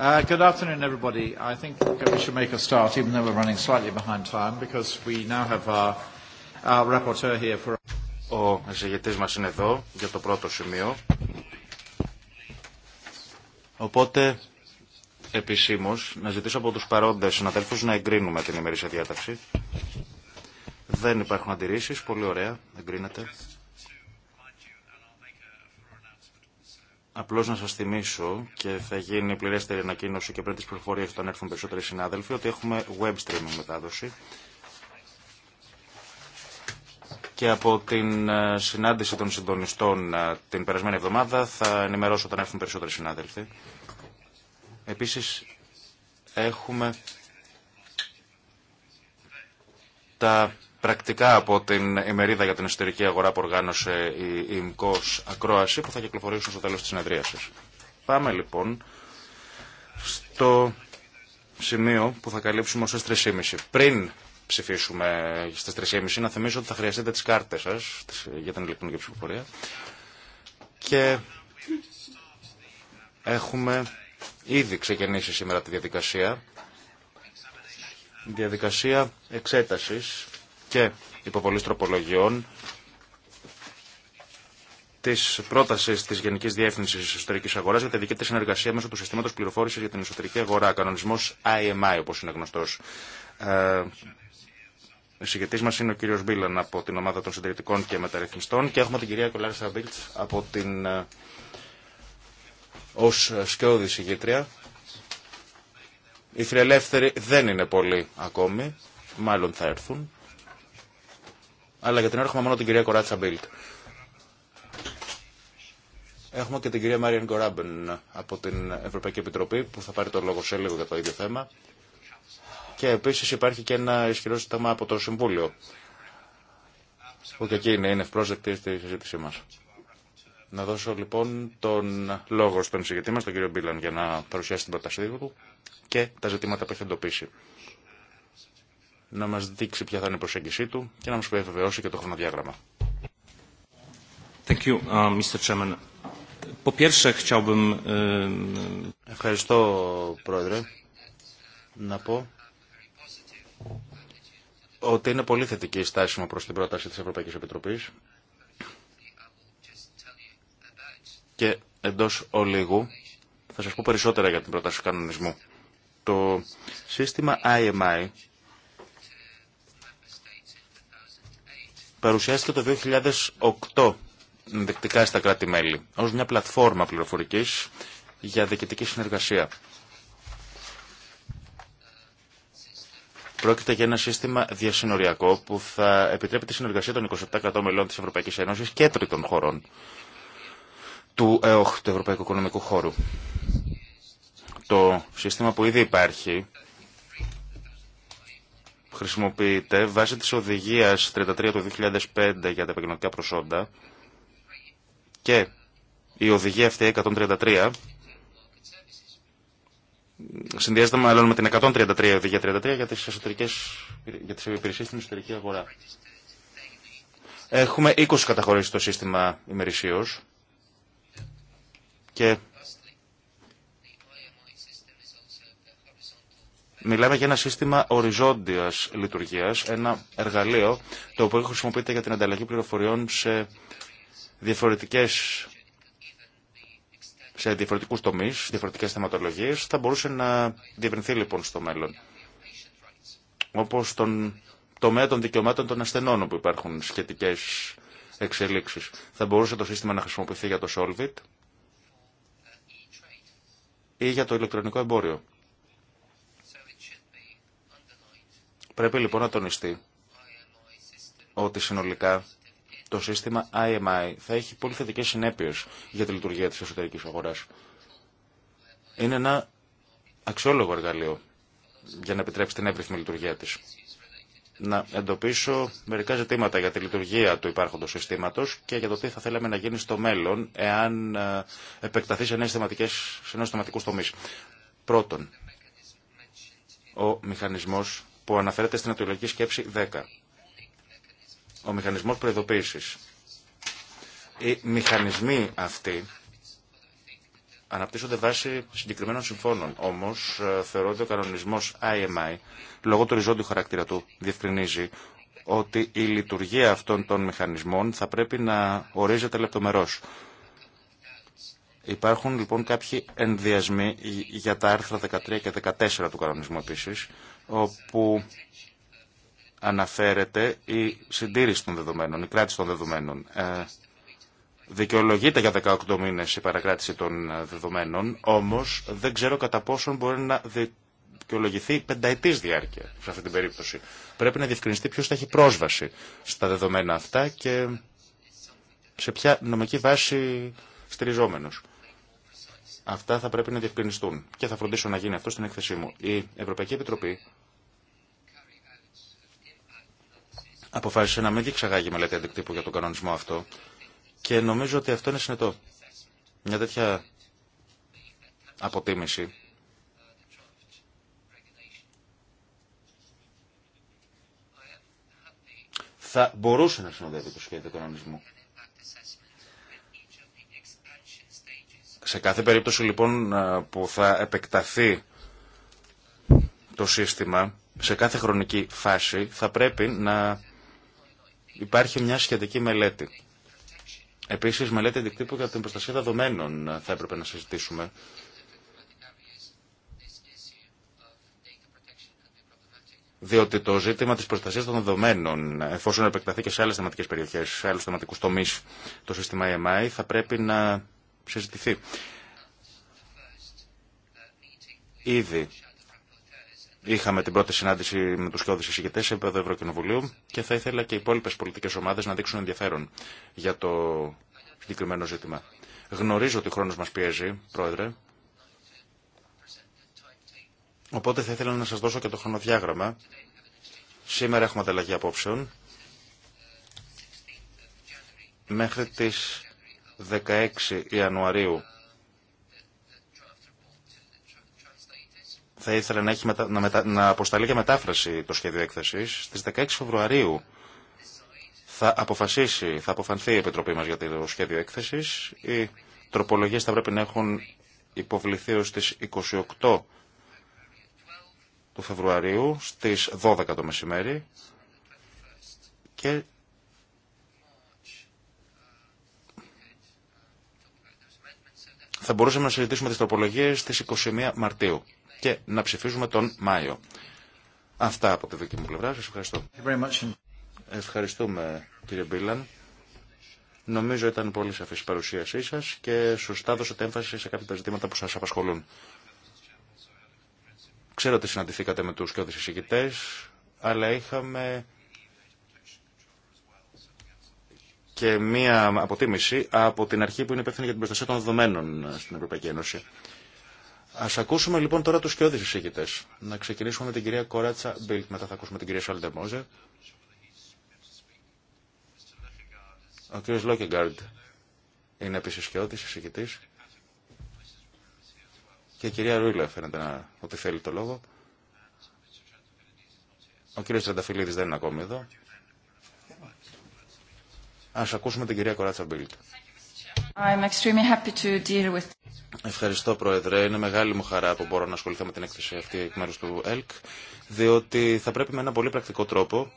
Uh, good afternoon, everybody. I think we should make a start, even though we're running slightly behind time, because we now have our, our rapporteur here for... Ο εισηγητής μας είναι εδώ για το πρώτο σημείο. Οπότε, επισήμως, να ζητήσω από τους παρόντες συναδέλφους να εγκρίνουμε την ημερήσια διάταξη. Δεν υπάρχουν αντιρρήσεις. Πολύ ωραία. Εγκρίνεται. Απλώς να σας θυμίσω και θα γίνει πληρέστερη ανακοίνωση και πριν τις πληροφορίε όταν έρθουν περισσότεροι συνάδελφοι ότι έχουμε web streaming μετάδοση και από την ε, συνάντηση των συντονιστών ε, την περασμένη εβδομάδα θα ενημερώσω όταν έρθουν περισσότεροι συνάδελφοι. Επίσης έχουμε τα πρακτικά από την ημερίδα για την εσωτερική αγορά που οργάνωσε η ΙΜΚΟΣ Ακρόαση που θα κυκλοφορήσουν στο τέλος της συνεδρίασης. Πάμε λοιπόν στο σημείο που θα καλύψουμε ως 3.30. Πριν ψηφίσουμε στις 3.30 να θυμίσω ότι θα χρειαστείτε τις κάρτες σας για την ηλεκτρονική ψηφοφορία και έχουμε ήδη ξεκινήσει σήμερα τη διαδικασία διαδικασία εξέτασης και υποβολής τροπολογιών τη πρόταση τη Γενική Διεύθυνση Εσωτερική Αγορά για τη δική τη συνεργασία μέσω του Συστήματο Πληροφόρηση για την Εσωτερική Αγορά, κανονισμό IMI, όπω είναι γνωστό. Ε, ο συγκεκριτή μα είναι ο κύριο Μπίλαν από την ομάδα των συντηρητικών και μεταρρυθμιστών και έχουμε την κυρία Κολάρη Σαμπίλτ από την. Ε, ω σκιώδη Οι φιλελεύθεροι δεν είναι πολλοί ακόμη, μάλλον θα έρθουν. Αλλά για την ώρα έχουμε μόνο την κυρία Κοράτσα Μπίλτ. Έχουμε και την κυρία Μάριαν Κοράμπεν από την Ευρωπαϊκή Επιτροπή που θα πάρει το λόγο σε λίγο για το ίδιο θέμα. Και επίση υπάρχει και ένα ισχυρό ζήτημα από το Συμβούλιο. Που και εκεί είναι, είναι ευπρόσδεκτη στη συζήτησή μα. Να δώσω λοιπόν τον λόγο στον συγκεκριτή μα, τον κύριο Μπίλαν, για να παρουσιάσει την πρότασή του και τα ζητήματα που έχει εντοπίσει να μας δείξει ποια θα είναι η προσέγγιση του και να μας επιβεβαιώσει και το χρονοδιάγραμμα. Thank you, uh, Mr. Chairman. Uh, Ευχαριστώ, Πρόεδρε. Να πω ότι είναι πολύ θετική η στάση μου προς την πρόταση της Ευρωπαϊκής Επιτροπής και εντός ολίγου θα σας πω περισσότερα για την πρόταση κανονισμού. Το σύστημα IMI παρουσιάστηκε το 2008 δεκτικά στα κράτη-μέλη ως μια πλατφόρμα πληροφορικής για διοικητική συνεργασία. Πρόκειται για ένα σύστημα διασυνοριακό που θα επιτρέπει τη συνεργασία των 27 κρατών μελών της Ευρωπαϊκής Ένωσης και τρίτων χωρών του ΕΟΧ, του Ευρωπαϊκού Οικονομικού Χώρου. Το σύστημα που ήδη υπάρχει χρησιμοποιείται βάσει της οδηγίας 33 του 2005 για τα επαγγελματικά προσόντα και η οδηγία αυτή 133 συνδυάζεται μάλλον με την 133 οδηγία 33 για τις, εσωτερικές, για τις υπηρεσίες στην εσωτερική αγορά. Έχουμε 20 καταχωρήσεις στο σύστημα ημερησίως και Μιλάμε για ένα σύστημα οριζόντια λειτουργία, ένα εργαλείο το οποίο χρησιμοποιείται για την ανταλλαγή πληροφοριών σε διαφορετικές σε διαφορετικού τομεί, διαφορετικέ θεματολογίε, θα μπορούσε να διευρυνθεί λοιπόν στο μέλλον. Όπω τον τομέα των δικαιωμάτων των ασθενών, όπου υπάρχουν σχετικέ εξελίξει. Θα μπορούσε το σύστημα να χρησιμοποιηθεί για το Solvit ή για το ηλεκτρονικό εμπόριο. Πρέπει λοιπόν να τονιστεί ότι συνολικά το σύστημα IMI θα έχει πολύ θετικέ συνέπειε για τη λειτουργία τη εσωτερική αγορά. Είναι ένα αξιόλογο εργαλείο για να επιτρέψει την εύρυθμη λειτουργία τη. Να εντοπίσω μερικά ζητήματα για τη λειτουργία του υπάρχοντος συστήματος και για το τι θα θέλαμε να γίνει στο μέλλον εάν ε, επεκταθεί σε νέες θεματικές, σε θεματικούς τομείς. Πρώτον, ο μηχανισμός που αναφέρεται στην ατολική σκέψη 10. Ο μηχανισμός προειδοποίησης. Οι μηχανισμοί αυτοί αναπτύσσονται βάσει συγκεκριμένων συμφώνων. Όμω, ε, θεωρώ ότι ο κανονισμό IMI, λόγω του οριζόντιου χαρακτήρα του, διευκρινίζει ότι η λειτουργία αυτών των μηχανισμών θα πρέπει να ορίζεται λεπτομερώς. Υπάρχουν λοιπόν κάποιοι ενδιασμοί για τα άρθρα 13 και 14 του κανονισμού επίσης, όπου αναφέρεται η συντήρηση των δεδομένων, η κράτηση των δεδομένων. Ε, δικαιολογείται για 18 μήνες η παρακράτηση των ε, δεδομένων, όμως δεν ξέρω κατά πόσον μπορεί να δικαιολογηθεί πενταετής διάρκεια σε αυτή την περίπτωση. Πρέπει να διευκρινιστεί ποιος θα έχει πρόσβαση στα δεδομένα αυτά και σε ποια νομική βάση στηριζόμενος. Αυτά θα πρέπει να διευκρινιστούν και θα φροντίσω να γίνει αυτό στην έκθεσή μου. Η Ευρωπαϊκή Επιτροπή αποφάσισε να μην διεξαγάγει μελέτη αντικτύπου για τον κανονισμό αυτό και νομίζω ότι αυτό είναι συνετό. Μια τέτοια αποτίμηση θα μπορούσε να συνοδεύει το σχέδιο κανονισμού. Σε κάθε περίπτωση λοιπόν που θα επεκταθεί το σύστημα, σε κάθε χρονική φάση θα πρέπει να υπάρχει μια σχετική μελέτη. Επίσης μελέτη αντικτύπου για την προστασία δεδομένων θα έπρεπε να συζητήσουμε. διότι το ζήτημα της προστασίας των δεδομένων, εφόσον επεκταθεί και σε άλλες θεματικές περιοχές, σε άλλους θεματικούς τομείς το σύστημα EMI, θα πρέπει να συζητηθεί. Ήδη Είχαμε την πρώτη συνάντηση με τους κοιόδη εισηγητές σε επίπεδο Ευρωκοινοβουλίου και θα ήθελα και οι υπόλοιπες πολιτικές ομάδες να δείξουν ενδιαφέρον για το συγκεκριμένο ζήτημα. Γνωρίζω ότι ο χρόνος μας πιέζει, Πρόεδρε. Οπότε θα ήθελα να σας δώσω και το χρονοδιάγραμμα. Σήμερα έχουμε ανταλλαγή απόψεων. Μέχρι τις 16 Ιανουαρίου θα ήθελα να, έχει να, μετα... να αποσταλεί για μετάφραση το σχέδιο έκθεσης. Στις 16 Φεβρουαρίου θα αποφασίσει, θα αποφανθεί η Επιτροπή μας για το σχέδιο έκθεσης. Οι τροπολογίες θα πρέπει να έχουν υποβληθεί ως τις 28 του Φεβρουαρίου στις 12 το μεσημέρι και θα μπορούσαμε να συζητήσουμε τις τροπολογίες στις 21 Μαρτίου και να ψηφίζουμε τον Μάιο. Αυτά από τη δική μου πλευρά. Σας ευχαριστώ. Ευχαριστούμε κύριε Μπίλαν. Νομίζω ήταν πολύ σαφή η παρουσίασή σα και σωστά δώσατε έμφαση σε κάποια τα ζητήματα που σα απασχολούν. Ξέρω ότι συναντηθήκατε με του και συζητητέ, αλλά είχαμε και μία αποτίμηση από την αρχή που είναι υπεύθυνη για την προστασία των δεδομένων στην Ευρωπαϊκή Ένωση. Α ακούσουμε λοιπόν τώρα του σκιώδει εισηγητέ. Να ξεκινήσουμε με την κυρία Κοράτσα Μπίλτ, μετά θα ακούσουμε την κυρία Σάλντε Μόζε. Ο κύριο Λόκεγκαρντ είναι επίση σκιώδη εισηγητή. Και η κυρία Ρούιλα φαίνεται να, ότι θέλει το λόγο. Ο κύριο Τρανταφυλλίδη δεν είναι ακόμη εδώ. Ας ακούσουμε την κυρία Κοράτσα Μπίλτ. Ευχαριστώ, Πρόεδρε. Είναι μεγάλη μου χαρά που μπορώ να ασχοληθώ με την έκθεση αυτή εκ μέρου του ΕΛΚ, διότι θα πρέπει με ένα πολύ πρακτικό τρόπο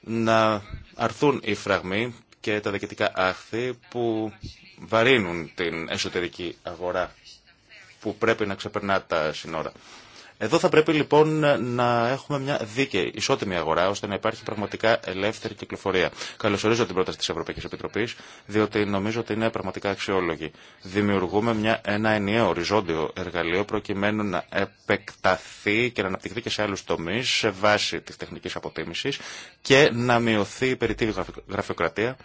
να αρθούν οι φραγμοί και τα διοικητικά άχθη που βαρύνουν την εσωτερική αγορά που πρέπει να ξεπερνά τα σύνορα. Εδώ θα πρέπει λοιπόν να έχουμε μια δίκαιη, ισότιμη αγορά, ώστε να υπάρχει πραγματικά ελεύθερη κυκλοφορία. Καλωσορίζω την πρόταση τη Ευρωπαϊκή Επιτροπή, διότι νομίζω ότι είναι πραγματικά αξιόλογη. Δημιουργούμε μια, ένα ενιαίο οριζόντιο εργαλείο, προκειμένου να επεκταθεί και να αναπτυχθεί και σε άλλου τομεί, σε βάση τη τεχνική αποτίμηση και να μειωθεί η περιττή γραφειοκρατία,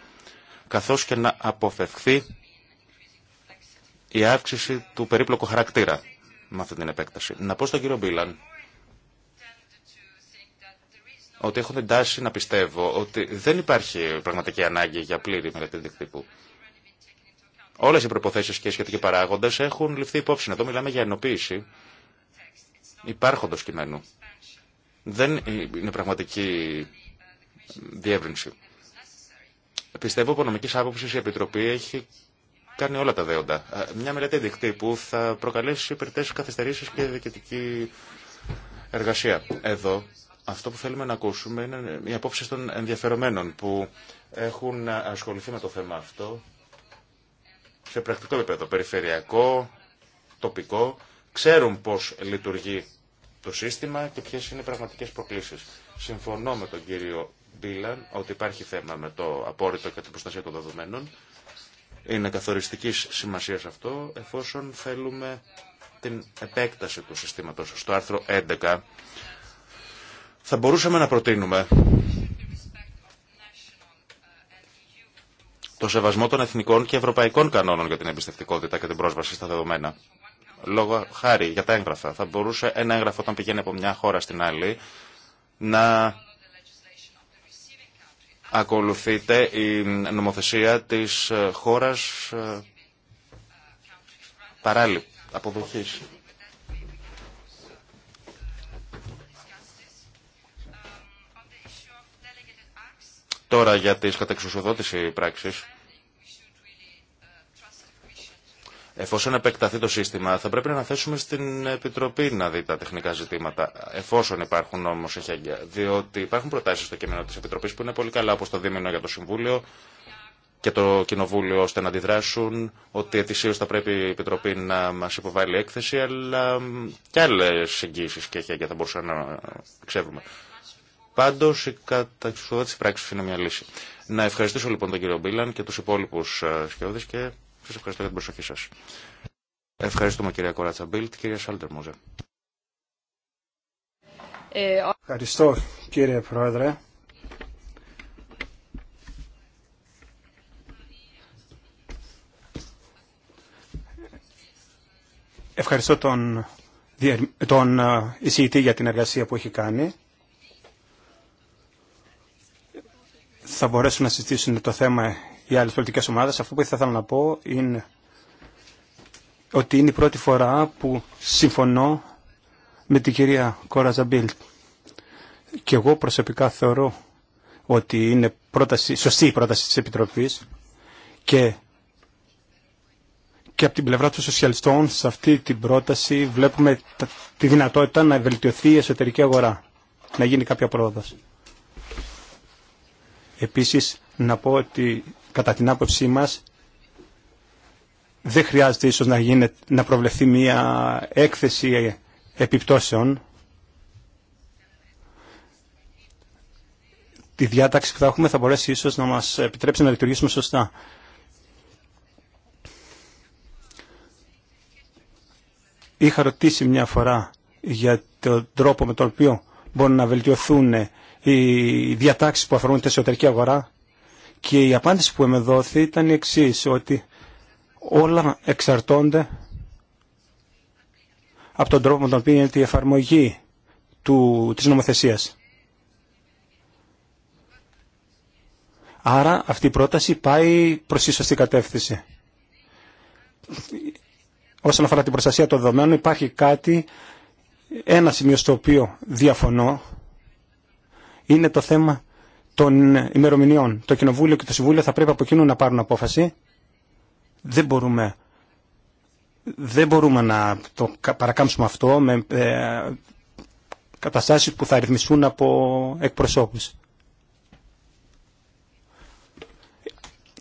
καθώ και να αποφευχθεί η αύξηση του περίπλοκου χαρακτήρα με αυτή την επέκταση. Να πω στον κύριο Μπίλαν ότι έχω την τάση να πιστεύω ότι δεν υπάρχει πραγματική ανάγκη για πλήρη μελέτη δικτύπου. Όλες οι προποθέσει και οι σχετικοί παράγοντε έχουν ληφθεί υπόψη. Εδώ μιλάμε για ενοποίηση υπάρχοντος κειμένου. Δεν είναι πραγματική διεύρυνση. Πιστεύω από νομική άποψη η Επιτροπή έχει κάνει όλα τα δέοντα. Ε, μια μελέτη δικτή που θα προκαλέσει υπερτές καθυστερήσεις και διοικητική εργασία. Εδώ αυτό που θέλουμε να ακούσουμε είναι οι απόψη των ενδιαφερομένων που έχουν ασχοληθεί με το θέμα αυτό σε πρακτικό επίπεδο, περιφερειακό, τοπικό, ξέρουν πώς λειτουργεί το σύστημα και ποιες είναι οι πραγματικές προκλήσεις. Συμφωνώ με τον κύριο Μπίλαν ότι υπάρχει θέμα με το απόρριτο και την προστασία των δεδομένων είναι καθοριστικής σημασίας αυτό, εφόσον θέλουμε την επέκταση του συστήματος. Στο άρθρο 11 θα μπορούσαμε να προτείνουμε το σεβασμό των εθνικών και ευρωπαϊκών κανόνων για την εμπιστευτικότητα και την πρόσβαση στα δεδομένα. Λόγω χάρη για τα έγγραφα. Θα μπορούσε ένα έγγραφο όταν πηγαίνει από μια χώρα στην άλλη να ακολουθείται η νομοθεσία της ε, χώρας ε, παράλληλη αποδοχής. Τώρα για τις κατεξουσιοδότηση πράξεις. Εφόσον επεκταθεί το σύστημα, θα πρέπει να αναθέσουμε στην Επιτροπή να δει τα τεχνικά ζητήματα. Εφόσον υπάρχουν όμω εχέγγυα. Διότι υπάρχουν προτάσει στο κείμενο τη Επιτροπή που είναι πολύ καλά, όπω το δίμηνο για το Συμβούλιο και το Κοινοβούλιο, ώστε να αντιδράσουν ότι ετησίω θα πρέπει η Επιτροπή να μα υποβάλει έκθεση, αλλά και άλλε εγγύσει και εχέγγυα θα μπορούσαν να ξέρουμε. Πάντω η καταξιοδότηση πράξη είναι μια λύση. Να ευχαριστήσω λοιπόν τον κύριο Μπίλαν και του υπόλοιπου ε, σκιώδει και σας ευχαριστώ για την προσοχή σας. Ευχαριστούμε κυρία Κοράτσα Μπίλτ, κυρία Σάλτερ Μόζε. Ευχαριστώ κύριε Πρόεδρε. Ευχαριστώ τον, τον ε, εισηγητή για την εργασία που έχει κάνει. Θα μπορέσουν να συζητήσουν το θέμα οι άλλε πολιτικές ομάδες. Αυτό που θα ήθελα να πω είναι ότι είναι η πρώτη φορά που συμφωνώ με την κυρία Κόρα Ζαμπίλ. Και εγώ προσωπικά θεωρώ ότι είναι πρόταση, σωστή η πρόταση της Επιτροπής και, και από την πλευρά των σοσιαλιστών σε αυτή την πρόταση βλέπουμε τη δυνατότητα να βελτιωθεί η εσωτερική αγορά, να γίνει κάποια πρόοδος. Επίσης να πω ότι κατά την άποψή μας δεν χρειάζεται ίσως να, γίνει να προβλεφθεί μία έκθεση επιπτώσεων. Τη διάταξη που θα έχουμε θα μπορέσει ίσως να μας επιτρέψει να λειτουργήσουμε σωστά. Είχα ρωτήσει μια φορά για τον τρόπο με τον οποίο μπορούν να βελτιωθούν οι διατάξεις που αφορούν την εσωτερική αγορά και η απάντηση που με δόθη ήταν η εξή ότι όλα εξαρτώνται από τον τρόπο με τον οποίο είναι η εφαρμογή του, της νομοθεσίας. Άρα αυτή η πρόταση πάει προς ίσως την κατεύθυνση. Όσον αφορά την προστασία των δεδομένων υπάρχει κάτι, ένα σημείο στο οποίο διαφωνώ, είναι το θέμα των ημερομηνιών. Το Κοινοβούλιο και το Συμβούλιο θα πρέπει από εκείνου να πάρουν απόφαση. Δεν μπορούμε, δεν μπορούμε να το παρακάμψουμε αυτό με ε, καταστάσεις που θα ρυθμιστούν από εκπροσώπους.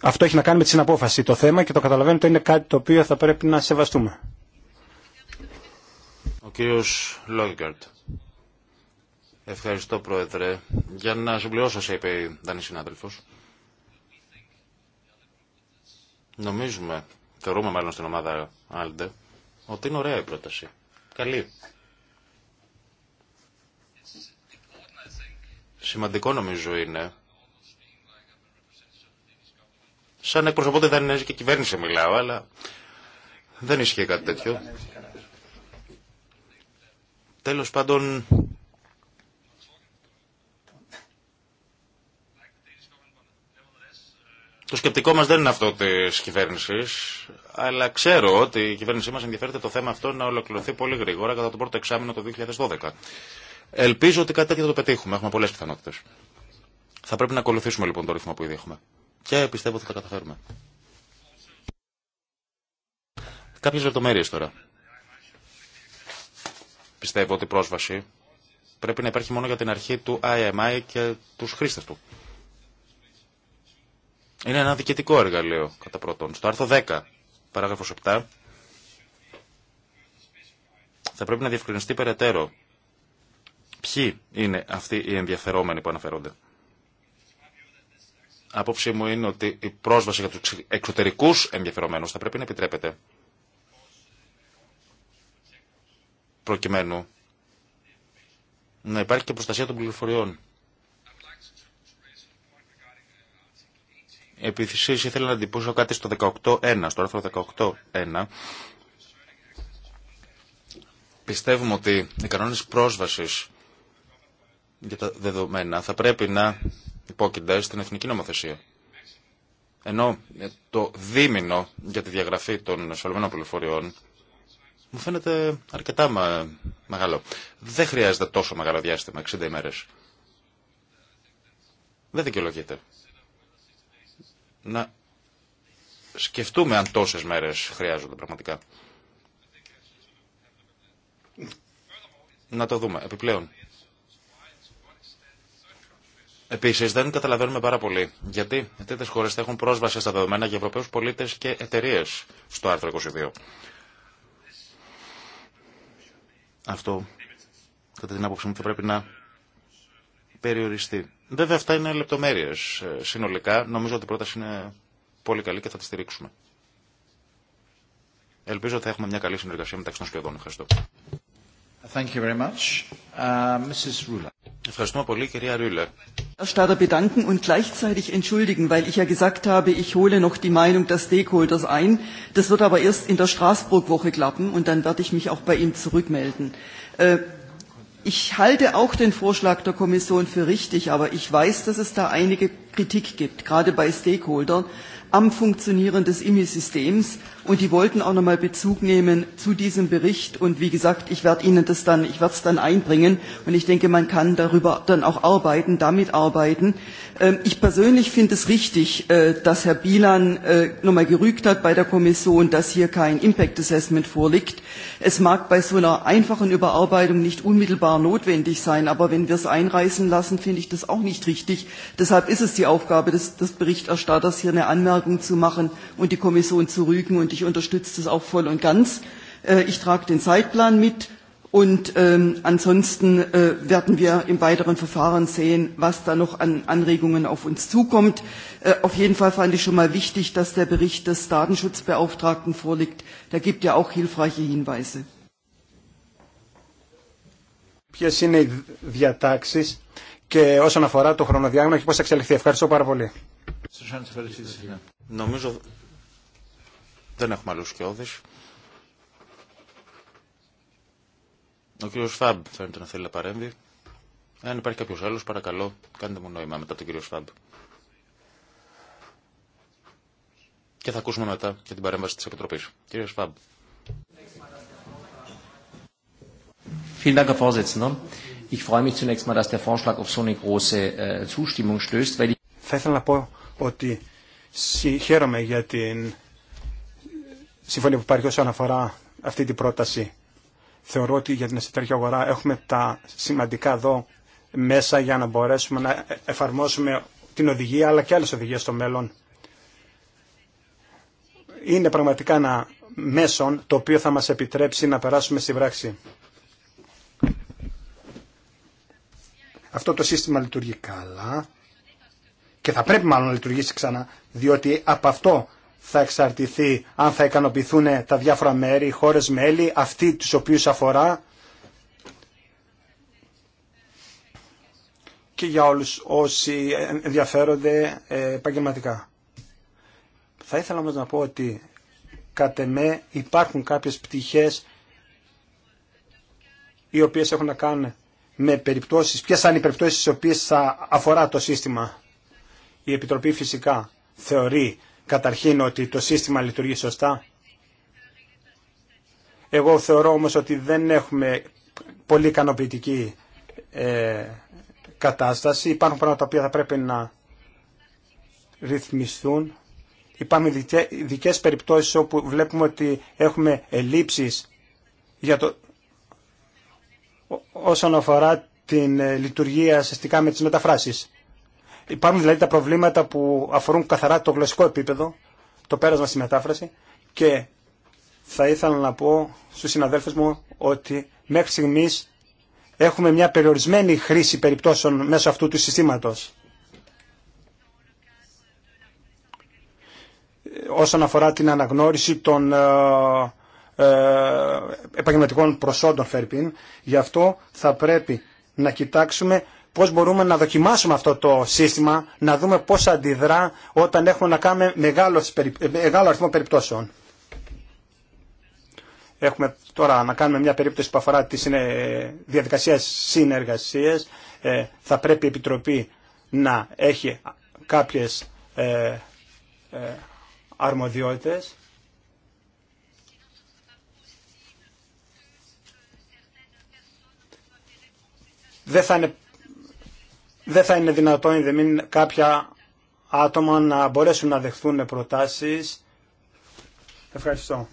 Αυτό έχει να κάνει με τη συναπόφαση το θέμα και το καταλαβαίνω ότι είναι κάτι το οποίο θα πρέπει να σεβαστούμε. Ο κύριος Λόγκαρτ. Ευχαριστώ, Πρόεδρε. Για να συμπληρώσω σε είπε η Δανή συνάδελφος. Νομίζουμε, θεωρούμε μάλλον στην ομάδα Άλντε, ότι είναι ωραία η πρόταση. Καλή. Σημαντικό νομίζω είναι Σαν εκπροσωπώ δεν είναι κυβέρνηση μιλάω, αλλά δεν ισχύει κάτι τέτοιο. Τέλος πάντων, Το σκεπτικό μας δεν είναι αυτό της κυβέρνησης, αλλά ξέρω ότι η κυβέρνησή μας ενδιαφέρεται το θέμα αυτό να ολοκληρωθεί πολύ γρήγορα κατά το πρώτο εξάμεινο το 2012. Ελπίζω ότι κάτι τέτοιο θα το πετύχουμε. Έχουμε πολλές πιθανότητες. Θα πρέπει να ακολουθήσουμε λοιπόν το ρυθμό που ήδη έχουμε. Και πιστεύω ότι θα τα καταφέρουμε. Κάποιες λεπτομέρειες τώρα. Πιστεύω ότι η πρόσβαση πρέπει να υπάρχει μόνο για την αρχή του IMI και τους χρήστες του. Είναι ένα δικαιτικό εργαλείο, κατά πρώτον. Στο άρθρο 10, παράγραφο 7, θα πρέπει να διευκρινιστεί περαιτέρω ποιοι είναι αυτοί οι ενδιαφερόμενοι που αναφερόνται. Απόψη μου είναι ότι η πρόσβαση για του εξωτερικού ενδιαφερομένους θα πρέπει να επιτρέπεται προκειμένου να υπάρχει και προστασία των πληροφοριών. Επιθυσίες ήθελα να εντυπώσω κάτι στο 18.1, στο άρθρο 18.1. Πιστεύουμε ότι οι κανόνες πρόσβασης για τα δεδομένα θα πρέπει να υπόκεινται στην εθνική νομοθεσία. Ενώ το δίμηνο για τη διαγραφή των ασφαλμένων πληροφοριών μου φαίνεται αρκετά μεγάλο. Δεν χρειάζεται τόσο μεγάλο διάστημα, 60 ημέρες. Δεν δικαιολογείται να σκεφτούμε αν τόσες μέρες χρειάζονται πραγματικά. Να το δούμε. Επιπλέον. Επίση, δεν καταλαβαίνουμε πάρα πολύ γιατί οι τέτοιε χώρε θα έχουν πρόσβαση στα δεδομένα για Ευρωπαίου πολίτε και εταιρείε στο άρθρο 22. Αυτό, κατά την άποψή μου, θα πρέπει να περιοριστεί. Βέβαια αυτά είναι λεπτομέρειες συνολικά. Νομίζω ότι η πρόταση είναι πολύ καλή και θα τη στηρίξουμε. Ελπίζω θα έχουμε μια καλή συνεργασία μεταξύ των σχεδόν. Ευχαριστώ. Thank you very much. Uh, Mrs. Ruler. Ευχαριστούμε πολύ, κυρία Ρούλε. Staater bedanken und gleichzeitig entschuldigen, weil ich ja gesagt habe, ich hole noch die Meinung der Stakeholders ein. Das wird aber erst in der Straßburg-Woche klappen und dann werde ich mich auch bei ihm zurückmelden. Äh, Ich halte auch den Vorschlag der Kommission für richtig, aber ich weiß, dass es da einige Kritik gibt, gerade bei Stakeholdern, am Funktionieren des IMI-Systems. Und die wollten auch noch nochmal Bezug nehmen zu diesem Bericht. Und wie gesagt, ich werde Ihnen das dann, ich werde es dann einbringen. Und ich denke, man kann darüber dann auch arbeiten, damit arbeiten. Ich persönlich finde es richtig, dass Herr Bielan nochmal gerügt hat bei der Kommission, dass hier kein Impact Assessment vorliegt. Es mag bei so einer einfachen Überarbeitung nicht unmittelbar notwendig sein, aber wenn wir es einreißen lassen, finde ich das auch nicht richtig. Deshalb ist die Aufgabe des Berichterstatters, hier eine Anmerkung zu machen und die Kommission zu rügen, und ich unterstütze das auch voll und ganz. Ich trage den Zeitplan mit, und ansonsten werden wir im weiteren Verfahren sehen, was da noch an Anregungen auf uns zukommt. Auf jeden Fall fand ich schon mal wichtig, dass der Bericht des Datenschutzbeauftragten vorliegt. Der gibt ja auch hilfreiche Hinweise και όσον αφορά το χρονοδιάγνωμα και πώς θα εξελιχθεί. Ευχαριστώ πάρα πολύ. Νομίζω δεν έχουμε αλλού σκιώδεις. Ο κύριος Φαμπ φαίνεται να θέλει να παρέμβει. Αν υπάρχει κάποιο άλλο, παρακαλώ, κάντε μου νόημα μετά τον κύριο Φαμπ. Και θα ακούσουμε μετά και την παρέμβαση τη Επιτροπή. Κύριε Φαμπ. Vielen Dank, Ich Θα ήθελα να πω ότι χαίρομαι για την συμφωνία που υπάρχει όσον αφορά αυτή την πρόταση. Θεωρώ ότι για την εσωτερική αγορά έχουμε τα σημαντικά εδώ μέσα για να μπορέσουμε να ε, εφαρμόσουμε την οδηγία αλλά και άλλες οδηγίες στο μέλλον. Είναι πραγματικά ένα μέσον το οποίο θα μας επιτρέψει να περάσουμε στη βράξη. αυτό το σύστημα λειτουργεί καλά και θα πρέπει μάλλον να λειτουργήσει ξανά, διότι από αυτό θα εξαρτηθεί αν θα ικανοποιηθούν τα διάφορα μέρη, χώρες μέλη, αυτοί τους οποίους αφορά και για όλους όσοι ενδιαφέρονται ε, επαγγελματικά. Θα ήθελα όμως να πω ότι κατ' εμέ υπάρχουν κάποιες πτυχές οι οποίες έχουν να κάνουν με περιπτώσεις, ποιες θα είναι οι περιπτώσεις στις οποίες θα αφορά το σύστημα. Η Επιτροπή φυσικά θεωρεί καταρχήν ότι το σύστημα λειτουργεί σωστά. Εγώ θεωρώ όμως ότι δεν έχουμε πολύ ικανοποιητική ε, κατάσταση. Υπάρχουν πράγματα τα οποία θα πρέπει να ρυθμιστούν. Υπάρχουν ειδικέ περιπτώσεις όπου βλέπουμε ότι έχουμε ελλείψεις για το όσον αφορά την ε, λειτουργία συστικά με τις μεταφράσεις. Υπάρχουν δηλαδή τα προβλήματα που αφορούν καθαρά το γλωσσικό επίπεδο, το πέρασμα στη μετάφραση και θα ήθελα να πω στους συναδέλφους μου ότι μέχρι στιγμής έχουμε μια περιορισμένη χρήση περιπτώσεων μέσω αυτού του συστήματος. Ε, όσον αφορά την αναγνώριση των ε, ε, επαγγελματικών προσόντων Φερπίν. Γι' αυτό θα πρέπει να κοιτάξουμε πώς μπορούμε να δοκιμάσουμε αυτό το σύστημα, να δούμε πώς αντιδρά όταν έχουμε να κάνουμε ε, μεγάλο, αριθμό περιπτώσεων. Έχουμε τώρα να κάνουμε μια περίπτωση που αφορά τη διαδικασία συνεργασίας. Ε, θα πρέπει η Επιτροπή να έχει κάποιες αρμοδιότητες δεν θα είναι, θα είναι δυνατόν ή δεν κάποια άτομα να μπορέσουν να δεχθούν προτάσεις. Ευχαριστώ.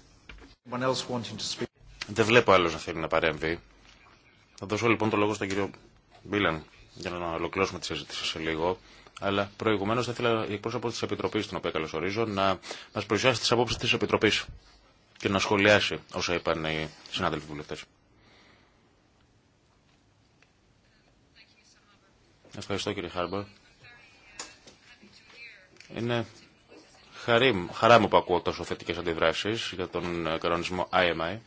Δεν βλέπω άλλος να θέλει να παρέμβει. Θα δώσω λοιπόν το λόγο στον κύριο Μπίλαν για να ολοκληρώσουμε τη συζήτηση σε λίγο. Αλλά προηγουμένω θα ήθελα η εκπρόσωπο τη Επιτροπή, την οποία καλωσορίζω, να μα παρουσιάσει τι απόψει τη Επιτροπή και να σχολιάσει όσα είπαν οι συνάδελφοι βουλευτέ. Ευχαριστώ κύριε Χάρμπορ. Είναι χαρή, χαρά μου που ακούω τόσο θετικέ αντιδράσει για τον ε, κανονισμό IMI.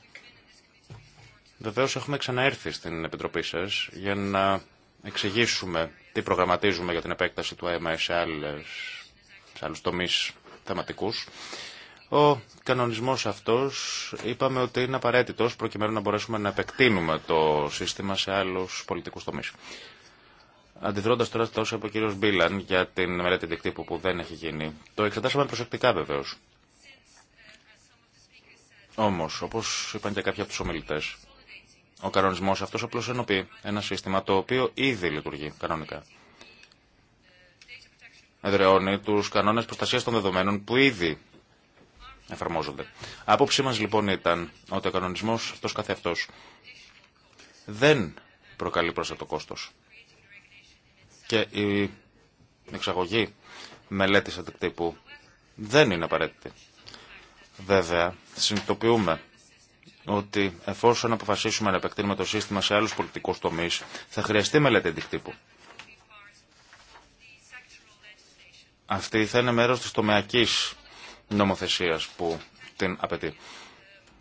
Βεβαίω έχουμε ξαναέρθει στην Επιτροπή σα για να εξηγήσουμε τι προγραμματίζουμε για την επέκταση του IMI σε, σε άλλους τομείς θεματικούς. Ο κανονισμός αυτός είπαμε ότι είναι απαραίτητος προκειμένου να μπορέσουμε να επεκτείνουμε το σύστημα σε άλλους πολιτικούς τομείς. Αντιδρώντα τώρα στα όσα είπε ο κύριο Μπίλαν για την μελέτη δικτύπου που δεν έχει γίνει, το εξετάσαμε προσεκτικά βεβαίω. Όμω, όπω είπαν και κάποιοι από του ομιλητέ, ο κανονισμό αυτό απλώ ενωπεί ένα σύστημα το οποίο ήδη λειτουργεί κανονικά. Εδραιώνει του κανόνε προστασία των δεδομένων που ήδη εφαρμόζονται. Απόψη μα λοιπόν ήταν ότι ο κανονισμό αυτό καθεαυτό δεν προκαλεί πρόσθετο κόστο και η εξαγωγή μελέτης αντικτύπου δεν είναι απαραίτητη. Βέβαια, συνειδητοποιούμε ότι εφόσον αποφασίσουμε να επεκτείνουμε το σύστημα σε άλλους πολιτικούς τομείς, θα χρειαστεί μελέτη αντικτύπου. Αυτή θα είναι μέρος της τομεακής νομοθεσίας που την απαιτεί.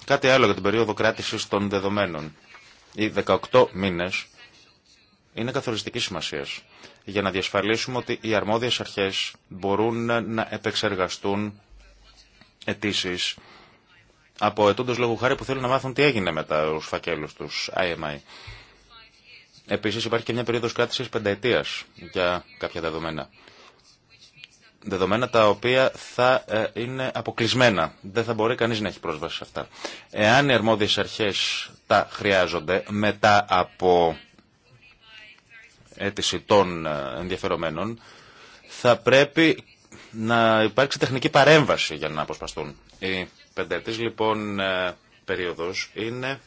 Κάτι άλλο για την περίοδο κράτησης των δεδομένων. Οι 18 μήνες είναι καθοριστική σημασία για να διασφαλίσουμε ότι οι αρμόδιες αρχές μπορούν να επεξεργαστούν αιτήσει από ετούντο λόγου χάρη που θέλουν να μάθουν τι έγινε με του φακέλου του IMI. Επίση υπάρχει και μια περίοδο κράτηση πενταετία για κάποια δεδομένα. Δεδομένα τα οποία θα ε, είναι αποκλεισμένα. Δεν θα μπορεί κανεί να έχει πρόσβαση σε αυτά. Εάν οι αρμόδιε αρχέ τα χρειάζονται μετά από αίτηση των ε, ενδιαφερομένων, θα πρέπει να υπάρξει τεχνική παρέμβαση για να αποσπαστούν. Η πεντέτης. λοιπόν ε, περίοδος είναι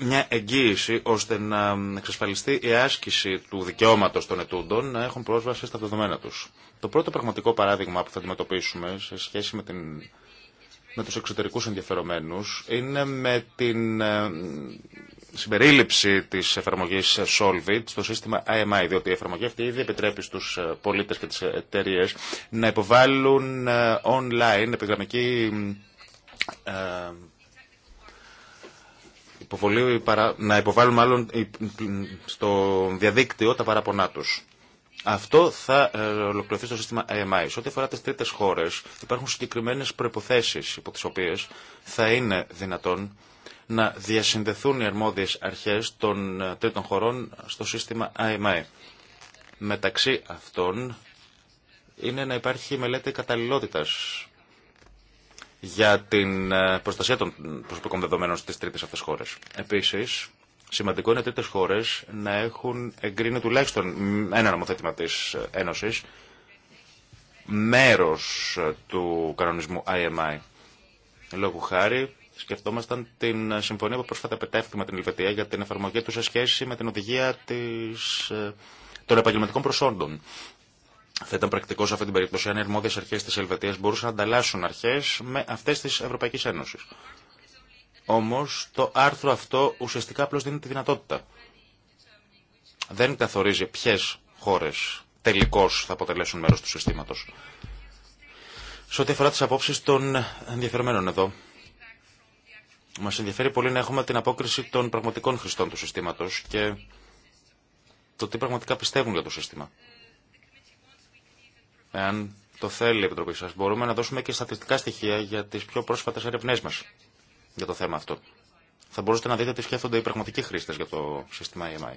μια εγγύηση ώστε να εξασφαλιστεί η άσκηση του δικαιώματος των ετούντων να έχουν πρόσβαση στα δεδομένα τους. Το πρώτο πραγματικό παράδειγμα που θα αντιμετωπίσουμε σε σχέση με, την, με τους εξωτερικούς ενδιαφερομένους είναι με την ε, συμπερίληψη τη εφαρμογή Solvit στο σύστημα IMI, διότι η εφαρμογή αυτή ήδη επιτρέπει στου ε, πολίτε και τι εταιρείε να υποβάλουν ε, online επιγραμμική ε, υποβολή, να υποβάλουν μάλλον στο διαδίκτυο τα παραπονά του. Αυτό θα ολοκληρωθεί στο σύστημα AMI. Σε ό,τι αφορά τι τρίτε χώρε, υπάρχουν συγκεκριμένε προποθέσει υπό τι οποίε θα είναι δυνατόν να διασυνδεθούν οι αρμόδιες αρχές των ε, τρίτων χωρών στο σύστημα IMI. Μεταξύ αυτών είναι να υπάρχει μελέτη καταλληλότητας για την ε, προστασία των προσωπικών δεδομένων στις τρίτες αυτές χώρες. Επίσης, σημαντικό είναι τρίτες χώρες να έχουν εγκρίνει τουλάχιστον ένα νομοθέτημα της ε, Ένωσης μέρος του κανονισμού IMI. Λόγου χάρη, σκεφτόμασταν την συμφωνία που πρόσφατα πετεύχθη με την Ελβετία για την εφαρμογή του σε σχέση με την οδηγία της, ε, των επαγγελματικών προσόντων. Θα ήταν πρακτικό σε αυτή την περίπτωση αν οι αρμόδιε αρχέ τη Ελβετία μπορούσαν να ανταλλάσσουν αρχέ με αυτέ τη Ευρωπαϊκή Ένωση. Όμω το άρθρο αυτό ουσιαστικά απλώ δίνει τη δυνατότητα. Δεν καθορίζει ποιε χώρε τελικώ θα αποτελέσουν μέρο του συστήματο. Σε ό,τι αφορά τι απόψει των ενδιαφερομένων εδώ, Μα ενδιαφέρει πολύ να έχουμε την απόκριση των πραγματικών χρηστών του συστήματο και το τι πραγματικά πιστεύουν για το σύστημα. Εάν το θέλει η Επιτροπή σα, μπορούμε να δώσουμε και στατιστικά στοιχεία για τι πιο πρόσφατε έρευνε μα για το θέμα αυτό. Θα μπορούσατε να δείτε τι σκέφτονται οι πραγματικοί χρήστε για το σύστημα EMI.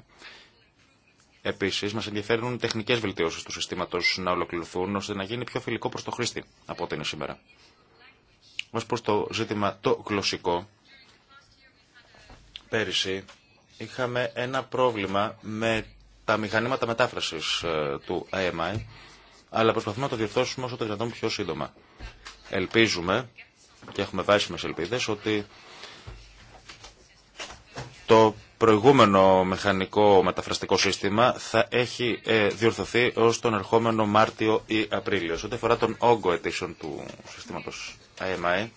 Επίση, μα ενδιαφέρουν τεχνικέ βελτιώσει του συστήματο να ολοκληρωθούν ώστε να γίνει πιο φιλικό προ το χρήστη από ό,τι είναι σήμερα. Ω προ το ζήτημα το γλωσσικό, Πέρυσι είχαμε ένα πρόβλημα με τα μηχανήματα μετάφρασης ε, του IMI, αλλά προσπαθούμε να το διορθώσουμε όσο το δυνατόν πιο σύντομα. Ελπίζουμε και έχουμε βάσιμες ελπίδες ότι το προηγούμενο μηχανικό μεταφραστικό σύστημα θα έχει ε, διορθωθεί ως τον ερχόμενο Μάρτιο ή Απρίλιο. Σε ό,τι αφορά τον όγκο ετήσεων του συστήματος IMI,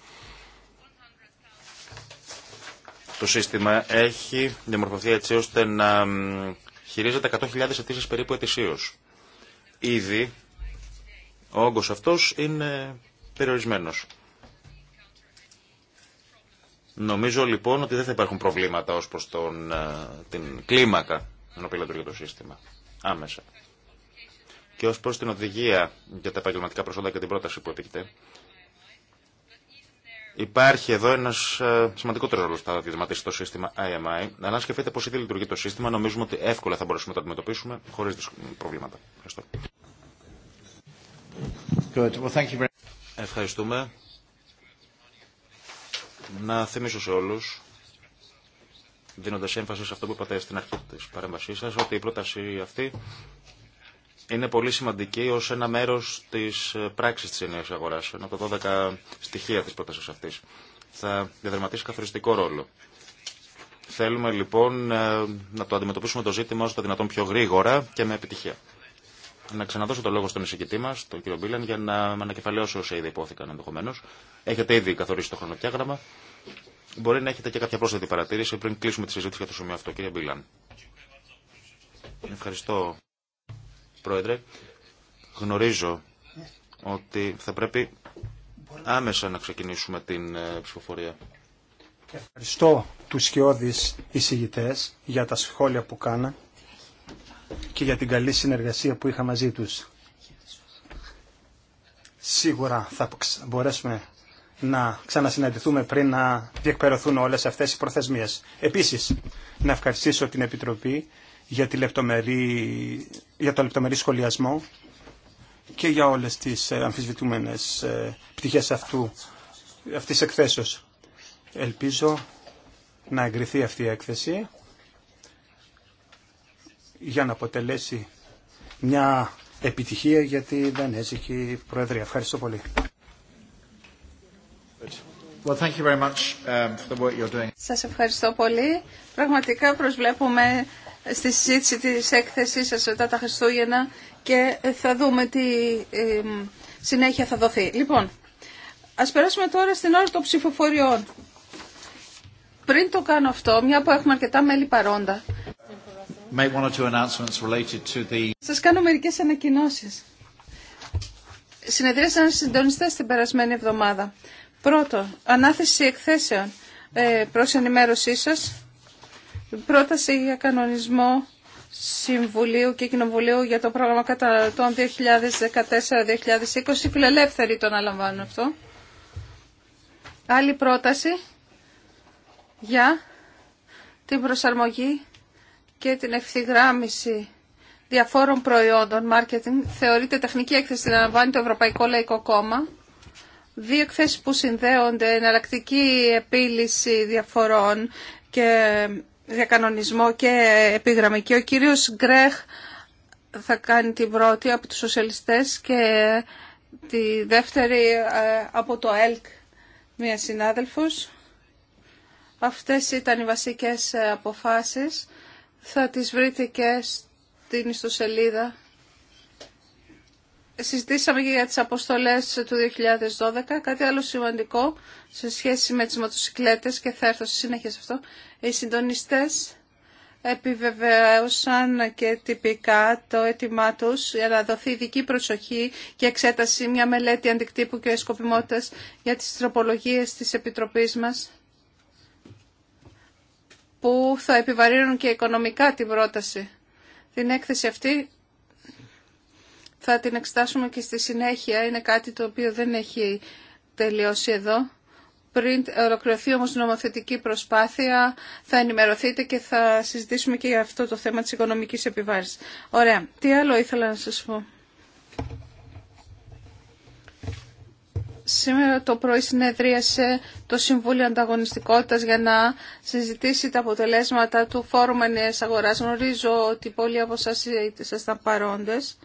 το σύστημα έχει διαμορφωθεί έτσι ώστε να χειρίζεται 100.000 αιτήσει περίπου ετησίω. Ήδη ο όγκο αυτό είναι περιορισμένο. Νομίζω λοιπόν ότι δεν θα υπάρχουν προβλήματα ως προς τον, ε, την κλίμακα ενώ οποία λειτουργεί το σύστημα άμεσα. Και ως προς την οδηγία για τα επαγγελματικά προσόντα και την πρόταση που επίκειται, Υπάρχει εδώ ένα ε, σημαντικότερο ρόλο που θα διαδραματίσει το σύστημα IMI. Αν σκεφτείτε πώ ήδη λειτουργεί το σύστημα, νομίζουμε ότι εύκολα θα μπορέσουμε να το αντιμετωπίσουμε χωρί προβλήματα. Ευχαριστώ. Ευχαριστούμε. Να θυμίσω σε όλου, δίνοντα έμφαση σε αυτό που είπατε στην αρχή τη παρέμβασή σα, ότι η πρόταση αυτή είναι πολύ σημαντική ως ένα μέρος της ε, πράξης της ενιαίας αγοράς, ένα από τα 12 στοιχεία της πρότασης αυτής. Θα διαδραματίσει καθοριστικό ρόλο. Θέλουμε λοιπόν ε, να το αντιμετωπίσουμε το ζήτημα όσο το δυνατόν πιο γρήγορα και με επιτυχία. Να ξαναδώσω το λόγο στον εισηγητή μα, τον κύριο Μπίλαν, για να με ανακεφαλαιώσω όσα ήδη υπόθηκαν ενδεχομένω. Έχετε ήδη καθορίσει το χρονοδιάγραμμα. Μπορεί να έχετε και κάποια πρόσθετη παρατήρηση πριν κλείσουμε τη συζήτηση για το σημείο αυτό. Κύριε Μπίλαν. Ευχαριστώ, Πρόεδρε. Γνωρίζω ότι θα πρέπει άμεσα να ξεκινήσουμε την ε, ψηφοφορία. Ευχαριστώ τους σκιώδεις εισηγητές για τα σχόλια που κάνα και για την καλή συνεργασία που είχα μαζί τους. Σίγουρα θα μπορέσουμε να ξανασυναντηθούμε πριν να διεκπαιρωθούν όλες αυτές οι προθεσμίες. Επίσης, να ευχαριστήσω την Επιτροπή για, τη λεπτομερή, για το λεπτομερή σχολιασμό και για όλες τις ε, αμφισβητούμενες ε, πτυχές αυτού, αυτής εκθέσεως. Ελπίζω να εγκριθεί αυτή η έκθεση για να αποτελέσει μια επιτυχία για τη Δανέζικη Προεδρία. Ευχαριστώ πολύ. Well, Σας ευχαριστώ πολύ. Πραγματικά προσβλέπουμε στη συζήτηση της έκθεσής σας μετά τα Χριστούγεννα και θα δούμε τι συνέχεια θα δοθεί. Λοιπόν, ας περάσουμε τώρα στην ώρα των ψηφοφοριών. Πριν το κάνω αυτό, μια που έχουμε αρκετά μέλη παρόντα, Make the... Σας κάνω μερικές ανακοινώσεις. Συνεδρίασαν συντονιστές την περασμένη εβδομάδα. Πρώτο, ανάθεση εκθέσεων ε, προς ενημέρωσή σας πρόταση για κανονισμό Συμβουλίου και Κοινοβουλίου για το πρόγραμμα κατά 2014-2020. φιλελεύθερη το αναλαμβάνουν αυτό. Άλλη πρόταση για την προσαρμογή και την ευθυγράμμιση διαφόρων προϊόντων marketing θεωρείται τεχνική έκθεση να λαμβάνει το Ευρωπαϊκό Λαϊκό Κόμμα. Δύο εκθέσεις που συνδέονται εναλλακτική επίλυση διαφορών και διακανονισμό και επίγραμμα. Και ο κύριος Γκρέχ θα κάνει την πρώτη από τους σοσιαλιστές και τη δεύτερη ε, από το ΕΛΚ, μία συνάδελφος. Αυτές ήταν οι βασικές ε, αποφάσεις. Θα τις βρείτε και στην ιστοσελίδα συζητήσαμε και για τις αποστολές του 2012. Κάτι άλλο σημαντικό σε σχέση με τις μοτοσυκλέτες και θα έρθω στη συνέχεια σε αυτό. Οι συντονιστές επιβεβαίωσαν και τυπικά το αίτημά του για να δοθεί ειδική προσοχή και εξέταση μια μελέτη αντικτύπου και σκοπιμότητας για τις τροπολογίες της Επιτροπής μας που θα επιβαρύνουν και οικονομικά την πρόταση. Την έκθεση αυτή θα την εξετάσουμε και στη συνέχεια. Είναι κάτι το οποίο δεν έχει τελειώσει εδώ. Πριν ολοκληρωθεί όμως η νομοθετική προσπάθεια θα ενημερωθείτε και θα συζητήσουμε και για αυτό το θέμα της οικονομικής επιβάρησης. Ωραία. Τι άλλο ήθελα να σας πω. Σήμερα το πρωί συνεδρίασε το Συμβούλιο Ανταγωνιστικότητας για να συζητήσει τα αποτελέσματα του Φόρουμ Αγοράς. Γνωρίζω ότι πολλοί από εσάς ήσασταν παρόντες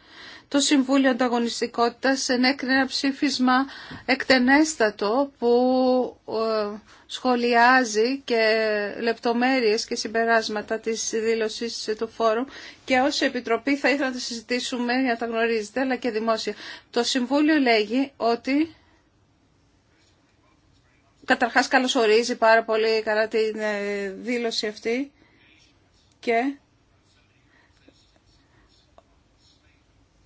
το Συμβούλιο Ανταγωνιστικότητας ενέκρινε ένα ψήφισμα εκτενέστατο που ε, σχολιάζει και λεπτομέρειες και συμπεράσματα της δήλωσης του φόρου και ως Επιτροπή θα ήθελα να τα συζητήσουμε για να τα γνωρίζετε αλλά και δημόσια. Το Συμβούλιο λέγει ότι καταρχάς καλωσορίζει πάρα πολύ καλά τη ε, δήλωση αυτή και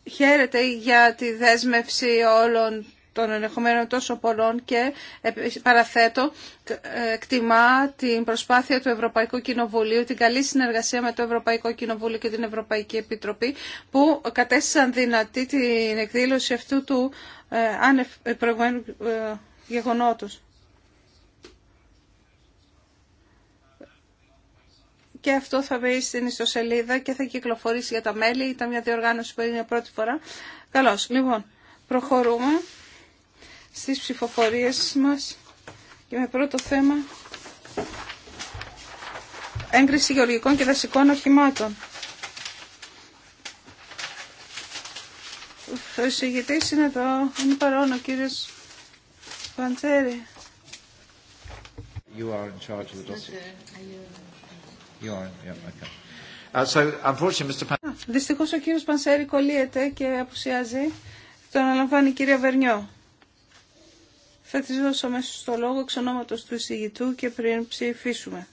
χαίρεται για τη δέσμευση όλων των ενεχομένων τόσο πολλών και παραθέτω ε, εκτιμά την προσπάθεια του Ευρωπαϊκού Κοινοβουλίου, την καλή συνεργασία με το Ευρωπαϊκό Κοινοβούλιο και την Ευρωπαϊκή Επιτροπή που κατέστησαν δυνατή την εκδήλωση αυτού του ε, άνευ ε, προηγουμένου γεγονότος. και αυτό θα μπει στην ιστοσελίδα και θα κυκλοφορήσει για τα μέλη. Ήταν μια διοργάνωση που έγινε πρώτη φορά. Καλώς. Λοιπόν, προχωρούμε στις ψηφοφορίες μας και με πρώτο θέμα έγκριση γεωργικών και δασικών οχημάτων. Ο εισηγητής είναι εδώ, είναι παρόν ο κύριο Παντσέρη. You are in charge of the Uh, Δυστυχώ ο κύριο Πανσέρη κολλείεται και απουσιάζει. Τον αναλαμβάνει η κυρία Βερνιό. Θα τη δώσω αμέσω στο λόγο εξ του εισηγητού και πριν ψηφίσουμε.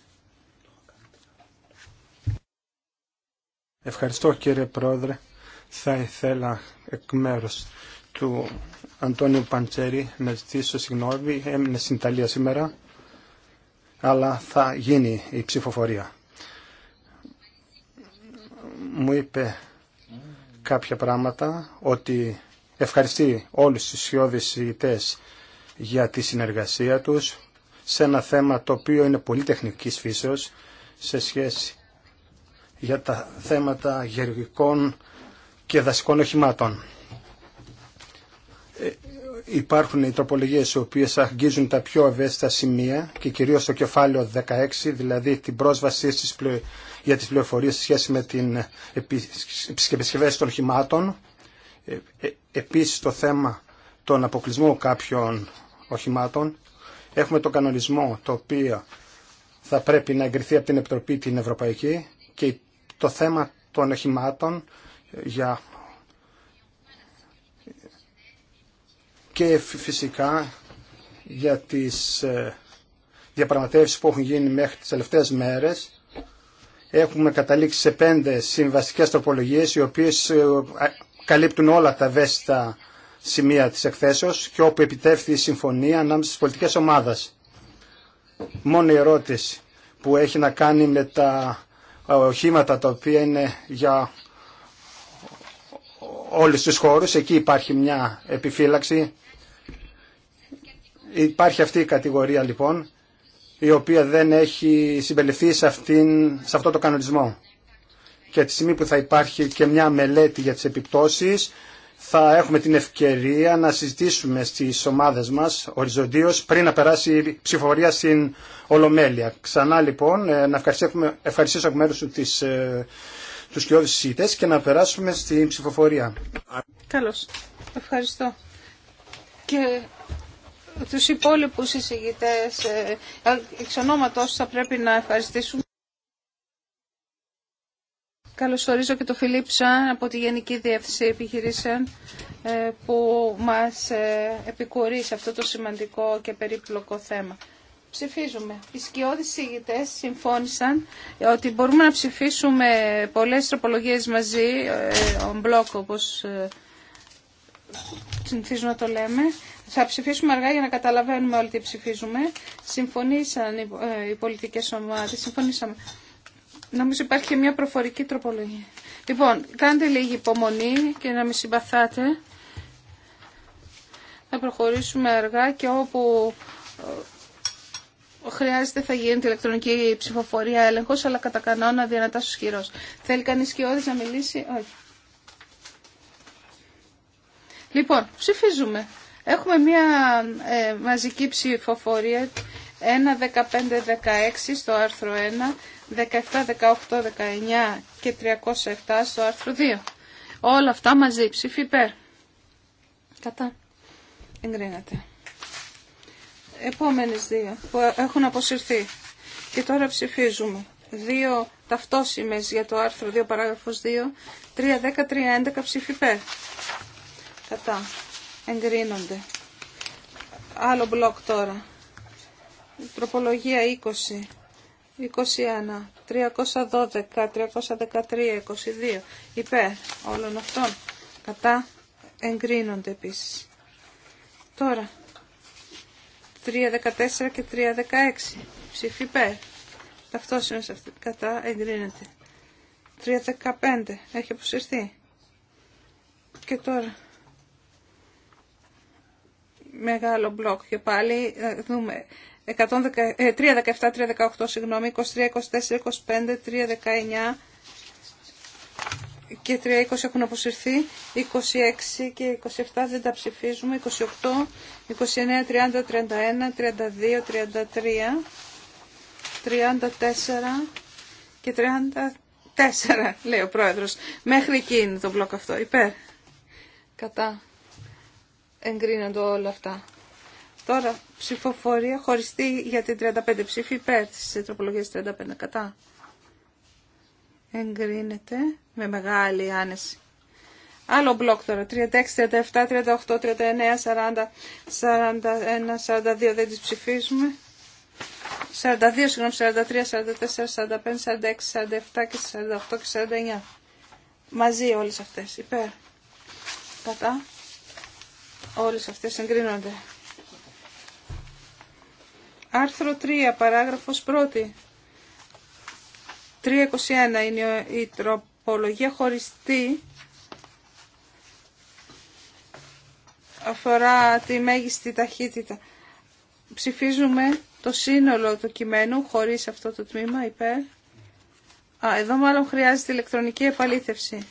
Ευχαριστώ κύριε Πρόεδρε. Θα ήθελα εκ μέρου του Αντώνιου Παντσέρη να ζητήσω συγγνώμη. Έμεινε ε, στην Ιταλία σήμερα, αλλά θα γίνει η ψηφοφορία μου είπε κάποια πράγματα, ότι ευχαριστεί όλους τους σιώδης για τη συνεργασία τους σε ένα θέμα το οποίο είναι πολύ τεχνικής φύσεως σε σχέση για τα θέματα γεωργικών και δασικών οχημάτων. Ε, υπάρχουν οι τροπολογίες οι οποίες αγγίζουν τα πιο ευαίσθητα σημεία και κυρίως το κεφάλαιο 16, δηλαδή την πρόσβαση στις για τις πληροφορίες σε σχέση με την επισκευές των οχημάτων. Ε, ε, επίσης το θέμα των αποκλεισμών κάποιων οχημάτων, έχουμε τον κανονισμό το οποίο θα πρέπει να εγκριθεί από την Επιτροπή την Ευρωπαϊκή και το θέμα των οχημάτων για και φυσικά για τις ε, διαπραγματεύσεις που έχουν γίνει μέχρι τις τελευταίες μέρες έχουμε καταλήξει σε πέντε συμβαστικές τροπολογίες οι οποίες ε, καλύπτουν όλα τα βέστα σημεία της εκθέσεως και όπου επιτεύχθη η συμφωνία ανάμεσα στις πολιτικές ομάδες. Μόνο η ερώτηση που έχει να κάνει με τα ε, οχήματα τα οποία είναι για όλους τους χώρους, εκεί υπάρχει μια επιφύλαξη Υπάρχει αυτή η κατηγορία λοιπόν η οποία δεν έχει συμπεριληφθεί σε, αυτήν, αυτό το κανονισμό. Και τη στιγμή που θα υπάρχει και μια μελέτη για τις επιπτώσεις θα έχουμε την ευκαιρία να συζητήσουμε στις ομάδες μας οριζοντίως πριν να περάσει η ψηφοφορία στην Ολομέλεια. Ξανά λοιπόν ε, να ευχαριστήσουμε, ευχαριστήσω από μέρους ε, τους και να περάσουμε στην ψηφοφορία. Καλώς. Ευχαριστώ. Και τους υπόλοιπους εισηγητές ε, εξ ονόματος θα πρέπει να ευχαριστήσουμε. Καλωσορίζω και τον Φιλίψα από τη Γενική Διεύθυνση Επιχειρήσεων ε, που μας ε, επικουρεί σε αυτό το σημαντικό και περίπλοκο θέμα. Ψηφίζουμε. Οι σκιώδεις συγητές συμφώνησαν ότι μπορούμε να ψηφίσουμε πολλές τροπολογίες μαζί, on block όπως συνηθίζω να το λέμε. Θα ψηφίσουμε αργά για να καταλαβαίνουμε όλοι τι ψηφίζουμε. Συμφωνήσαν οι ε, πολιτικέ ομάδες, συμφωνήσαμε. Νομίζω υπάρχει και μια προφορική τροπολογία. Λοιπόν, κάντε λίγη υπομονή και να μην συμπαθάτε. Θα προχωρήσουμε αργά και όπου ε, χρειάζεται θα γίνεται ηλεκτρονική ψηφοφορία έλεγχος, αλλά κατά κανόνα δυνατά χειρός Θέλει κανείς και να μιλήσει, όχι. Λοιπόν, ψηφίζουμε. Έχουμε μια ε, μαζική ψηφοφορία 1, 15, 16 στο άρθρο 1, 17, 18, 19 και 307 στο άρθρο 2. Όλα αυτά μαζί. Ψήφι υπέρ. Κατά. Εγκρίνεται. Επόμενες δύο που έχουν αποσυρθεί. Και τώρα ψηφίζουμε. Δύο ταυτόσημες για το άρθρο 2 παράγραφος 2. 3, 10, 3, 11 ψήφι υπέρ κατά εγκρίνονται. Άλλο μπλοκ τώρα. Τροπολογία 20, 21, 312, 313, 22 υπέρ όλων αυτών κατά εγκρίνονται επίσης. Τώρα 314 και 316 ψήφι υπέρ. Ταυτόσιμες αυτή κατά εγκρίνεται. 315 έχει αποσυρθεί. Και τώρα μεγάλο μπλοκ και πάλι ε, δούμε 317-318, ε, συγγνώμη, 23-24-25, 319 και 320 έχουν αποσυρθεί, 26 και 27 δεν τα ψηφίζουμε, 28, 29, 30, 31, 32, 33, 34 και 34, λέει ο πρόεδρος. Μέχρι εκεί είναι το μπλοκ αυτό, υπέρ, κατά εγκρίνονται όλα αυτά. Τώρα ψηφοφορία χωριστή για την 35 ψήφι υπέρ της τροπολογίας 35 κατά. Εγκρίνεται με μεγάλη άνεση. Άλλο μπλοκ τώρα, 36, 37, 38, 39, 40, 41, 42 δεν τις ψηφίζουμε. 42, συγγνώμη, 43, 44, 45, 46, 47 και 48 και 49. Μαζί όλες αυτές, υπέρ. Κατά. Όλες αυτές συγκρίνονται. Άρθρο 3, παράγραφος 1. 321 είναι η τροπολογία χωριστή. Αφορά τη μέγιστη ταχύτητα. Ψηφίζουμε το σύνολο του κειμένου χωρίς αυτό το τμήμα υπέρ. Α, εδώ μάλλον χρειάζεται ηλεκτρονική επαλήθευση.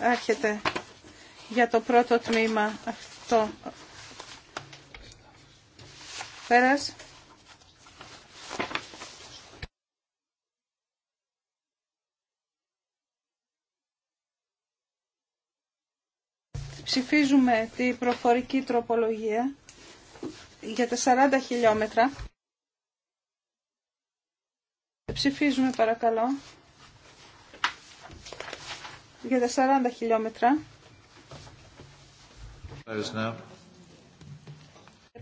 Άρχεται για το πρώτο τμήμα αυτό. Πέρας. Ψηφίζουμε την προφορική τροπολογία για τα 40 χιλιόμετρα. Ψηφίζουμε παρακαλώ για τα 40 χιλιόμετρα.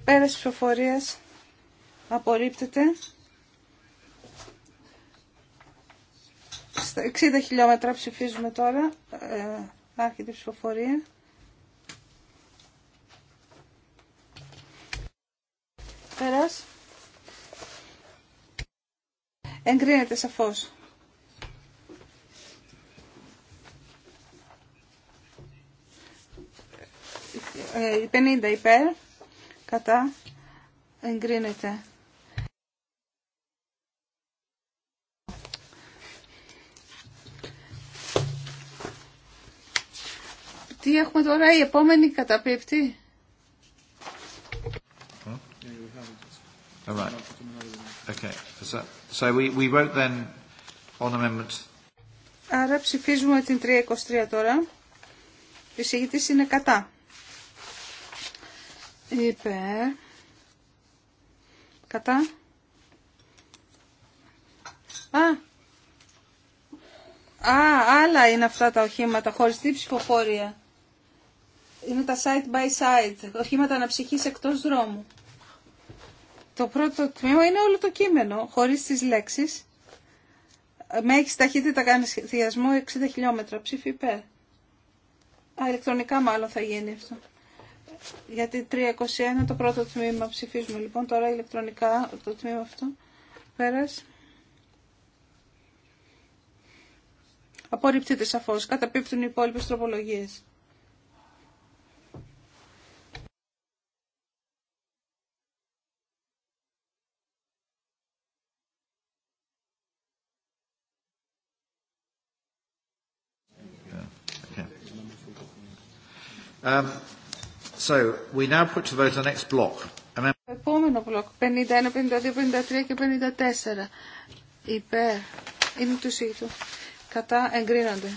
Πέρας ψηφοφορίας απορρίπτεται στα 60 χιλιόμετρα ψηφίζουμε τώρα ε, άρχεται η ψηφοφορία πέρας εγκρίνεται σαφώς 50 υπέρ, κατά, εγκρίνεται. Τι έχουμε τώρα, η επόμενη καταπίπτει. Right. Okay. So, we, we then on Άρα ψηφίζουμε την 323 τώρα. Η εισηγητής είναι κατά υπέρ κατά Α, Α, άλλα είναι αυτά τα οχήματα, χωριστή ψηφοφόρια. Είναι τα side by side, οχήματα αναψυχής εκτός δρόμου. Το πρώτο τμήμα είναι όλο το κείμενο, χωρίς τις λέξεις. Με έχει ταχύτητα κάνει θειασμό 60 χιλιόμετρα, ψήφι υπέρ. Α, ηλεκτρονικά μάλλον θα γίνει αυτό. Γιατί 321 το πρώτο τμήμα ψηφίζουμε λοιπόν τώρα ηλεκτρονικά το τμήμα αυτό. Πέρας. Απορριπτείται σαφώς. Καταπίπτουν οι υπόλοιπες τροπολογίες. Um... So, we now put to vote the next block. Επόμενο μπλοκ, 51, 52, 53 και 54. Υπέρ, είναι του σύγητου. Κατά εγκρίνονται.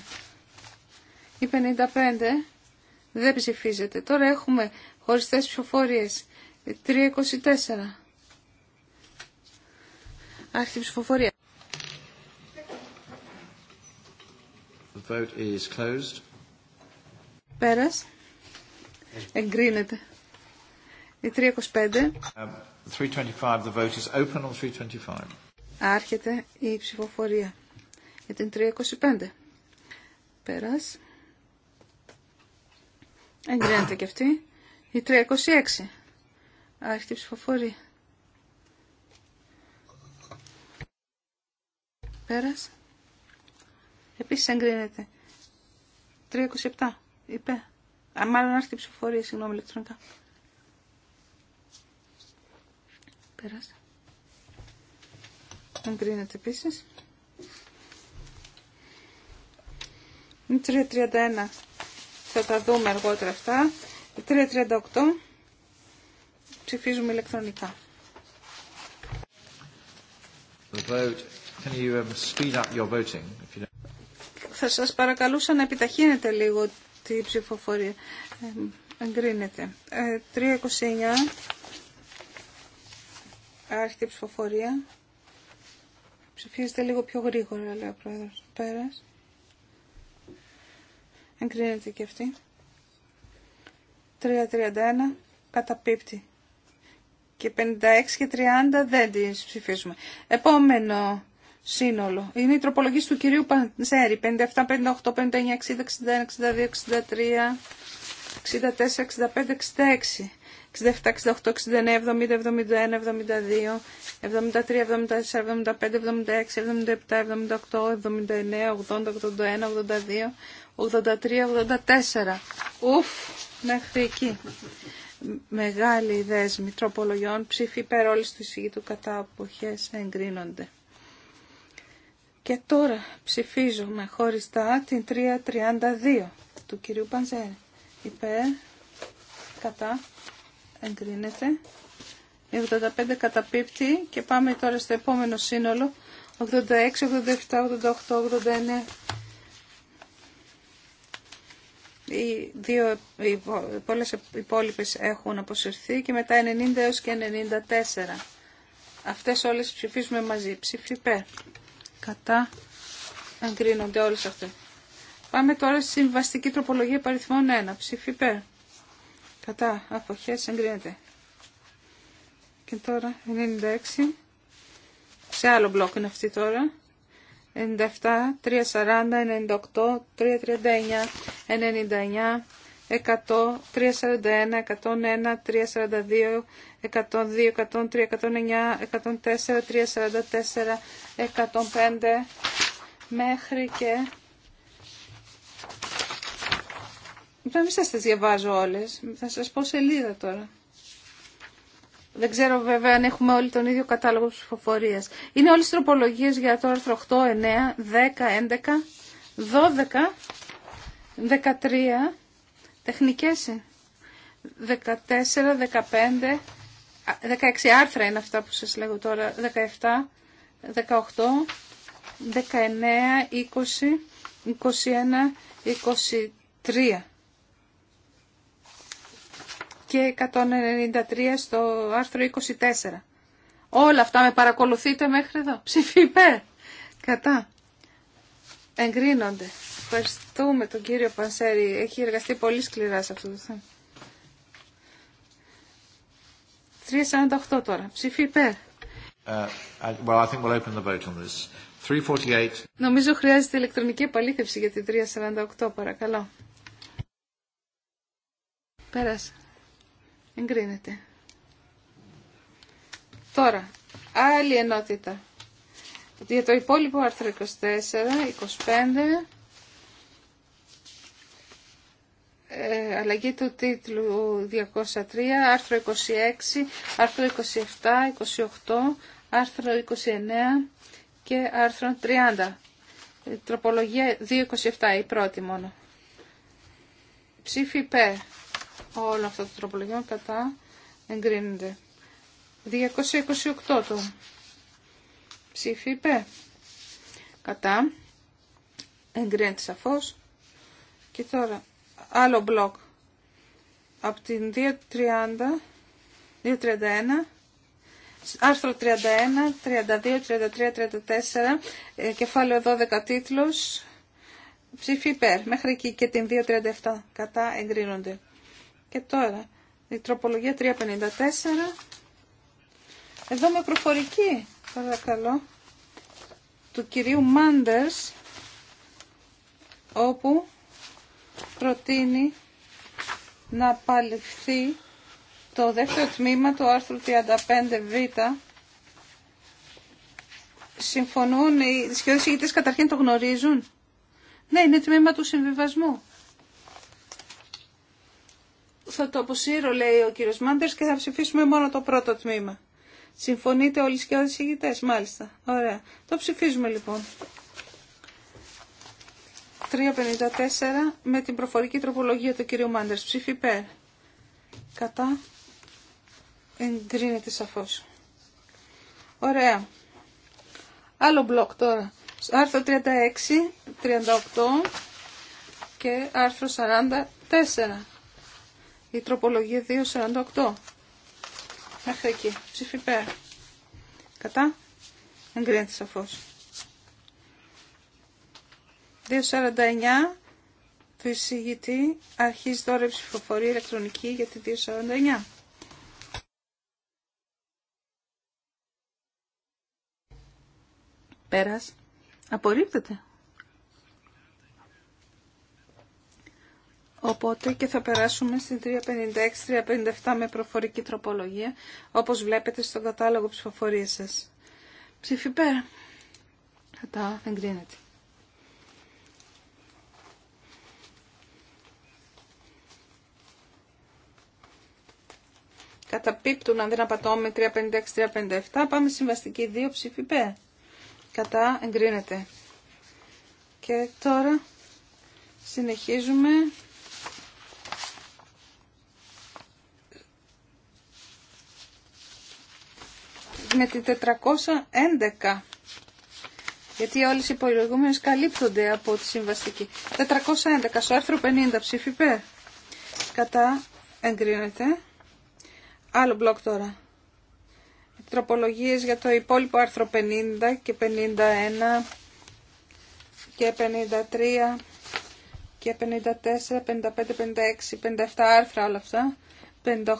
Η 55 δεν ψηφίζεται. Τώρα έχουμε χωριστές ψηφοφορίες. 324. Άρχισε η ψηφοφορία. The vote is closed. Πέρας. Εγκρίνεται. Η 325. Um, the vote is Άρχεται η ψηφοφορία για την 325. Πέρας. Εγκρίνεται και αυτή. Η 326. Άρχεται η ψηφοφορία. Πέρας. Επίσης εγκρίνεται. 327. Υπέ. Α, μάλλον έρθει η ψηφοφορία, συγγνώμη, ηλεκτρονικά. Πέρασε. Εγκρίνεται επίσης. 3.31 θα τα δούμε αργότερα αυτά. 3.38 ψηφίζουμε ηλεκτρονικά. Θα σας παρακαλούσα να επιταχύνετε λίγο Τη ψηφοφορία. Εγκρίνεται. 329. Ε, Άρχεται η ψηφοφορία. Ψηφίζεται λίγο πιο γρήγορα, λέει ο πρόεδρος. Πέρας. Εγκρίνεται και αυτή. 331 καταπίπτει. Και 56 και 30 δεν τις ψηφίζουμε. Επόμενο σύνολο. Είναι η τροπολογίες του κυρίου πανσερι 57, 58, 59, 60, 61, 62, 63, 64, 65, 66. 67, 68, 69, 70, 71, 72, 73, 74, 75, 76, 77, 78, 79, 80, 81, 82, 83, 84. Ουφ, μέχρι εκεί. Μεγάλη δέσμη τροπολογιών ψήφι υπέρ του εισηγητού κατά αποχές εγκρίνονται. Και τώρα ψηφίζουμε χωριστά την 332 του κυρίου Παντζέρη. Υπέρ, κατά, εγκρίνεται. 85 καταπίπτει και πάμε τώρα στο επόμενο σύνολο. 86, 87, 88, 89. Οι, δύο, οι υπόλοιπες έχουν αποσυρθεί και μετά 90 έως και 94. Αυτές όλες ψηφίζουμε μαζί. Ψήφι κατά εγκρίνονται όλες αυτές. Πάμε τώρα στη συμβαστική τροπολογία παριθμών 1. Ψήφι υπέρ. Κατά αποχές εγκρίνεται. Και τώρα 96. Σε άλλο μπλοκ είναι αυτή τώρα. 97, 340, 98, 339, 99, 100, 341, 101, 342, 102, 103, 109, 104, 344, 105 μέχρι και... δεν μην σας τις διαβάζω όλες. Θα σας πω σελίδα τώρα. Δεν ξέρω βέβαια αν έχουμε όλοι τον ίδιο κατάλογο ψηφοφορία. Είναι όλες οι τροπολογίες για το άρθρο 8, 9, 10, 11, 12, 13... Τεχνικές 14, 15, 16 άρθρα είναι αυτά που σας λέγω τώρα, 17, 18, 19, 20, 21, 23 και 193 στο άρθρο 24. Όλα αυτά με παρακολουθείτε μέχρι εδώ. Ψηφίπερ. Κατά. Εγκρίνονται. Ευχαριστώ. Ευχαριστούμε τον κύριο Πανσέρη. Έχει εργαστεί πολύ σκληρά σε αυτό το θέμα. 3.48 τώρα. Ψήφι υπέρ. Uh, well, I think we'll open the on this. 348. Νομίζω χρειάζεται ηλεκτρονική επαλήθευση για την 348, παρακαλώ. Πέρασε. Εγκρίνεται. Τώρα, άλλη ενότητα. Για το υπόλοιπο άρθρο 24, 25, Ε, αλλαγή του τίτλου 203, άρθρο 26, άρθρο 27, 28, άρθρο 29 και άρθρο 30. Ε, τροπολογία 227, η πρώτη μόνο. Ψήφι υπέρ. Όλα αυτά τα τροπολογία κατά εγκρίνονται. 228 το ψήφι Κατά εγκρίνεται σαφώς. Και τώρα άλλο μπλοκ. Από την 2.30, 2.31, άρθρο 31, 32, 33, 34, κεφάλαιο 12 τίτλος, ψήφι υπέρ, μέχρι εκεί και την 2.37 κατά εγκρίνονται. Και τώρα, η τροπολογία 3.54, εδώ με προφορική, παρακαλώ, του κυρίου Μάντερς, όπου προτείνει να παληφθεί το δεύτερο τμήμα του άρθρου 35β. Συμφωνούν οι σχεδόν ηγητές καταρχήν το γνωρίζουν. Ναι, είναι τμήμα του συμβιβασμού. Θα το αποσύρω, λέει ο κύριος Μάντερς, και θα ψηφίσουμε μόνο το πρώτο τμήμα. Συμφωνείτε όλοι οι σχεδόν μάλιστα. Ωραία. Το ψηφίζουμε λοιπόν. 354 με την προφορική τροπολογία του κυρίου Μάντερς. Ψήφι υπέρ. Κατά. Εγκρίνεται σαφώς. Ωραία. Άλλο μπλοκ τώρα. Άρθρο 36, 38 και άρθρο 44. Η τροπολογία 248. Μέχρι εκεί. Ψήφι υπέρ. Κατά. Εγκρίνεται σαφώς. 249 του εισηγητή αρχίζει τώρα η ψηφοφορία ηλεκτρονική για τη 249. Πέρας. Απορρίπτεται. Οπότε και θα περάσουμε στην 356-357 με προφορική τροπολογία, όπως βλέπετε στον κατάλογο ψηφοφορίας σας. Ψήφι πέρα. Κατά, εγκρίνεται. καταπίπτουν αν δεν απατώμε 356-357. Πάμε συμβαστική 2 ψήφι πέ. Κατά εγκρίνεται. Και τώρα συνεχίζουμε. με τη 411 γιατί όλες οι προηγούμενες καλύπτονται από τη συμβαστική 411 στο άρθρο 50 ψήφι πέ κατά εγκρίνεται Άλλο μπλοκ τώρα. Τροπολογίες για το υπόλοιπο άρθρο 50 και 51 και 53 και 54, 55, 56, 57 άρθρα όλα αυτά. 58, 59, 60, 61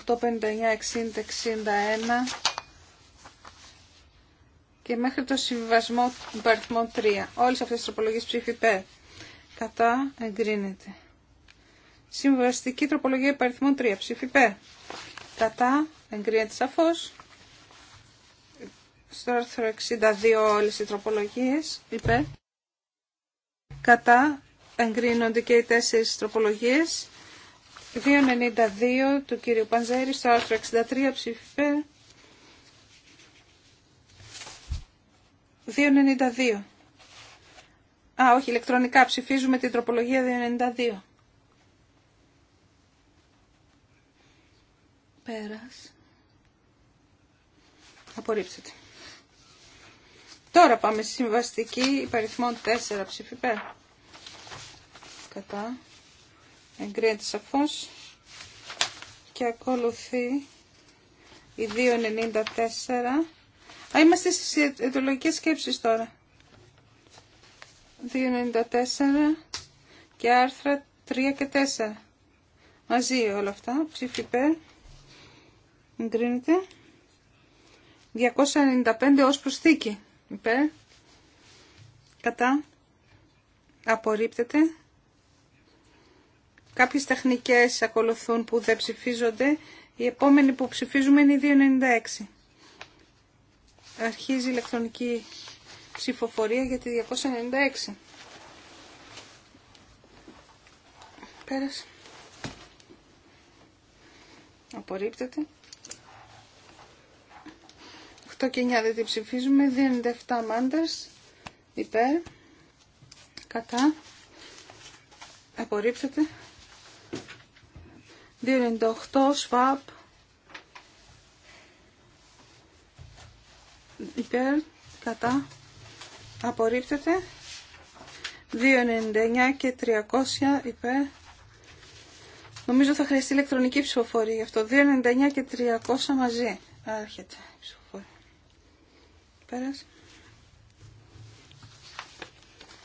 και μέχρι το συμβιβασμό υπαριθμών 3. Όλες αυτές τις τροπολογίες ψήφι υπέρ. Κατά εγκρίνεται. Συμβαστική τροπολογία υπαριθμών 3. Ψήφι Κατά. Εγκρίνεται σαφώ. Στο άρθρο 62 όλες οι τροπολογίες. είπε. Κατά. Εγκρίνονται και οι τέσσερις τροπολογίες. 292 του κύριου Πανζέρη στο άρθρο 63 ψήφιπε. 292. Α, όχι, ηλεκτρονικά ψηφίζουμε την τροπολογία 292. Πέρας. Απορρίψετε. Τώρα πάμε στη συμβαστική υπαριθμών 4 ψήφι Κατά. Εγκρίνεται σαφώ Και ακολουθεί η 2.94. Α, είμαστε στις ιδεολογικές σκέψεις τώρα. 2.94 και άρθρα 3 και 4. Μαζί όλα αυτά. Ψήφι Εγκρίνεται. 295 ως προσθήκη. Υπέρ. Κατά. Απορρίπτεται. Κάποιες τεχνικές ακολουθούν που δεν ψηφίζονται. Η επόμενη που ψηφίζουμε είναι η 296. Αρχίζει η ηλεκτρονική ψηφοφορία για τη 296. Πέρασε. Απορρίπτεται. 8 και 9 δεν την ψηφίζουμε. 2,97 7 υπέρ, κατά, απορρίπτεται. 2,98 σφαπ. υπέρ, κατά, απορρίπτεται. 2,99 και 300 υπέρ. Νομίζω θα χρειαστεί ηλεκτρονική ψηφοφορία γι' αυτό. 2,99 και 300 μαζί. Άρχεται η Πέρας.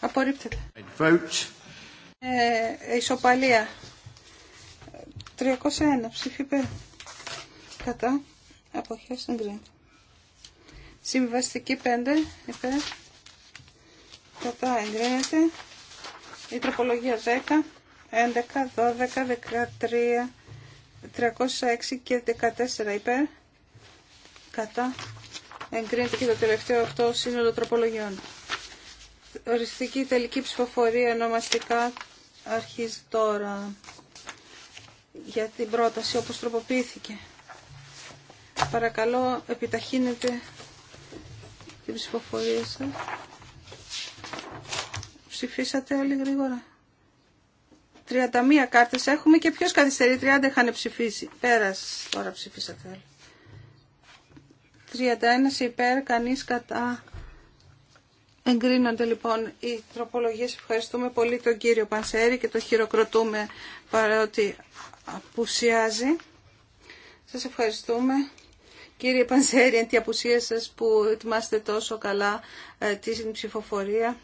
Απορρίπτεται. Vote. Ε, ισοπαλία. 301 ψήφι υπέρ. Κατά. Αποχές εγκρίνεται. Συμβαστική 5 υπέρ. Κατά εγκρίνεται. Η τροπολογία 10. 11, 12, 13, 306 και 14 υπέρ κατά εγκρίνεται και το τελευταίο αυτό σύνολο τροπολογιών. Οριστική τελική ψηφοφορία ονομαστικά αρχίζει τώρα για την πρόταση όπως τροποποιήθηκε. Παρακαλώ επιταχύνετε την ψηφοφορία σας. Ψηφίσατε όλοι γρήγορα. 31 κάρτες έχουμε και ποιος καθυστερεί 30 είχαν ψηφίσει. Πέρας τώρα ψηφίσατε όλοι. 31 υπέρ, κανείς κατά. Εγκρίνονται λοιπόν οι τροπολογίες. Ευχαριστούμε πολύ τον κύριο Πανσέρη και το χειροκροτούμε παρότι απουσιάζει. Σας ευχαριστούμε. Κύριε Πανσέρη, εν τη απουσία σας που ετοιμάστε τόσο καλά ε, την ψηφοφορία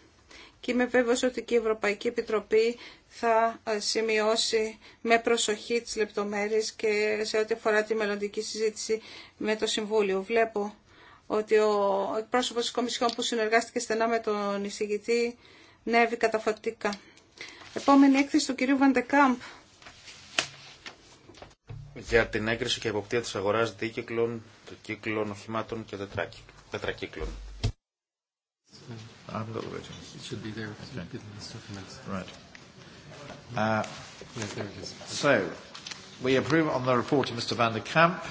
και είμαι βέβαιος ότι και η Ευρωπαϊκή Επιτροπή θα ε, σημειώσει με προσοχή τις λεπτομέρειες και σε ό,τι αφορά τη μελλοντική συζήτηση με το Συμβούλιο. Βλέπω ότι ο εκπρόσωπος της Κομισιόν που συνεργάστηκε στενά με τον εισηγητή νεύει καταφατικά. Επόμενη έκθεση του κυρίου Βαντεκάμπ. Για την έγκριση και εποπτεία της αγοράς δίκυκλων, κύκλων οχημάτων και τετρακύκλων. I haven't got the version. It should be there. Okay. Right. Uh, yes, there it is. So, we approve on the report of Mr. Van der Kamp.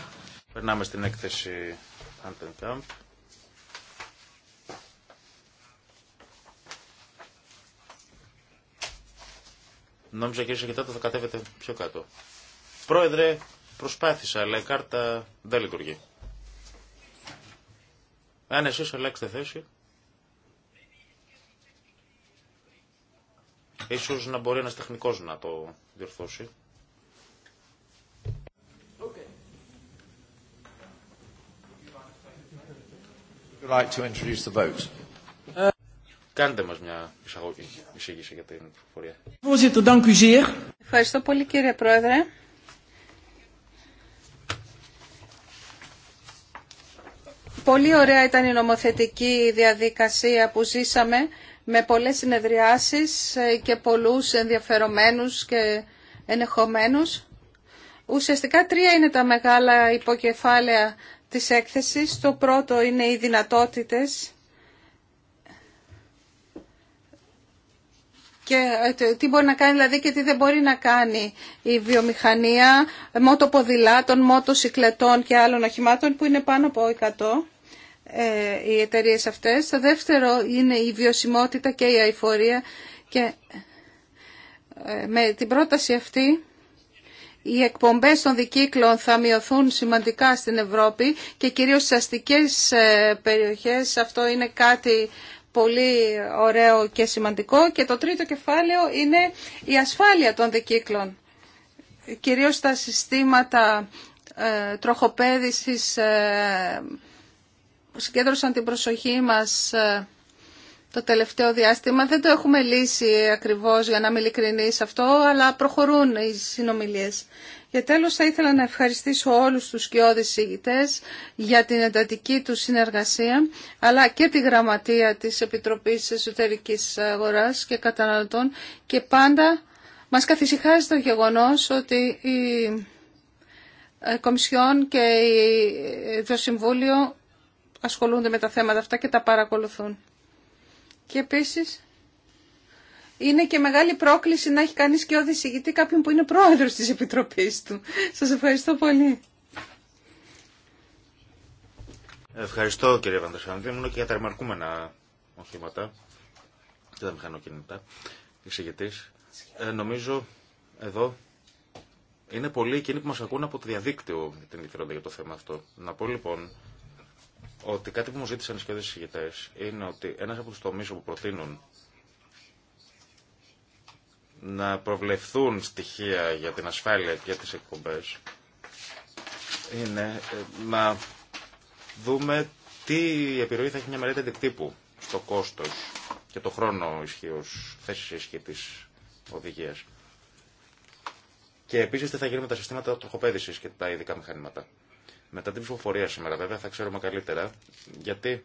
Περνάμε στην έκθεση Van der Kamp. Νόμιζα κύριε Σακητάτο θα κατέβετε πιο κάτω. Πρόεδρε, προσπάθησα, αλλά η κάρτα δεν λειτουργεί. Αν εσείς αλλάξετε θέση... Ίσως να μπορεί ένας τεχνικός να το διορθώσει. to introduce the vote. Κάντε μας μια εισαγωγή, εισήγηση για την πληροφορία. Ευχαριστώ πολύ κύριε Πρόεδρε. Πολύ ωραία ήταν η νομοθετική διαδικασία που ζήσαμε με πολλές συνεδριάσεις ε, και πολλούς ενδιαφερομένους και ενεχομένους. Ουσιαστικά τρία είναι τα μεγάλα υποκεφάλαια της έκθεσης. Το πρώτο είναι οι δυνατότητες και ε, τι μπορεί να κάνει δηλαδή και τι δεν μπορεί να κάνει η βιομηχανία μότο ποδηλάτων, μότο και άλλων οχημάτων που είναι πάνω από 100. Ε, οι εταιρείε αυτές. Το δεύτερο είναι η βιωσιμότητα και η αηφορία και ε, με την πρόταση αυτή οι εκπομπές των δικύκλων θα μειωθούν σημαντικά στην Ευρώπη και κυρίως στις αστικές ε, περιοχές. Αυτό είναι κάτι πολύ ωραίο και σημαντικό. Και το τρίτο κεφάλαιο είναι η ασφάλεια των δικύκλων. Κυρίως τα συστήματα τροχοπέδησης συγκέντρωσαν την προσοχή μας ε, το τελευταίο διάστημα. Δεν το έχουμε λύσει ακριβώς για να είμαι αυτό, αλλά προχωρούν οι συνομιλίες. Για τέλος θα ήθελα να ευχαριστήσω όλους τους σκιώδεις ηγητές για την εντατική του συνεργασία, αλλά και τη γραμματεία της Επιτροπής Εσωτερικής Αγοράς και Καταναλωτών και πάντα μας καθησυχάζει το γεγονός ότι η ε, Κομισιόν και ε, το Συμβούλιο ασχολούνται με τα θέματα αυτά και τα παρακολουθούν. Και επίσης είναι και μεγάλη πρόκληση να έχει κανείς και γιατί κάποιον που είναι πρόεδρος της Επιτροπής του. Σας ευχαριστώ πολύ. Ευχαριστώ κύριε Βαντασφαντή. Μόνο και για τα ρημαρκούμενα οχήματα και τα μηχανοκίνητα. Εξηγητής. Ε, νομίζω εδώ είναι πολλοί εκείνοι που μας ακούν από το διαδίκτυο την ενδιαφέροντα για το θέμα αυτό. Να πω λοιπόν ότι κάτι που μου ζήτησαν οι σχεδόν συζητητέ είναι ότι ένα από του τομεί που προτείνουν να προβλεφθούν στοιχεία για την ασφάλεια και τις εκπομπές είναι ε, να δούμε τι επιρροή θα έχει μια μελέτη αντικτύπου στο κόστος και το χρόνο ισχύως θέσης ισχύ της οδηγίας. Και επίσης τι θα γίνει με τα συστήματα τροχοπέδησης και τα ειδικά μηχανήματα. Μετά την ψηφοφορία σήμερα βέβαια θα ξέρουμε καλύτερα, γιατί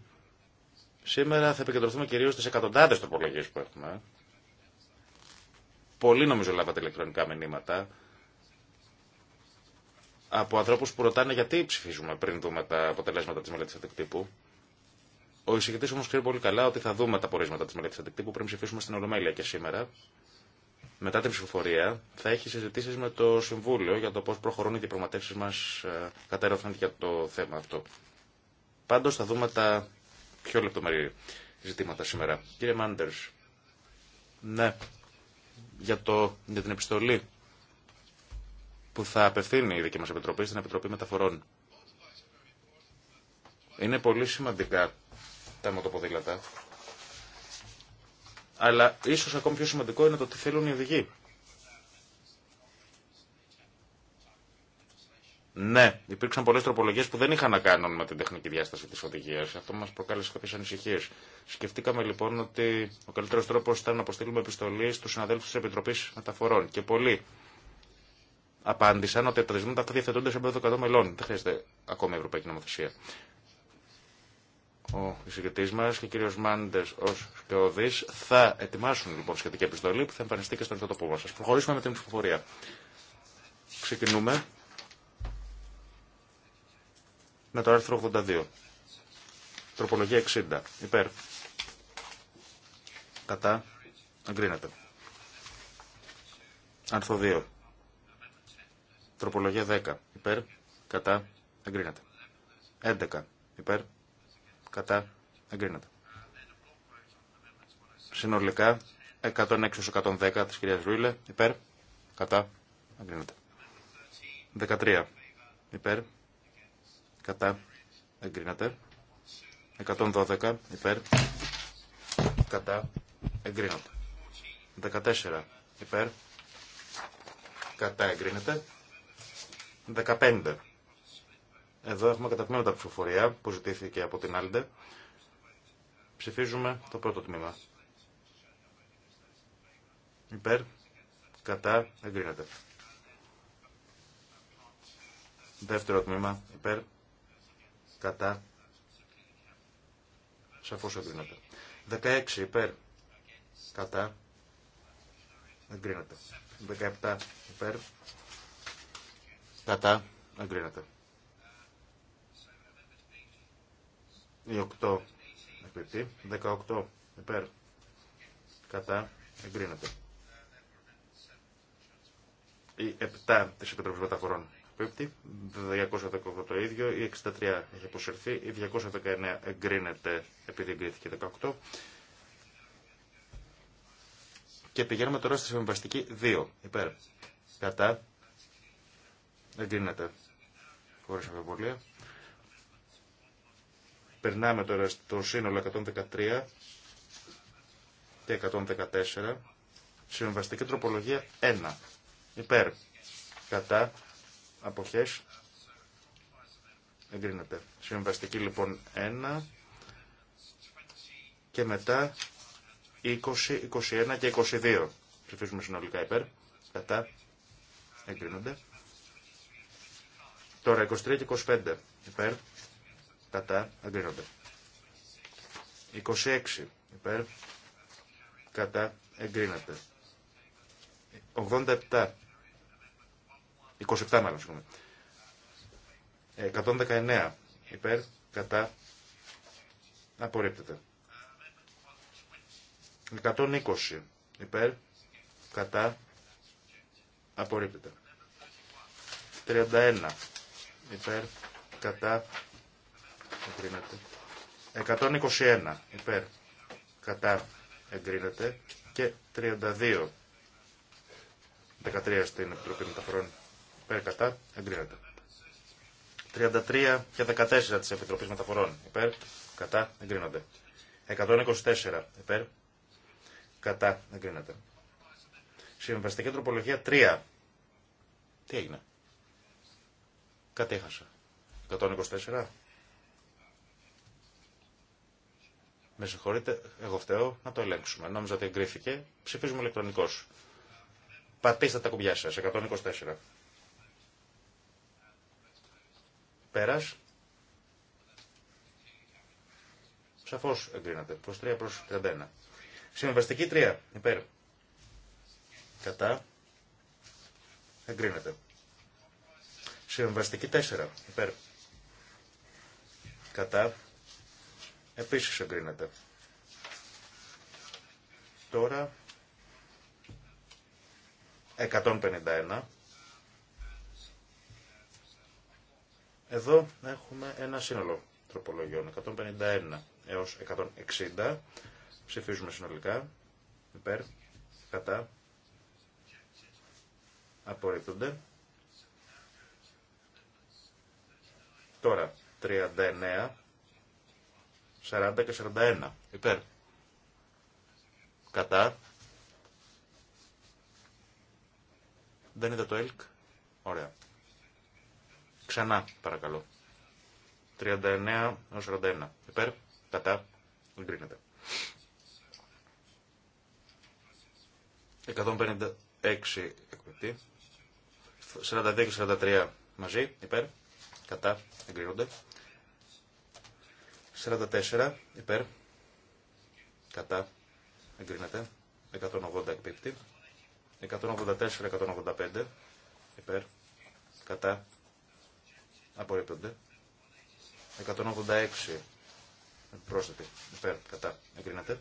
σήμερα θα επικεντρωθούμε κυρίως στις εκατοντάδες τροπολογίες που έχουμε. Πολλοί νομίζω λάβατε ηλεκτρονικά μηνύματα από ανθρώπους που ρωτάνε γιατί ψηφίζουμε πριν δούμε τα αποτελέσματα της μελέτης αντικτύπου. Ο εισηγητή όμω ξέρει πολύ καλά ότι θα δούμε τα πορίσματα τη μελέτη αντικτύπου πριν ψηφίσουμε στην Ολομέλεια και σήμερα μετά την ψηφοφορία θα έχει συζητήσει με το Συμβούλιο για το πώ προχωρούν οι διαπραγματεύσει μα ε, κατά για το θέμα αυτό. Πάντω θα δούμε τα πιο λεπτομερή ζητήματα σήμερα. Κύριε Μάντερ, ναι, για, το, για την επιστολή που θα απευθύνει η δική μα Επιτροπή στην Επιτροπή Μεταφορών. Είναι πολύ σημαντικά τα μοτοποδήλατα αλλά ίσω ακόμη πιο σημαντικό είναι το τι θέλουν οι οδηγοί. Ναι, υπήρξαν πολλέ τροπολογίε που δεν είχαν να κάνουν με την τεχνική διάσταση τη οδηγία. Αυτό μα προκάλεσε κάποιε ανησυχίε. Σκεφτήκαμε λοιπόν ότι ο καλύτερο τρόπο ήταν να αποστείλουμε επιστολή στου συναδέλφου τη Επιτροπή Μεταφορών. Και πολλοί απάντησαν ότι τα δεσμεύματα αυτά διαθετούνται σε 100 μελών. Δεν χρειάζεται ακόμα η Ευρωπαϊκή Νομοθεσία ο εισηγητής μας και ο κύριος Μάντες ως σκεωδής θα ετοιμάσουν λοιπόν σχετική επιστολή που θα εμφανιστεί και στον ιστοτοπό μα. σας. προχωρήσουμε με την ψηφοφορία. Ξεκινούμε με το άρθρο 82. Τροπολογία 60. Υπέρ. Κατά. Εγκρίνεται. Άρθρο 2. Τροπολογία 10. Υπέρ. Κατά. Εγκρίνεται. 11. Υπέρ κατά εγκρίνεται. Συνολικά 106-110 της κυρίας Ρούιλε υπέρ κατά εγκρίνεται. 13 υπέρ κατά εγκρίνεται. 112 υπέρ κατά εγκρίνεται. 14 υπέρ κατά εγκρίνεται. 15 εδώ έχουμε τα ψηφοφορία που ζητήθηκε από την Άλντε. Ψηφίζουμε το πρώτο τμήμα. Υπέρ, κατά, εγκρίνεται. Δεύτερο τμήμα, υπέρ, κατά, σαφώς εγκρίνεται. 16 υπέρ, κατά, εγκρίνεται. 17 υπέρ, κατά, εγκρίνεται. Η 8 εκπληκτή. 18 υπέρ. Κατά. Εγκρίνεται. Η 7 της Επιτροπής Μεταφορών εκπίπτει. 218 το ίδιο. Η 63 έχει αποσυρθεί. Η 219 εγκρίνεται επειδή εγκρίθηκε 18. Και πηγαίνουμε τώρα στη συμβαστική 2. Υπέρ. Κατά. Εγκρίνεται. Χωρίς αμφιβολία. Περνάμε τώρα στο σύνολο 113 και 114. Συμβαστική τροπολογία 1. Υπέρ. Κατά. Αποχές. Εγκρίνεται. Συμβαστική λοιπόν 1. Και μετά 20, 21 και 22. Ψηφίζουμε συνολικά υπέρ. Κατά. Εγκρίνονται. Τώρα 23 και 25. Υπέρ κατά εγκρίνονται. 26 υπέρ κατά εγκρίνεται. 87 27 μάλλον συγγνώμη. 119 ε, υπέρ κατά απορρίπτεται. 120 υπέρ κατά απορρίπτεται. 31 υπέρ κατά εγκρίνεται. 121 υπέρ κατά εγκρίνεται και 32 13 στην Επιτροπή Μεταφορών υπέρ κατά εγκρίνεται. 33 και 14 της Επιτροπής Μεταφορών υπέρ κατά εγκρίνονται. 124 υπέρ κατά εγκρίνεται. Συμβαστική τροπολογία 3. Τι έγινε. Κατέχασα 124. Με συγχωρείτε, εγώ φταίω να το ελέγξουμε. Νόμιζα ότι εγκρίθηκε. Ψηφίζουμε ηλεκτρονικώ. Πατήστε τα κουμπιά σα. 124. Πέρα. Σαφώ εγκρίνεται. 3 προ 31. Συμβαστική 3. Υπέρ. Κατά. Εγκρίνεται. Συμβαστική 4. Υπέρ. Κατά. Επίσης εγκρίνεται. Τώρα 151. Εδώ έχουμε ένα σύνολο τροπολογιών. 151 έως 160. Ψηφίζουμε συνολικά. Υπέρ. Κατά. Απορρίπτονται. Τώρα 39 40 και 41. Υπέρ. Κατά. Δεν είδα το ΕΛΚ. Ωραία. Ξανά, παρακαλώ. 39 έως 41. Υπέρ. Κατά. Εγκρίνεται. 156 εκπαιδεύει, 42 και 43 μαζί. Υπέρ. Κατά. Εγκρίνονται. 44 υπέρ. Κατά. Εγκρίνεται. 180 εκπίπτει. 184-185 υπέρ. Κατά. Απορρίπτονται. 186 πρόσθετη υπέρ. Κατά. Εγκρίνεται.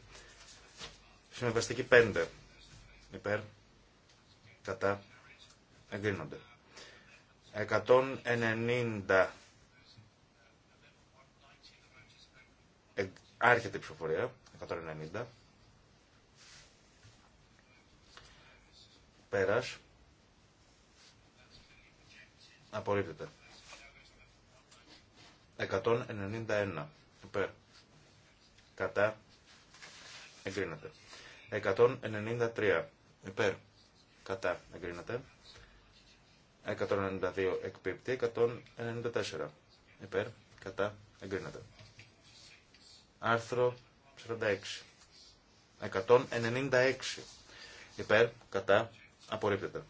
Συμβαστική 5 υπέρ. Κατά. Εγκρίνονται. 190 Άρχεται η ψηφοφορία. 190. Πέρας. Απορρίπτεται. 191. Υπέρ. Κατά. Εγκρίνεται. 193. Υπέρ. Κατά. Εγκρίνεται. 192 εκπίπτει. 194. Υπέρ. Κατά. Εγκρίνεται. Άρθρο 46. 196. Υπέρ, κατά, απορρίπτεται.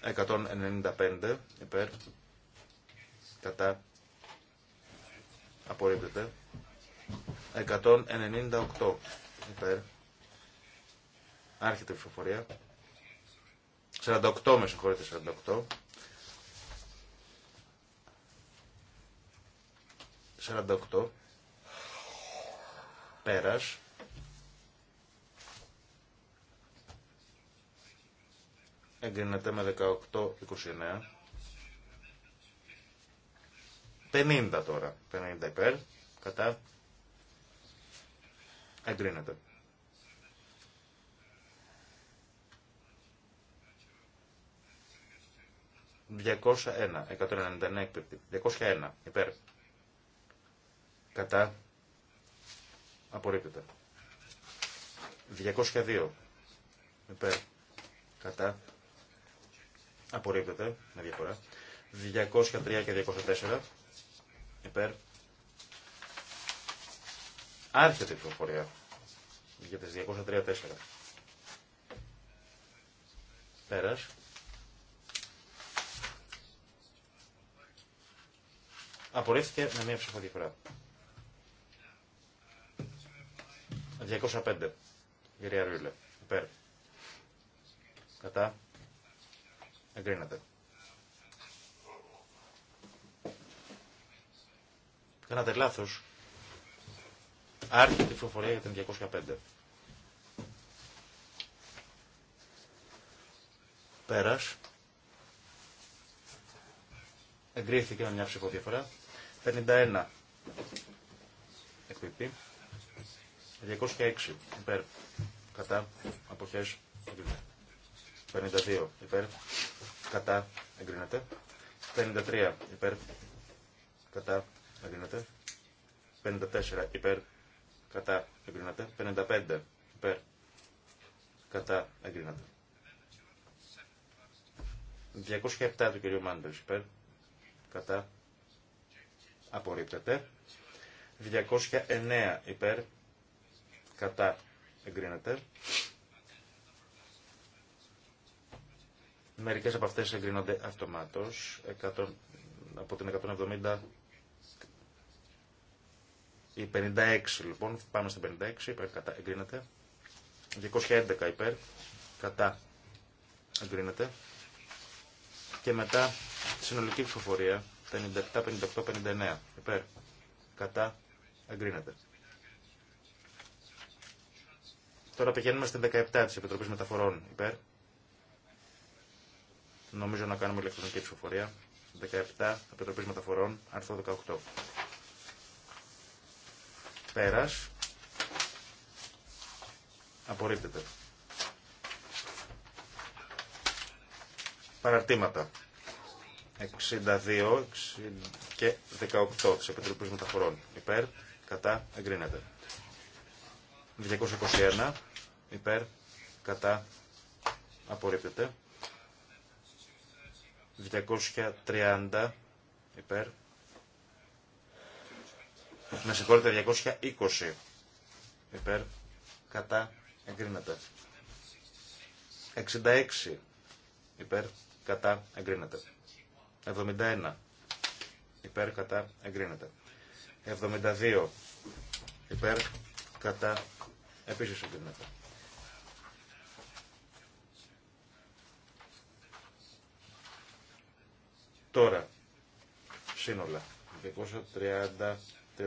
195. Υπέρ, κατά, απορρίπτεται. 198. Υπέρ. Άρχεται η ψηφοφορία. 48 με συγχωρείτε, 48. 48 πέρας. Εγκρίνεται με 18-29. 50 τώρα. 50 υπέρ. Κατά. Εγκρίνεται. ...201, 199 201, υπέρ. Κατά. Απορρίπτεται. 202. Επέρ. Κατά. Απορρίπτεται. Με διαφορά. 203 και 204. Υπέρ. Άρχεται η προφορία. για τις 203-4. Πέρας. Απορρίφθηκε με μία ψηφοδιαφορά. 205. κυρία Ρούλε Υπέρ. Κατά. Εγκρίνεται. Κάνατε λάθος. άρχιτε τη ψηφοφορία για την 205. Πέρας. Εγκρίθηκε με μια ψηφοδιαφορά. 51. Εκπίπτει. 206 υπέρ κατά Αποχέ. 52 υπέρ κατά εγκρίνεται. 53 υπέρ κατά εγκρίνεται. 54 υπέρ κατά εγκρίνεται. 55 υπέρ κατά εγκρίνεται. 207 του κ. Μάντερ υπέρ κατά απορρίπτεται. 209 υπέρ Κατά. Εγκρίνεται. Μερικές από αυτές εγκρίνονται αυτομάτως. από την 170 η 56 λοιπόν, πάμε στην 56, υπέρ, κατά, εγκρίνεται. 211 υπέρ, κατά, εγκρίνεται. Και μετά συνολική ψηφοφορία, 57, 58, 59 υπέρ, κατά, εγκρίνεται. Τώρα πηγαίνουμε στην 17 της Επιτροπής Μεταφορών. Υπέρ. Νομίζω να κάνουμε ηλεκτρονική ψηφοφορία. 17 Επιτροπής Μεταφορών, άρθρο 18. Πέρας. Απορρίπτεται. Παραρτήματα. 62 και 18 της Επιτροπής Μεταφορών. Υπέρ, κατά, εγκρίνεται. 221 υπέρ κατά απορρίπτεται. 230 υπέρ. Με συγχωρείτε, 220 υπέρ κατά εγκρίνεται. 66 υπέρ κατά εγκρίνεται. 71 υπέρ κατά εγκρίνεται. 72 υπέρ κατά Επίσης εγκρίνεται. Τώρα, σύνολα, 230, 34,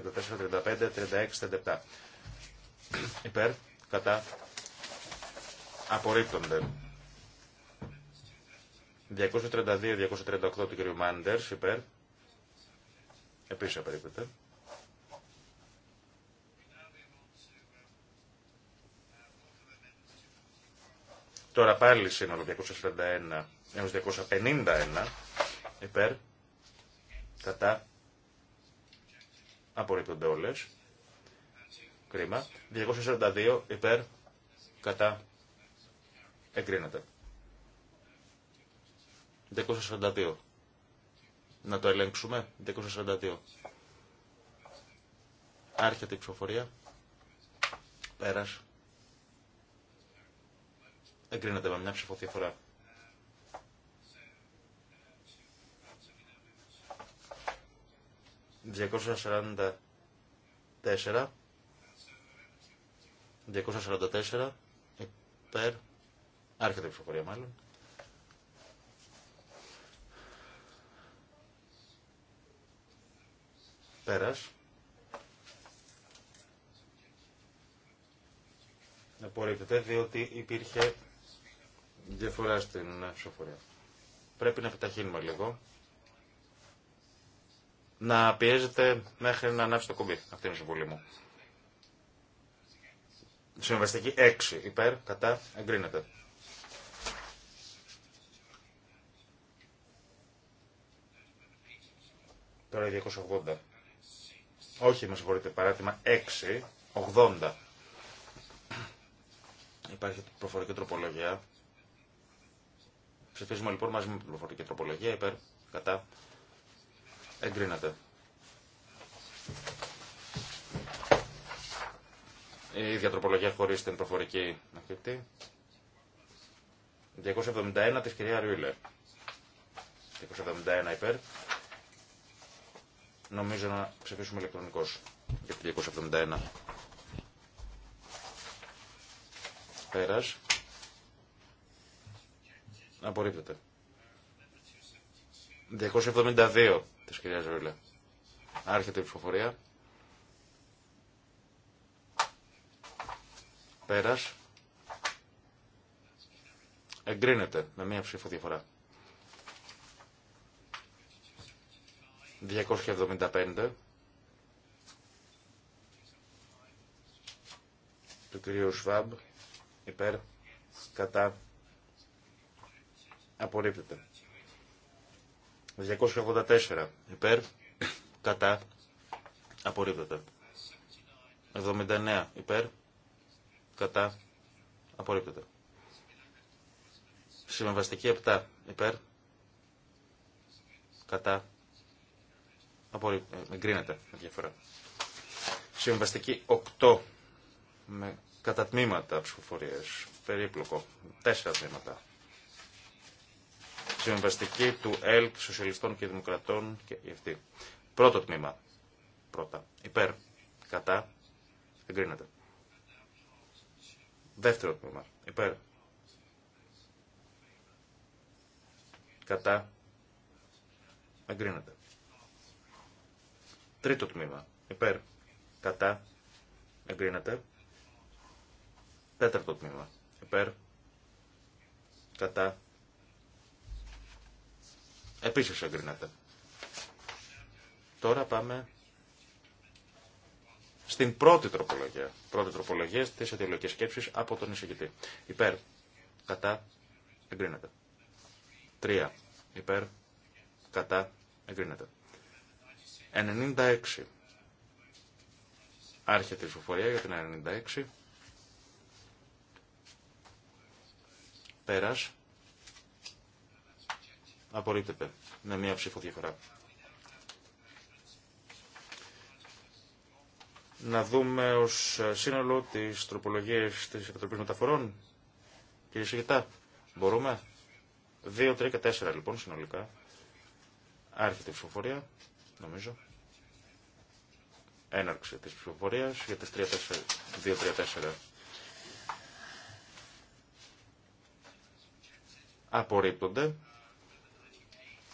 35, 36, 37. Υπέρ, κατά, απορρίπτονται. 232-238 του κ. Μάντερς, υπέρ. Επίσης απορρίπτονται. Τώρα πάλι σύνολο 241 έως 251 υπέρ, κατά, απορρίπτονται όλες. Κρίμα. 242 υπέρ, κατά, εγκρίνεται. 242. Να το ελέγξουμε. 242. Άρχεται η ψηφοφορία. Πέρας. Εγκρίνεται με μια ψηφοδιαφορά. φορά. 244. 244. Υπέρ. Άρχεται η ψηφοφορία μάλλον. Πέρας. απορρίπτεται διότι υπήρχε διαφορά στην ψηφοφορία. Πρέπει να επιταχύνουμε λίγο. Να πιέζετε μέχρι να ανάψει το κουμπί. Αυτή είναι η συμβουλή μου. Συμβαστική 6 υπέρ, κατά, εγκρίνεται. Τώρα 280. Όχι, με συγχωρείτε, παράδειγμα 6, 80. Υπάρχει προφορική τροπολογία Ψηφίζουμε λοιπόν μαζί με την πληροφορική τροπολογία υπέρ, κατά, εγκρίνατε. Η ίδια τροπολογία χωρίς την προφορική αυτή. 271 της κυρία Ρουίλερ. 271 υπέρ. Νομίζω να ψηφίσουμε ηλεκτρονικώς για 271. Πέρας. Απορρίπτεται. 272 της κυρία Ζωήλα. Άρχεται η ψηφοφορία. Πέρας. Εγκρίνεται με μία ψήφο διαφορά. 275 του κυρίου Σβάμπ υπέρ κατά Απορρίπτεται. 284 υπέρ. Κατά. Απορρίπτεται. 79 υπέρ. Κατά. Απορρίπτεται. Συμβαστική 7 υπέρ. Κατά. απορρίπτεται. Ε, εγκρίνεται με διαφορά. Συμβαστική 8 με κατά τμήματα ψηφοφορίε. Περίπλοκο. Τέσσερα τμήματα. Συμβαστική του ΕΛΚ, Σοσιαλιστών και Δημοκρατών και αυτή. Πρώτο τμήμα. Πρώτα. Υπέρ. Κατά. Εγκρίνεται. Δεύτερο τμήμα. Υπέρ. Κατά. Εγκρίνεται. Τρίτο τμήμα. Υπέρ. Κατά. Εγκρίνεται. Τέταρτο τμήμα. Υπέρ. Κατά. Επίσης εγκρίνεται. Τώρα πάμε στην πρώτη τροπολογία. Πρώτη τροπολογία της αιτιολογικής σκέψης από τον εισηγητή. Υπέρ, κατά, εγκρίνεται. Τρία, υπέρ, κατά, εγκρίνεται. 96. Άρχεται η ψηφοφορία για την 96. Πέρας. Απορρίπτεται με μία ψήφο διαφορά. Να δούμε ως σύνολο τις τροπολογίες της Επιτροπής Μεταφορών. Κύριε Σιγητά, μπορούμε. 2, 3 και 4 λοιπόν συνολικά. Άρχεται η ψηφοφορία, νομίζω. Έναρξη της ψηφοφορίας για τις 2, 3, 4. Απορρίπτονται.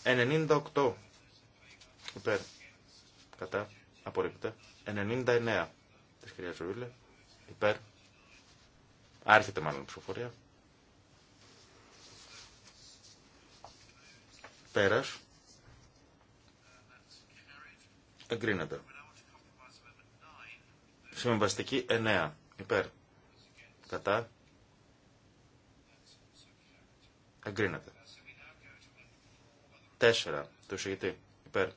98 υπέρ κατά απορρίπτεται. 99 της κυρίας Ρουίλε υπέρ. Άρχεται μάλλον η ψηφοφορία. Πέρας. Εγκρίνεται. Συμβαστική 9 υπέρ. Κατά. Εγκρίνεται. 4 του ιπέρ, υπέρ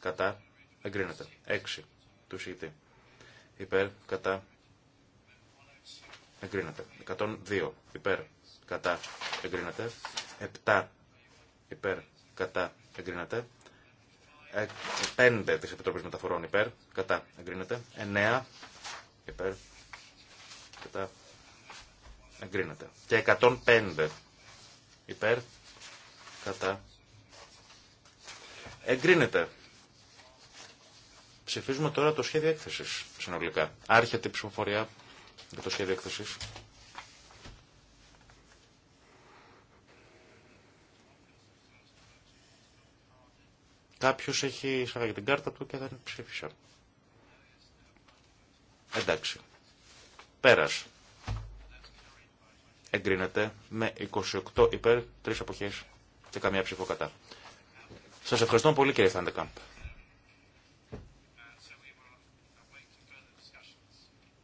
κατά εγκρίνεται. 6 του εισηγητή υπέρ κατά εγκρίνεται. 102 υπέρ κατά εγκρίνεται. 7 υπέρ κατά εγκρίνεται. 5 ε, της Επιτροπής Μεταφορών υπέρ κατά εγκρίνεται. 9 υπέρ κατά εγκρίνεται. Και 105 υπέρ κατά Εγκρίνεται. Ψηφίζουμε τώρα το σχέδιο έκθεση συνολικά. Άρχεται η ψηφοφορία για το σχέδιο έκθεση. Κάποιος έχει εισαγάγει την κάρτα του και δεν ψήφισε. Εντάξει. Πέρας. Εγκρίνεται με 28 υπέρ, 3 αποχές και καμία ψήφο κατά. Σας ευχαριστώ πολύ κύριε Φαντεκάμπ.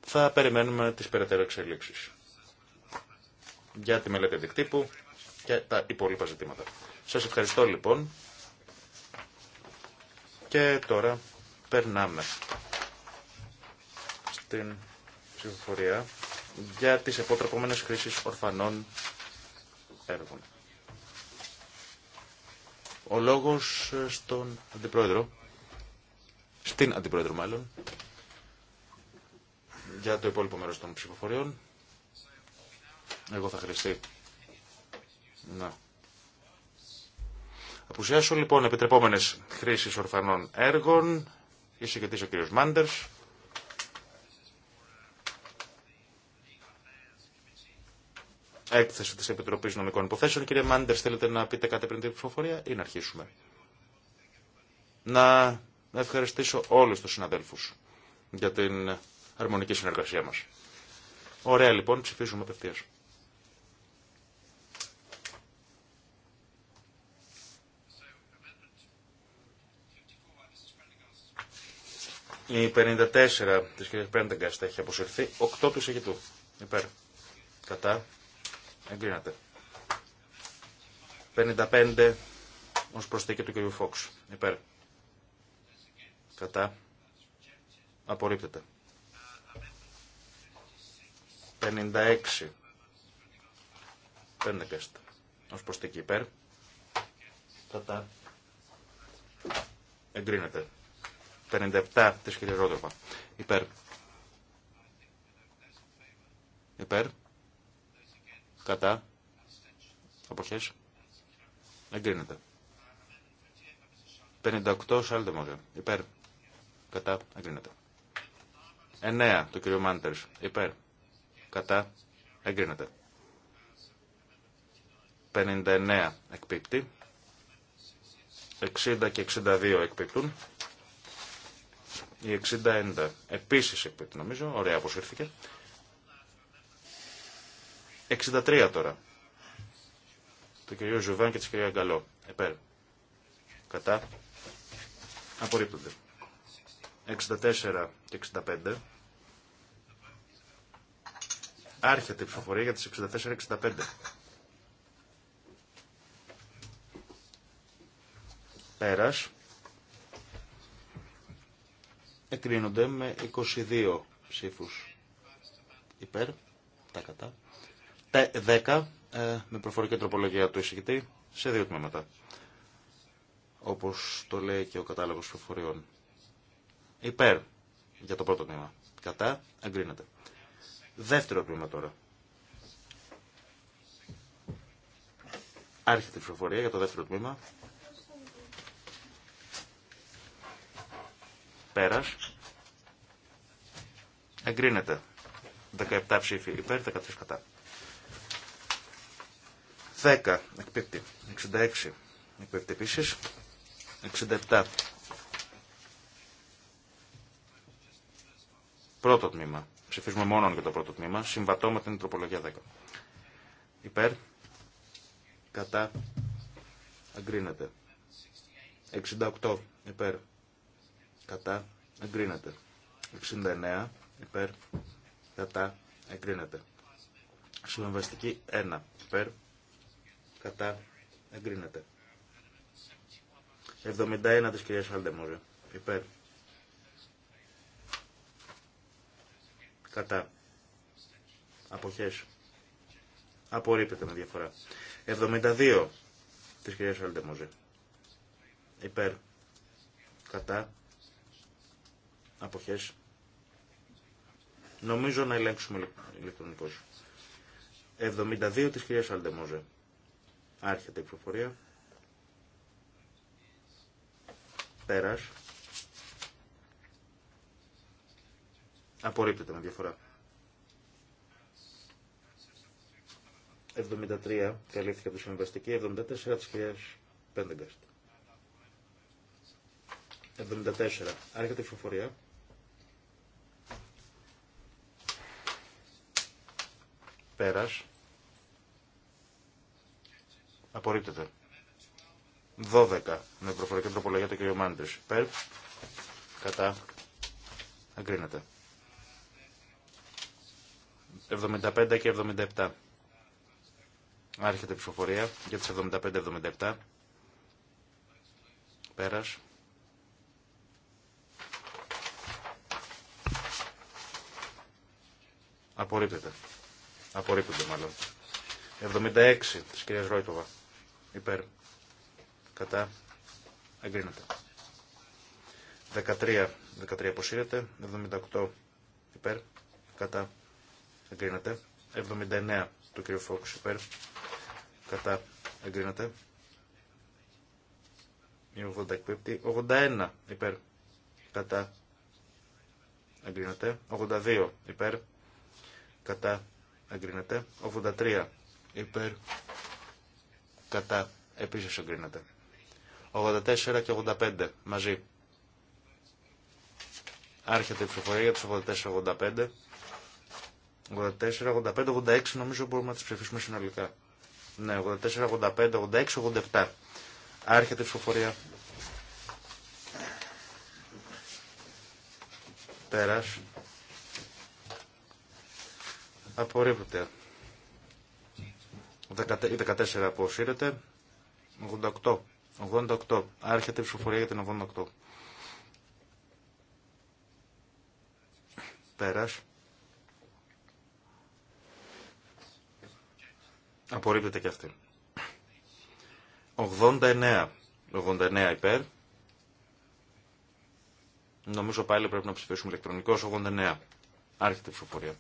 Θα περιμένουμε τις περαιτέρω εξελίξεις για τη μελέτη δικτύπου και τα υπόλοιπα ζητήματα. Σας ευχαριστώ λοιπόν και τώρα περνάμε στην ψηφοφορία για τις επόμενες χρήσεις ορφανών έργων. Ο λόγος ε, στον Αντιπρόεδρο, στην Αντιπρόεδρο μάλλον, για το υπόλοιπο μέρος των ψηφοφοριών. Εγώ θα χρειαστεί. Να. Απουσιάσω λοιπόν επιτρεπόμενες χρήσεις ορφανών έργων. Είσαι και ο κύριος Μάντερς. έκθεση τη επιτροπή Νομικών Υποθέσεων. Κύριε Μάντερ, θέλετε να πείτε κάτι πριν την ψηφοφορία ή να αρχίσουμε. Να ευχαριστήσω όλους τους συναδέλφους για την αρμονική συνεργασία μας. Ωραία λοιπόν, ψηφίζουμε απευθεία. Η 54 της κυρίας Πρέντεγκας θα έχει αποσυρθεί. 8 του εισηγητού. Υπέρ. Κατά. Εγκρίνατε. 55 ως προσθήκη του κ. Φόξ. Υπέρ. Κατά. Απορρίπτεται. 56. Πέντεκαστ. Ως προσθήκη υπέρ. Κατά. Εγκρίνεται. 57 της κ. Ρόδροπα. Υπέρ. Υπέρ. Κατά. Αποχές. Εγκρίνεται. 58 Σάλτεμοζε. Υπέρ. Κατά. Εγκρίνεται. 9 του κύριο Μάντερ. Υπέρ. Κατά. Εγκρίνεται. 59 εκπίπτει. 60 και 62 εκπίπτουν. Η 60 επίσης εκπίπτει νομίζω. Ωραία αποσύρθηκε. 63 τώρα. Το κύριο Ζουβάν και τη κυρία Γκαλό. Επέρ. Κατά. Απορρίπτονται. 64 και 65. Άρχεται η ψηφοφορία για τις 64-65. Πέρας. Εκρίνονται με 22 ψήφους υπέρ, τα κατά 10 ε, ε, με προφορική τροπολογία του εισηγητή σε δύο τμήματα. Όπως το λέει και ο κατάλογος προφοριών. Υπέρ για το πρώτο τμήμα. Κατά εγκρίνεται. Δεύτερο τμήμα τώρα. Άρχεται η ψηφοφορία για το δεύτερο τμήμα. Πέρας. Εγκρίνεται. 17 ψήφοι υπέρ, 13 κατά. 10 εκπίπτει. 66 εκπίπτει επίση. 67. Πρώτο τμήμα. Ψηφίζουμε μόνο για το πρώτο τμήμα. Συμβατώ με την τροπολογία 10. Υπέρ. Κατά. Αγκρίνεται. 68. Υπέρ. Κατά. Αγκρίνεται. 69. Υπέρ. Κατά. Αγκρίνεται. Συμβαστική 1. Υπέρ κατά εγκρίνεται. 71 της κυρίας Σαλτεμόζε. Υπέρ. Κατά. Αποχές. Απορρίπτεται με διαφορά. 72 της κυρίας Σαλτεμόζε. Υπέρ. Κατά. Αποχές. Νομίζω να ελέγξουμε ηλεκτρονικώς. 72 της κυρίας Σαλτεμόζε. Άρχεται η ψηφοφορία. Πέρας. Απορρίπτεται με διαφορά. 73 καλύφθηκε από τη συμβαστική, 74 της κυρίας Πέντεγκαστ. 74. Άρχεται η ψηφοφορία. Πέρας. Απορρίπτεται. 12 με προφορική τροπολογία του κ. Μάντρης. Περ. Κατά. Αγκρίνεται. 75 και 77. Άρχεται η ψηφοφορία για τις 75-77. Πέρας. Απορρίπτεται. Απορρίπτεται μάλλον. 76 της κυρίας Ρόιτοβα υπέρ κατά εγκρίνεται. 13, 13 αποσύρεται, 78 υπέρ κατά εγκρίνεται. 79 του κ. Φόξ υπέρ κατά εγκρίνεται. 80 81 υπέρ κατά εγκρίνεται. 82 υπέρ κατά εγκρίνεται. 83 υπέρ κατά επίσης εγκρίνεται. 84 και 85 μαζί. Άρχεται η ψηφοφορία για τους 84-85. 84, 85, 86 νομίζω μπορούμε να τις ψηφίσουμε συνολικά. Ναι, 84, 85, 86, 87. Άρχεται η ψηφοφορία. Πέρας. Απορρίπτεται. Η 14 αποσύρεται. 88. 88. Άρχεται η ψηφοφορία για την 88. Πέρας. Απορρίπτεται και αυτή. 89. 89 υπέρ. Νομίζω πάλι πρέπει να ψηφίσουμε ηλεκτρονικός. 89. Άρχεται η ψηφοφορία.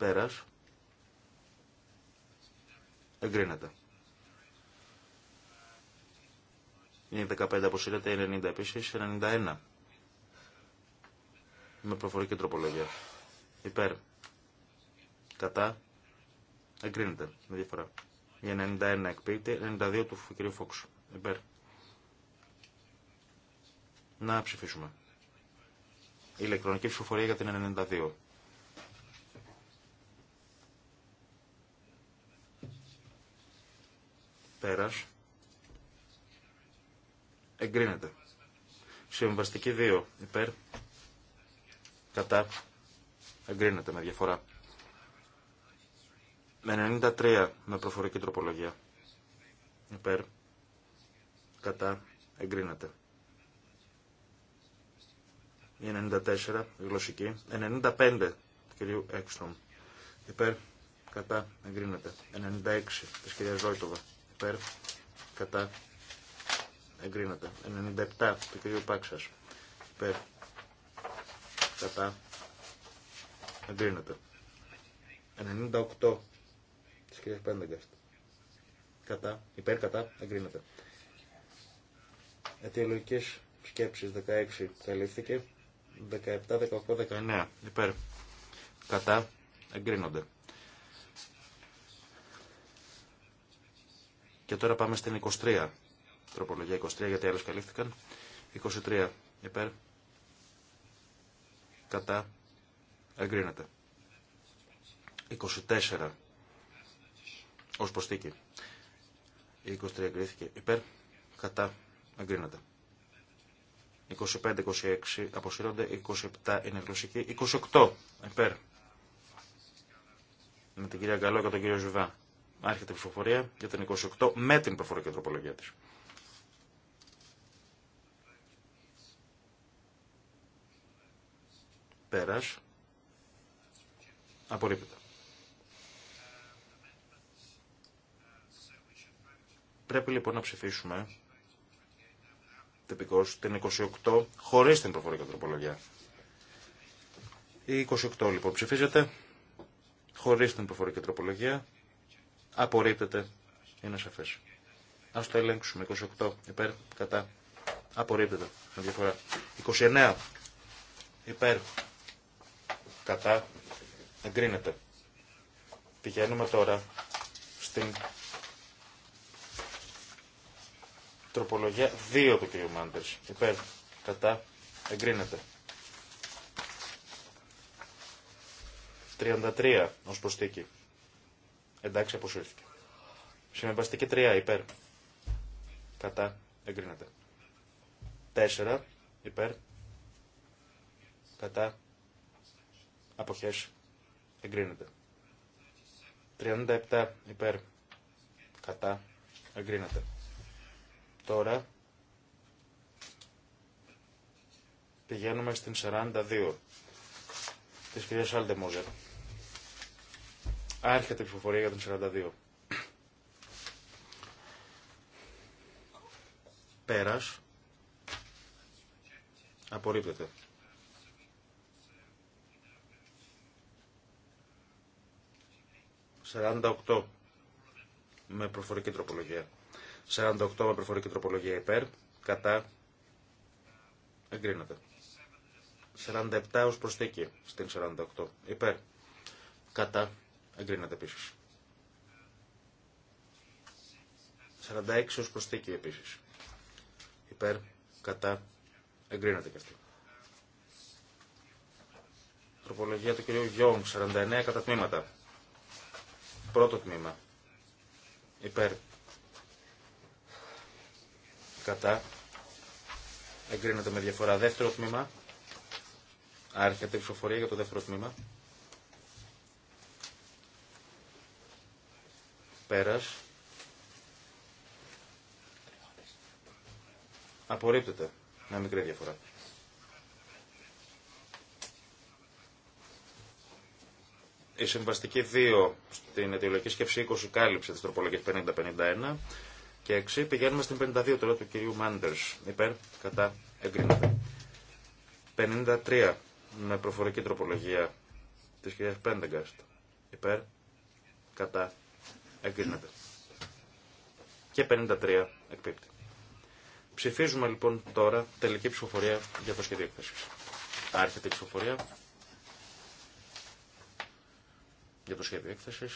Πέρας. Εγκρίνεται. Είναι 15 αποσύρεται, 90 επίσης, 91. Με προφορική τροπολογία. Υπέρ. Κατά. Εγκρίνεται. Με διαφορά. Η 91 εκπίπτει, 92 του κ. Φόξ. Υπέρ. Να ψηφίσουμε. Η ηλεκτρονική ψηφοφορία για την 92. Πέρας. Εγκρίνεται. Συμβαστική 2. Υπέρ. Κατά. Εγκρίνεται με διαφορά. Με 93 με προφορική τροπολογία. Υπέρ. Κατά. Εγκρίνεται. Η 94 γλωσσική. 95 του κυρίου Έκστρομ. Υπέρ. Κατά. Εγκρίνεται. 96 της κυρίας Ζόιτοβα υπέρ, κατά, εγκρίνεται. 97 του κυρίου Πάξα υπέρ, κατά, εγκρίνεται. 98 της κυρίας Πέντεγκαστ, κατά, υπέρ, κατά, εγκρίνεται. Αιτιολογικές σκέψεις 16 καλύφθηκε, 17, 18, 19, υπέρ, κατά, εγκρίνονται. Και τώρα πάμε στην 23. Τροπολογία 23, γιατί άλλε καλύφθηκαν. 23 υπέρ. Κατά. Εγκρίνεται. 24 ως προστίκη. Η 23 εγκρίθηκε υπέρ. Κατά. Εγκρίνεται. 25-26 αποσύρονται, 27 είναι γλωσσική, 28 υπέρ. Με την κυρία Γκαλό και τον κύριο Ζουβά. Άρχεται η ψηφοφορία για την 28 με την προφορική τροπολογία της. Πέρας. Απορρίπτεται. Πρέπει λοιπόν να ψηφίσουμε τυπικώς την 28 χωρίς την προφορική τροπολογία. Η 28 λοιπόν ψηφίζεται χωρίς την προφορική τροπολογία. Απορρίπτεται. Είναι σαφέ. Α το ελέγξουμε. 28 υπέρ, κατά. Απορρίπτεται. Με 29 υπέρ, κατά. Εγκρίνεται. Πηγαίνουμε τώρα στην τροπολογία 2 του κ. Μάντερ. Υπέρ, κατά. Εγκρίνεται. 33 ως προστίκη. Εντάξει, αποσύρθηκε. και 3 υπέρ. Κατά. Εγκρίνεται. 4 υπέρ. Κατά. Αποχές. Εγκρίνεται. 37 υπέρ. Κατά. Εγκρίνεται. Τώρα πηγαίνουμε στην 42 της κυρίας ΣΑΛΤΕ Μόζερ. Άρχεται η ψηφοφορία για τον 42. Πέρας. Απορρίπτεται. 48. με προφορική τροπολογία. 48 με προφορική τροπολογία υπέρ, κατά, εγκρίνεται. 47 ως προσθήκη στην 48, υπέρ, κατά, Εγκρίνεται επίση. 46 ω προσθήκη επίση. Υπέρ, κατά, εγκρίνεται και αυτή. Τροπολογία του κυρίου Γιόγκ, 49 κατά τμήματα. Πρώτο τμήμα. Υπέρ. Κατά. Εγκρίνεται με διαφορά. Δεύτερο τμήμα. Άρχεται η ψηφοφορία για το δεύτερο τμήμα. Πέρας. Απορρίπτεται. Μια μικρή διαφορά. Η συμβαστική 2 στην αιτιολογική σκέψη 20 κάλυψε τις τροπολογίες 50-51 και 6 πηγαίνουμε στην 52 τώρα του κυρίου Μάντερς. Υπέρ, κατά, εγκρίνεται. 53 με προφορική τροπολογία της κυρίας Πέντεγκαστ. Υπέρ, κατά, εγκρίνεται. Και 53 εκπίπτει. Ψηφίζουμε λοιπόν τώρα τελική ψηφοφορία για το σχέδιο έκθεση. Άρχεται η ψηφοφορία για το σχέδιο έκθεση.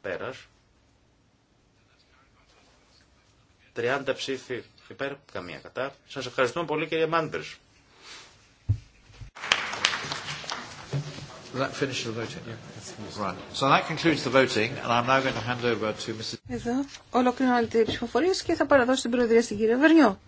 Πέρα. 30 ψήφοι υπέρ, καμία κατά. Σας ευχαριστούμε πολύ κύριε Μάντερς. that finishes the voting? Yeah. Right. So that concludes the voting and I'm now going to hand over to Mrs. Εδώ ολοκληρώνεται η ψηφοφορία και θα παραδώσω την προεδρία στην κυρία Βερνιό.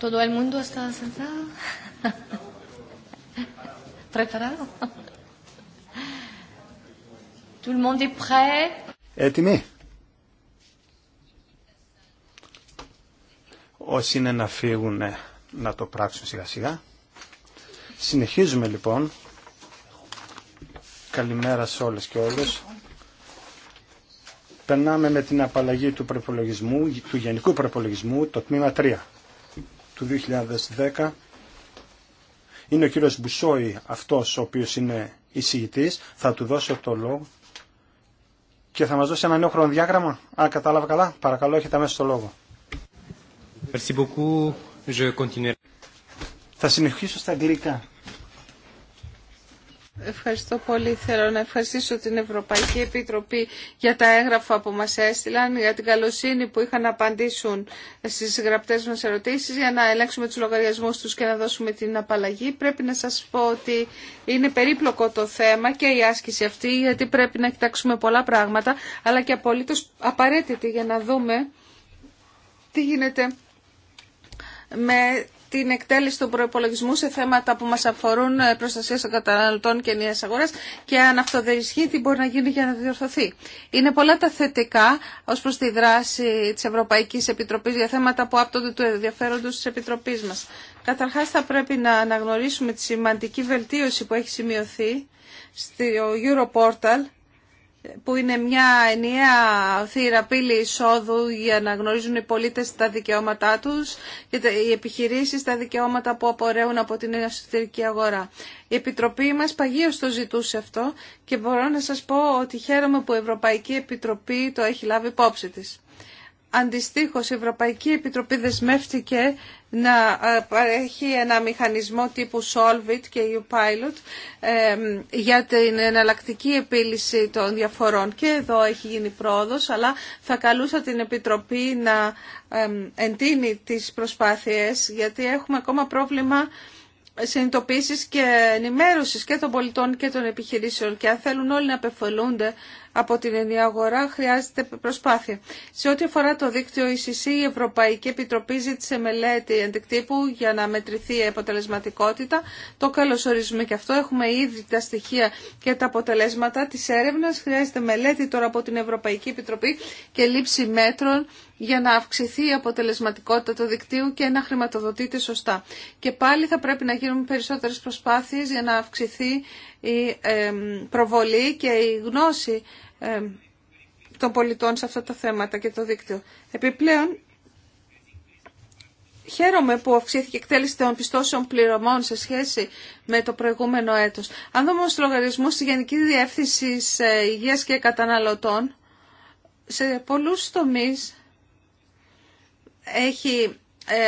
¿Todo el mundo está sentado? ¿Preparado? Όσοι είναι να φύγουν ναι, να το πράξουν σιγά σιγά. Συνεχίζουμε λοιπόν. Καλημέρα σε όλες και όλους. Περνάμε με την απαλλαγή του, του γενικού προπολογισμού, το τμήμα 3 του 2010. Είναι ο κύριος Μπουσόη αυτός ο οποίος είναι εισηγητής. Θα του δώσω το λόγο και θα μας δώσει ένα νέο χρονοδιάγραμμα. Αν κατάλαβα καλά, παρακαλώ έχετε μέσα το λόγο. Θα συνεχίσω στα αγγλικά. Ευχαριστώ πολύ. Θέλω να ευχαριστήσω την Ευρωπαϊκή Επιτροπή για τα έγγραφα που μας έστειλαν, για την καλοσύνη που είχαν να απαντήσουν στις γραπτές μας ερωτήσεις, για να ελέγξουμε τους λογαριασμούς τους και να δώσουμε την απαλλαγή. Πρέπει να σας πω ότι είναι περίπλοκο το θέμα και η άσκηση αυτή, γιατί πρέπει να κοιτάξουμε πολλά πράγματα, αλλά και απολύτω απαραίτητη για να δούμε τι γίνεται με την εκτέλεση των προπολογισμού σε θέματα που μας αφορούν ε, προστασία των καταναλωτών και νέα αγορά και αν αυτό δεν ισχύει τι μπορεί να γίνει για να διορθωθεί. Είναι πολλά τα θετικά ως προς τη δράση της Ευρωπαϊκής Επιτροπής για θέματα που άπτονται του ενδιαφέροντος τη Επιτροπής μας. Καταρχάς θα πρέπει να αναγνωρίσουμε τη σημαντική βελτίωση που έχει σημειωθεί στο Europortal που είναι μια ενιαία θύρα πύλη εισόδου για να γνωρίζουν οι πολίτες τα δικαιώματά τους και οι επιχειρήσεις τα δικαιώματα που απορρέουν από την εσωτερική αγορά. Η Επιτροπή μας παγίως το ζητούσε αυτό και μπορώ να σας πω ότι χαίρομαι που η Ευρωπαϊκή Επιτροπή το έχει λάβει υπόψη της. Αντιστοίχως η Ευρωπαϊκή Επιτροπή δεσμεύτηκε να ε, έχει ένα μηχανισμό τύπου Solvit και U-Pilot για την εναλλακτική επίλυση των διαφορών. Και εδώ έχει γίνει πρόοδος, αλλά θα καλούσα την Επιτροπή να εντείνει τις προσπάθειες, γιατί έχουμε ακόμα πρόβλημα συνειδητοποίησης και ενημέρωση και των πολιτών και των επιχειρήσεων. Και αν θέλουν όλοι να απευθολούνται από την ενιαία αγορά χρειάζεται προσπάθεια. Σε ό,τι αφορά το δίκτυο ECC, η Ευρωπαϊκή Επιτροπή ζήτησε μελέτη εντεκτύπου για να μετρηθεί η αποτελεσματικότητα. Το καλωσορίζουμε και αυτό. Έχουμε ήδη τα στοιχεία και τα αποτελέσματα της έρευνας. Χρειάζεται μελέτη τώρα από την Ευρωπαϊκή Επιτροπή και λήψη μέτρων για να αυξηθεί η αποτελεσματικότητα του δικτύου και να χρηματοδοτείται σωστά. Και πάλι θα πρέπει να γίνουν περισσότερες προσπάθειες για να αυξηθεί η προβολή και η γνώση των πολιτών σε αυτά τα θέματα και το δίκτυο. Επιπλέον, χαίρομαι που αυξήθηκε η εκτέλεση των πιστώσεων πληρωμών σε σχέση με το προηγούμενο έτος. Αν δούμε ως λογαριασμούς στη Γενική Διεύθυνση ε, Υγείας και Καταναλωτών, σε πολλούς τομείς έχει ε,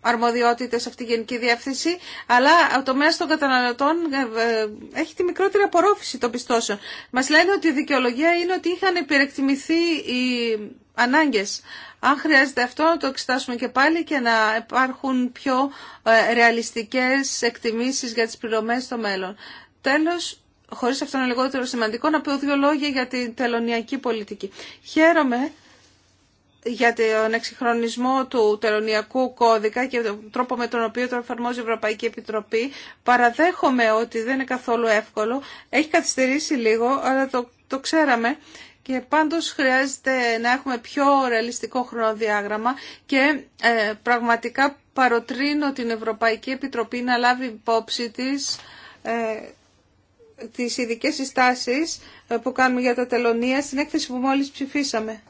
αρμοδιότητες αυτή η Γενική Διεύθυνση, αλλά ο τομέας των καταναλωτών ε, ε, έχει τη μικρότερη απορρόφηση των πιστώσεων. Μας λένε ότι η δικαιολογία είναι ότι είχαν υπερεκτιμηθεί οι ανάγκες. Αν χρειάζεται αυτό να το εξετάσουμε και πάλι και να υπάρχουν πιο ρεαλιστικές εκτιμήσεις για τις πληρωμές στο μέλλον. Τέλος, χωρίς αυτό είναι λιγότερο σημαντικό, να πω δύο λόγια για την τελωνιακή πολιτική. Χαίρομαι για τον εξυγχρονισμό του τελωνιακού κώδικα και τον τρόπο με τον οποίο το εφαρμόζει η Ευρωπαϊκή Επιτροπή. Παραδέχομαι ότι δεν είναι καθόλου εύκολο. Έχει καθυστερήσει λίγο, αλλά το, ξέραμε. Και πάντως χρειάζεται να έχουμε πιο ρεαλιστικό χρονοδιάγραμμα και ε, πραγματικά παροτρύνω την Ευρωπαϊκή Επιτροπή να λάβει υπόψη της ε, τις ειδικές συστάσεις ε, που κάνουμε για τα τελωνία στην έκθεση που μόλις ψηφίσαμε.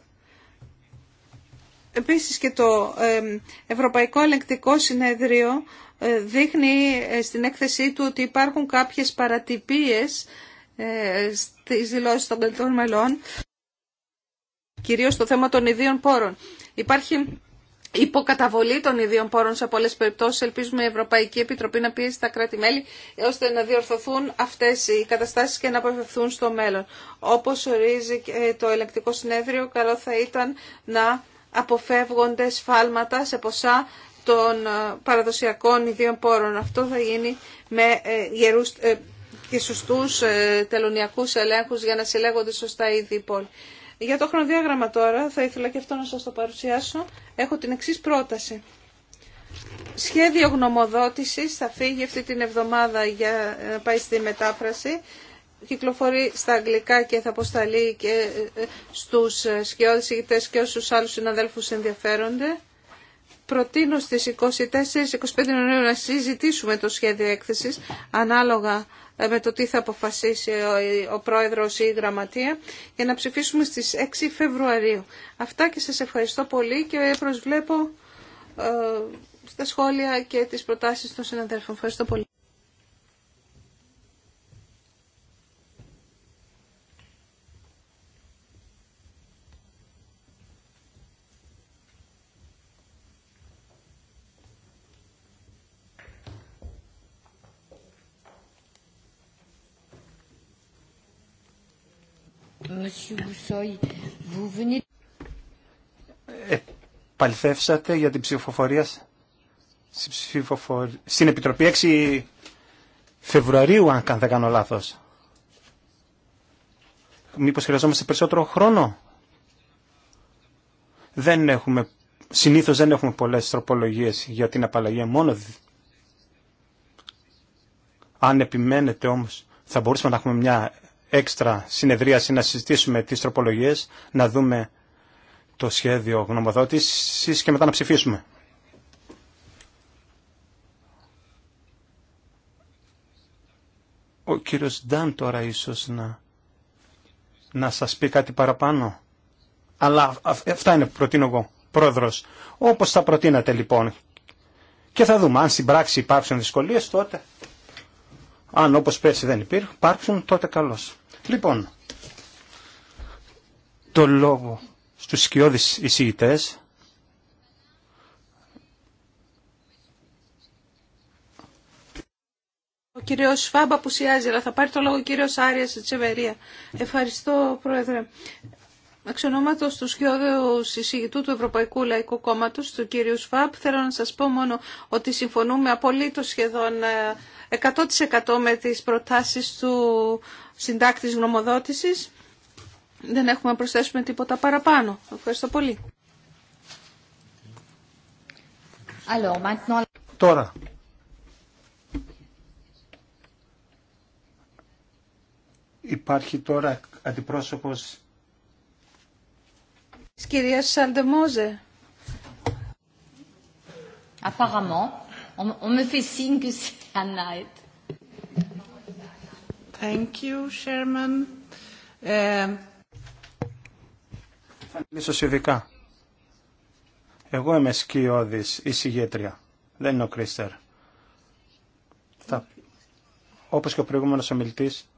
Επίσης και το Ευρωπαϊκό Ελεκτικό Συνέδριο ε, δείχνει ε, στην έκθεσή του ότι υπάρχουν κάποιες παρατυπίες ε, στις δηλώσεις των κρατών μελών, κυρίως στο θέμα των ιδίων πόρων. Υπάρχει υποκαταβολή των ιδίων πόρων σε πολλές περιπτώσεις. Ελπίζουμε η Ευρωπαϊκή Επιτροπή να πιέσει τα κράτη-μέλη ώστε να διορθωθούν αυτές οι καταστάσεις και να αποφευθούν στο μέλλον. Όπως ορίζει το ελεκτικό συνέδριο, καλό θα ήταν να αποφεύγονται σφάλματα σε ποσά των ε, παραδοσιακών ιδίων πόρων. Αυτό θα γίνει με ε, γερούς ε, και σωστούς τελωνιακούς ελέγχους για να συλλέγονται σωστά οι δίπολοι. Για το χρονοδιάγραμμα τώρα, θα ήθελα και αυτό να σας το παρουσιάσω, έχω την εξή πρόταση. Σχέδιο γνωμοδότησης θα φύγει αυτή την εβδομάδα για να πάει στη μετάφραση κυκλοφορεί στα αγγλικά και θα αποσταλεί και ε, στους ε, σχεδόν και όσους άλλους συναδέλφους ενδιαφέρονται. Προτείνω στις 24-25 Ιανουαρίου να συζητήσουμε το σχέδιο έκθεσης ανάλογα ε, με το τι θα αποφασίσει ο πρόεδρος ή η γραμματεία για να ψηφίσουμε στις 6 Φεβρουαρίου. Αυτά και σας ευχαριστώ πολύ και προσβλέπω στα σχόλια και τις προτάσεις των συναδέλφων. Ευχαριστώ πολύ. Επαληθεύσατε για την ψηφοφορία στην Επιτροπή 6 Φεβρουαρίου, αν δεν κάνω λάθος. Μήπως χρειαζόμαστε περισσότερο χρόνο. Δεν έχουμε, συνήθως δεν έχουμε πολλές τροπολογίες για την απαλλαγή μόνο. Αν επιμένετε όμως, θα μπορούσαμε να έχουμε μια έξτρα συνεδρίαση να συζητήσουμε τις τροπολογίες, να δούμε το σχέδιο γνωμοδότησης και μετά να ψηφίσουμε. Ο κύριος Ντάν τώρα ίσως να, να σας πει κάτι παραπάνω. Αλλά αυτά είναι που προτείνω εγώ, πρόεδρος. Όπως θα προτείνατε λοιπόν. Και θα δούμε αν στην πράξη υπάρξουν δυσκολίες τότε αν όπως πέρσι δεν πάρξουν τότε καλώς. Λοιπόν, το λόγο στους σκιώδεις εισηγητές Ο κύριος Σφάμπ απουσιάζει, αλλά θα πάρει το λόγο ο κύριος Άριας Τσεβερία. Ευχαριστώ, Πρόεδρε. Εξ του σχεδίου συζητητού του Ευρωπαϊκού Λαϊκού Κόμματο, του κύριου Σφάμπ, θέλω να σας πω μόνο ότι συμφωνούμε απολύτως σχεδόν ε, 100% με τις προτάσεις του συντάκτης γνωμοδότησης. Δεν έχουμε να προσθέσουμε τίποτα παραπάνω. Ευχαριστώ πολύ. Τώρα. Υπάρχει τώρα αντιπρόσωπος της κυρίας Σαλντεμόζε on, me fait you, θα ε, μιλήσω Εγώ είμαι σκιώδης ή συγγέτρια. Δεν είναι ο Κρίστερ. Θα, όπως και ο προηγούμενος ομιλητής,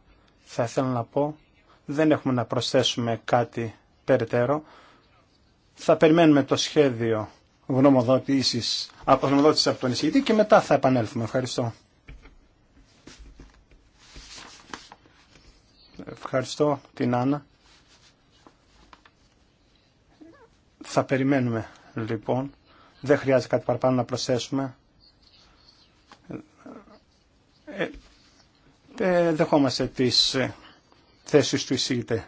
θα ήθελα να πω, δεν έχουμε να προσθέσουμε κάτι περαιτέρω. Θα περιμένουμε το σχέδιο γνωμοδότησης από, γνωμοδότηση από τον εισηγητή και μετά θα επανέλθουμε. Ευχαριστώ. Ευχαριστώ την Άννα. Θα περιμένουμε λοιπόν. Δεν χρειάζεται κάτι παραπάνω να προσθέσουμε. Ε, ε, δεχόμαστε τις ε, θέσεις του εισηγητή.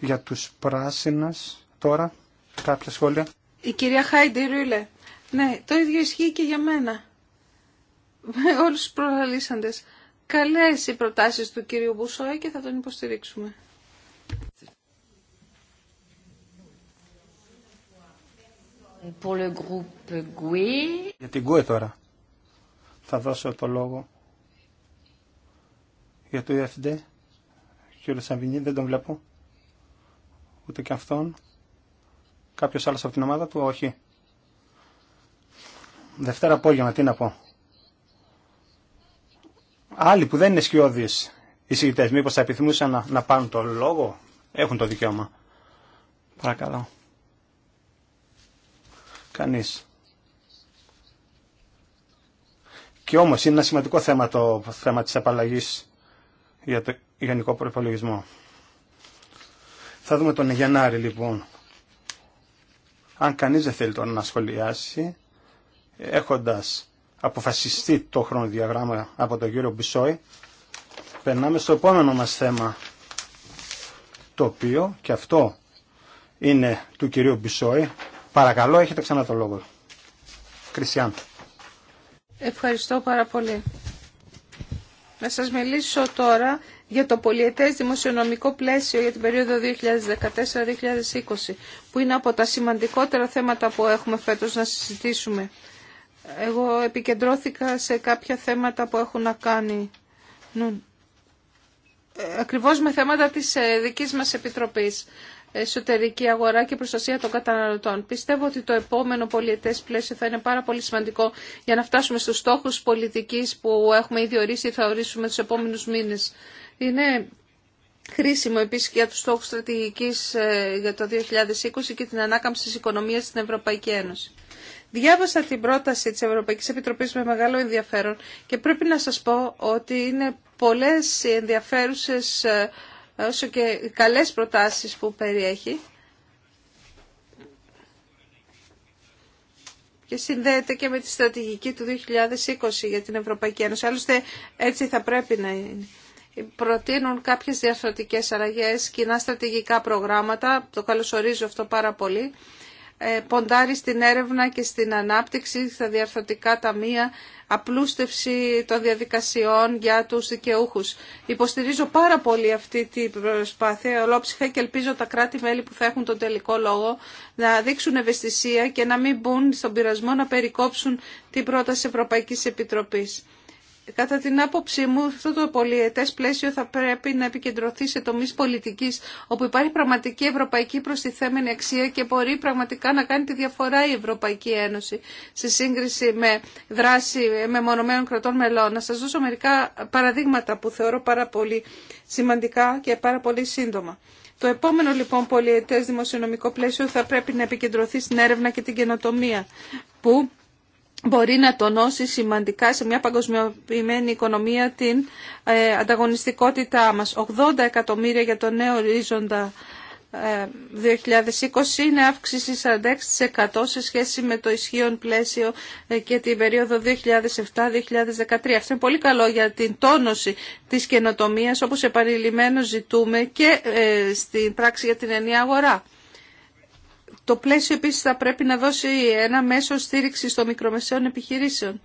Για τους πράσινας τώρα κάποια σχόλια. Η κυρία Χάιντι Ρούλε. Ναι, το ίδιο ισχύει και για μένα. Με όλους τους προλαλήσαντες. Καλές οι προτάσεις του κυρίου Μπουσόη και θα τον υποστηρίξουμε. Για την ΚΟΕ τώρα. Θα δώσω το λόγο για το EFD. Κύριο Σαμβινί, δεν τον βλέπω ούτε και αυτόν. κάποιο άλλο από την ομάδα του, όχι. Δευτέρα απόγευμα, τι να πω. Άλλοι που δεν είναι οι εισηγητές, μήπως θα επιθυμούσαν να, να πάρουν το λόγο, έχουν το δικαίωμα. Παρακαλώ. Κανείς. Και όμω είναι ένα σημαντικό θέμα το θέμα της απαλλαγή για το γενικό προπολογισμό. Θα δούμε τον Γενάρη λοιπόν. Αν κανείς δεν θέλει τώρα να σχολιάσει, έχοντας αποφασιστεί το χρονοδιαγράμμα από τον κύριο Μπισόη, περνάμε στο επόμενο μας θέμα, το οποίο και αυτό είναι του κυρίου Μπισόη. Παρακαλώ, έχετε ξανά το λόγο. Κρισιάν. Ευχαριστώ πάρα πολύ. Να σας μιλήσω τώρα για το πολιετές δημοσιονομικό πλαίσιο για την περίοδο 2014-2020, που είναι από τα σημαντικότερα θέματα που έχουμε φέτος να συζητήσουμε. Εγώ επικεντρώθηκα σε κάποια θέματα που έχουν να κάνει ακριβώς με θέματα της ε, δικής μας Επιτροπής εσωτερική αγορά και προστασία των καταναλωτών. Πιστεύω ότι το επόμενο πολιετές πλαίσιο θα είναι πάρα πολύ σημαντικό για να φτάσουμε στους στόχους πολιτικής που έχουμε ήδη ορίσει ή θα ορίσουμε τους επόμενους μήνες. Είναι χρήσιμο επίσης για τους στόχους στρατηγικής ε, για το 2020 και την ανάκαμψη της οικονομίας στην Ευρωπαϊκή Ένωση. Διάβασα την πρόταση της Ευρωπαϊκής Επιτροπής με μεγάλο ενδιαφέρον και πρέπει να σας πω ότι είναι πολλές ενδιαφέρουσες ε, όσο και καλές προτάσεις που περιέχει και συνδέεται και με τη στρατηγική του 2020 για την Ευρωπαϊκή Ένωση. Άλλωστε έτσι θα πρέπει να είναι προτείνουν κάποιες διαρθρωτικές αλλαγές, κοινά στρατηγικά προγράμματα, το καλωσορίζω αυτό πάρα πολύ, ε, ποντάρει στην έρευνα και στην ανάπτυξη, στα διαρθρωτικά ταμεία, απλούστευση των διαδικασιών για τους δικαιούχους. Υποστηρίζω πάρα πολύ αυτή την προσπάθεια ολόψυχα και ελπίζω τα κράτη-μέλη που θα έχουν τον τελικό λόγο να δείξουν ευαισθησία και να μην μπουν στον πειρασμό να περικόψουν την πρόταση Ευρωπαϊκής Επιτροπής. Κατά την άποψή μου, αυτό το πολιετές πλαίσιο θα πρέπει να επικεντρωθεί σε τομείς πολιτικής, όπου υπάρχει πραγματική ευρωπαϊκή προστιθέμενη αξία και μπορεί πραγματικά να κάνει τη διαφορά η Ευρωπαϊκή Ένωση σε σύγκριση με δράση μεμονωμένων κρατών μελών. Να σας δώσω μερικά παραδείγματα που θεωρώ πάρα πολύ σημαντικά και πάρα πολύ σύντομα. Το επόμενο λοιπόν πολιετές δημοσιονομικό πλαίσιο θα πρέπει να επικεντρωθεί στην έρευνα και την καινοτομία, που μπορεί να τονώσει σημαντικά σε μια παγκοσμιοποιημένη οικονομία την ε, ανταγωνιστικότητά μας. 80 εκατομμύρια για το νέο ορίζοντα 2020 ε, είναι αύξηση 46% σε σχέση με το ισχύον πλαίσιο ε, και την περίοδο 2007-2013. Αυτό είναι πολύ καλό για την τόνωση της καινοτομίας όπως επανειλημμένως ζητούμε και στην πράξη για την ενιαία αγορά. Το πλαίσιο επίσης θα πρέπει να δώσει ένα μέσο στήριξη των μικρομεσαίων επιχειρήσεων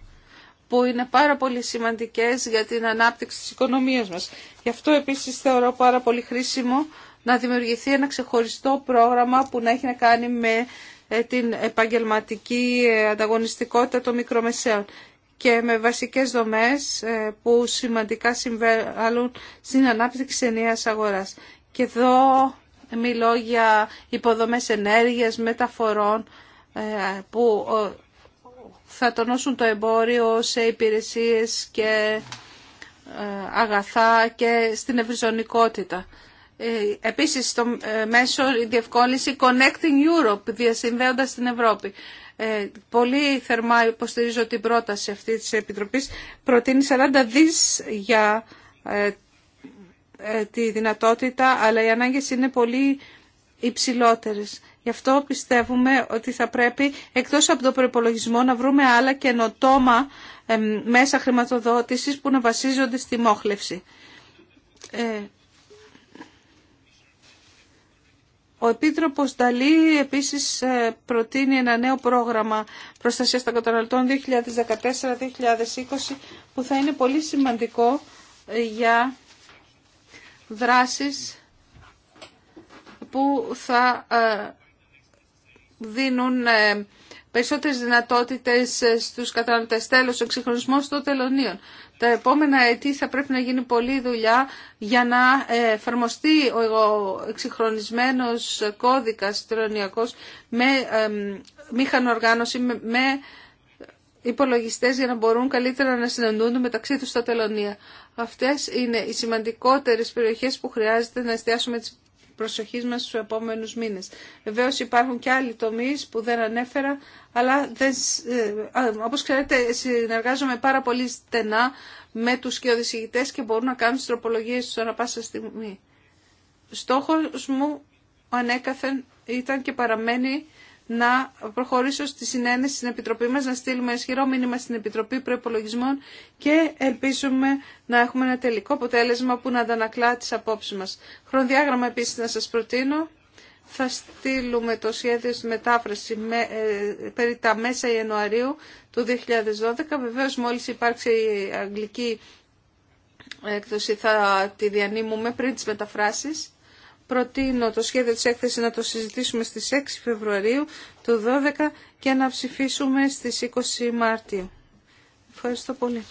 που είναι πάρα πολύ σημαντικές για την ανάπτυξη της οικονομίας μας. Γι' αυτό επίσης θεωρώ πάρα πολύ χρήσιμο να δημιουργηθεί ένα ξεχωριστό πρόγραμμα που να έχει να κάνει με ε, την επαγγελματική ε, ανταγωνιστικότητα των μικρομεσαίων και με βασικές δομές ε, που σημαντικά συμβάλλουν στην ανάπτυξη ενιαίας αγοράς. Και εδώ Μιλώ για υποδομές ενέργειας, μεταφορών ε, που ε, θα τονώσουν το εμπόριο σε υπηρεσίες και ε, αγαθά και στην ευρυζωνικότητα. Επίσης, στο μέσο η διευκόλυνση Connecting Europe, διασυνδέοντας την Ευρώπη. Πολύ θερμά υποστηρίζω την πρόταση αυτή της Επιτροπής. Προτείνει 40 δις για ε, τη δυνατότητα, αλλά οι ανάγκες είναι πολύ υψηλότερες. Γι' αυτό πιστεύουμε ότι θα πρέπει εκτός από το προπολογισμό να βρούμε άλλα καινοτόμα μέσα χρηματοδότησης που να βασίζονται στη μόχλευση. Ε, ο Επίτροπος Νταλή επίσης ε, προτείνει ένα νέο πρόγραμμα προστασίας των καταναλωτών 2014-2020 που θα είναι πολύ σημαντικό για δράσεις που θα ε, δίνουν ε, περισσότερες δυνατότητες ε, στους καταναλωτές τέλος, ο εξυγχρονισμός των τελωνίων. Τα επόμενα αιτή θα πρέπει να γίνει πολλή δουλειά για να εφαρμοστεί ο εξυγχρονισμένος κώδικας τελωνιακός με μηχανοργάνωση, με υπολογιστές για να μπορούν καλύτερα να συναντούν μεταξύ τους στα τελωνία. Αυτές είναι οι σημαντικότερες περιοχές που χρειάζεται να εστιάσουμε τις προσοχής μας στους επόμενους μήνες. Βεβαίως υπάρχουν και άλλοι τομείς που δεν ανέφερα, αλλά δεν, ε, όπως ξέρετε συνεργάζομαι πάρα πολύ στενά με τους και και μπορούν να κάνουν τις τροπολογίες τους ανά πάσα στιγμή. Στόχος μου ανέκαθεν ήταν και παραμένει να προχωρήσω στη συνένεση στην Επιτροπή μας, να στείλουμε ισχυρό μήνυμα στην Επιτροπή Προπολογισμών και ελπίζουμε να έχουμε ένα τελικό αποτέλεσμα που να αντανακλά τις απόψεις μας. Χρονοδιάγραμμα επίσης να σας προτείνω. Θα στείλουμε το σχέδιο στη μετάφραση ε, περί τα μέσα Ιανουαρίου του 2012. Βεβαίως μόλις υπάρξει η αγγλική έκδοση θα τη διανύμουμε πριν τις μεταφράσεις προτείνω το σχέδιο της έκθεσης να το συζητήσουμε στις 6 Φεβρουαρίου του 12 και να ψηφίσουμε στις 20 Μάρτιου. Ευχαριστώ πολύ.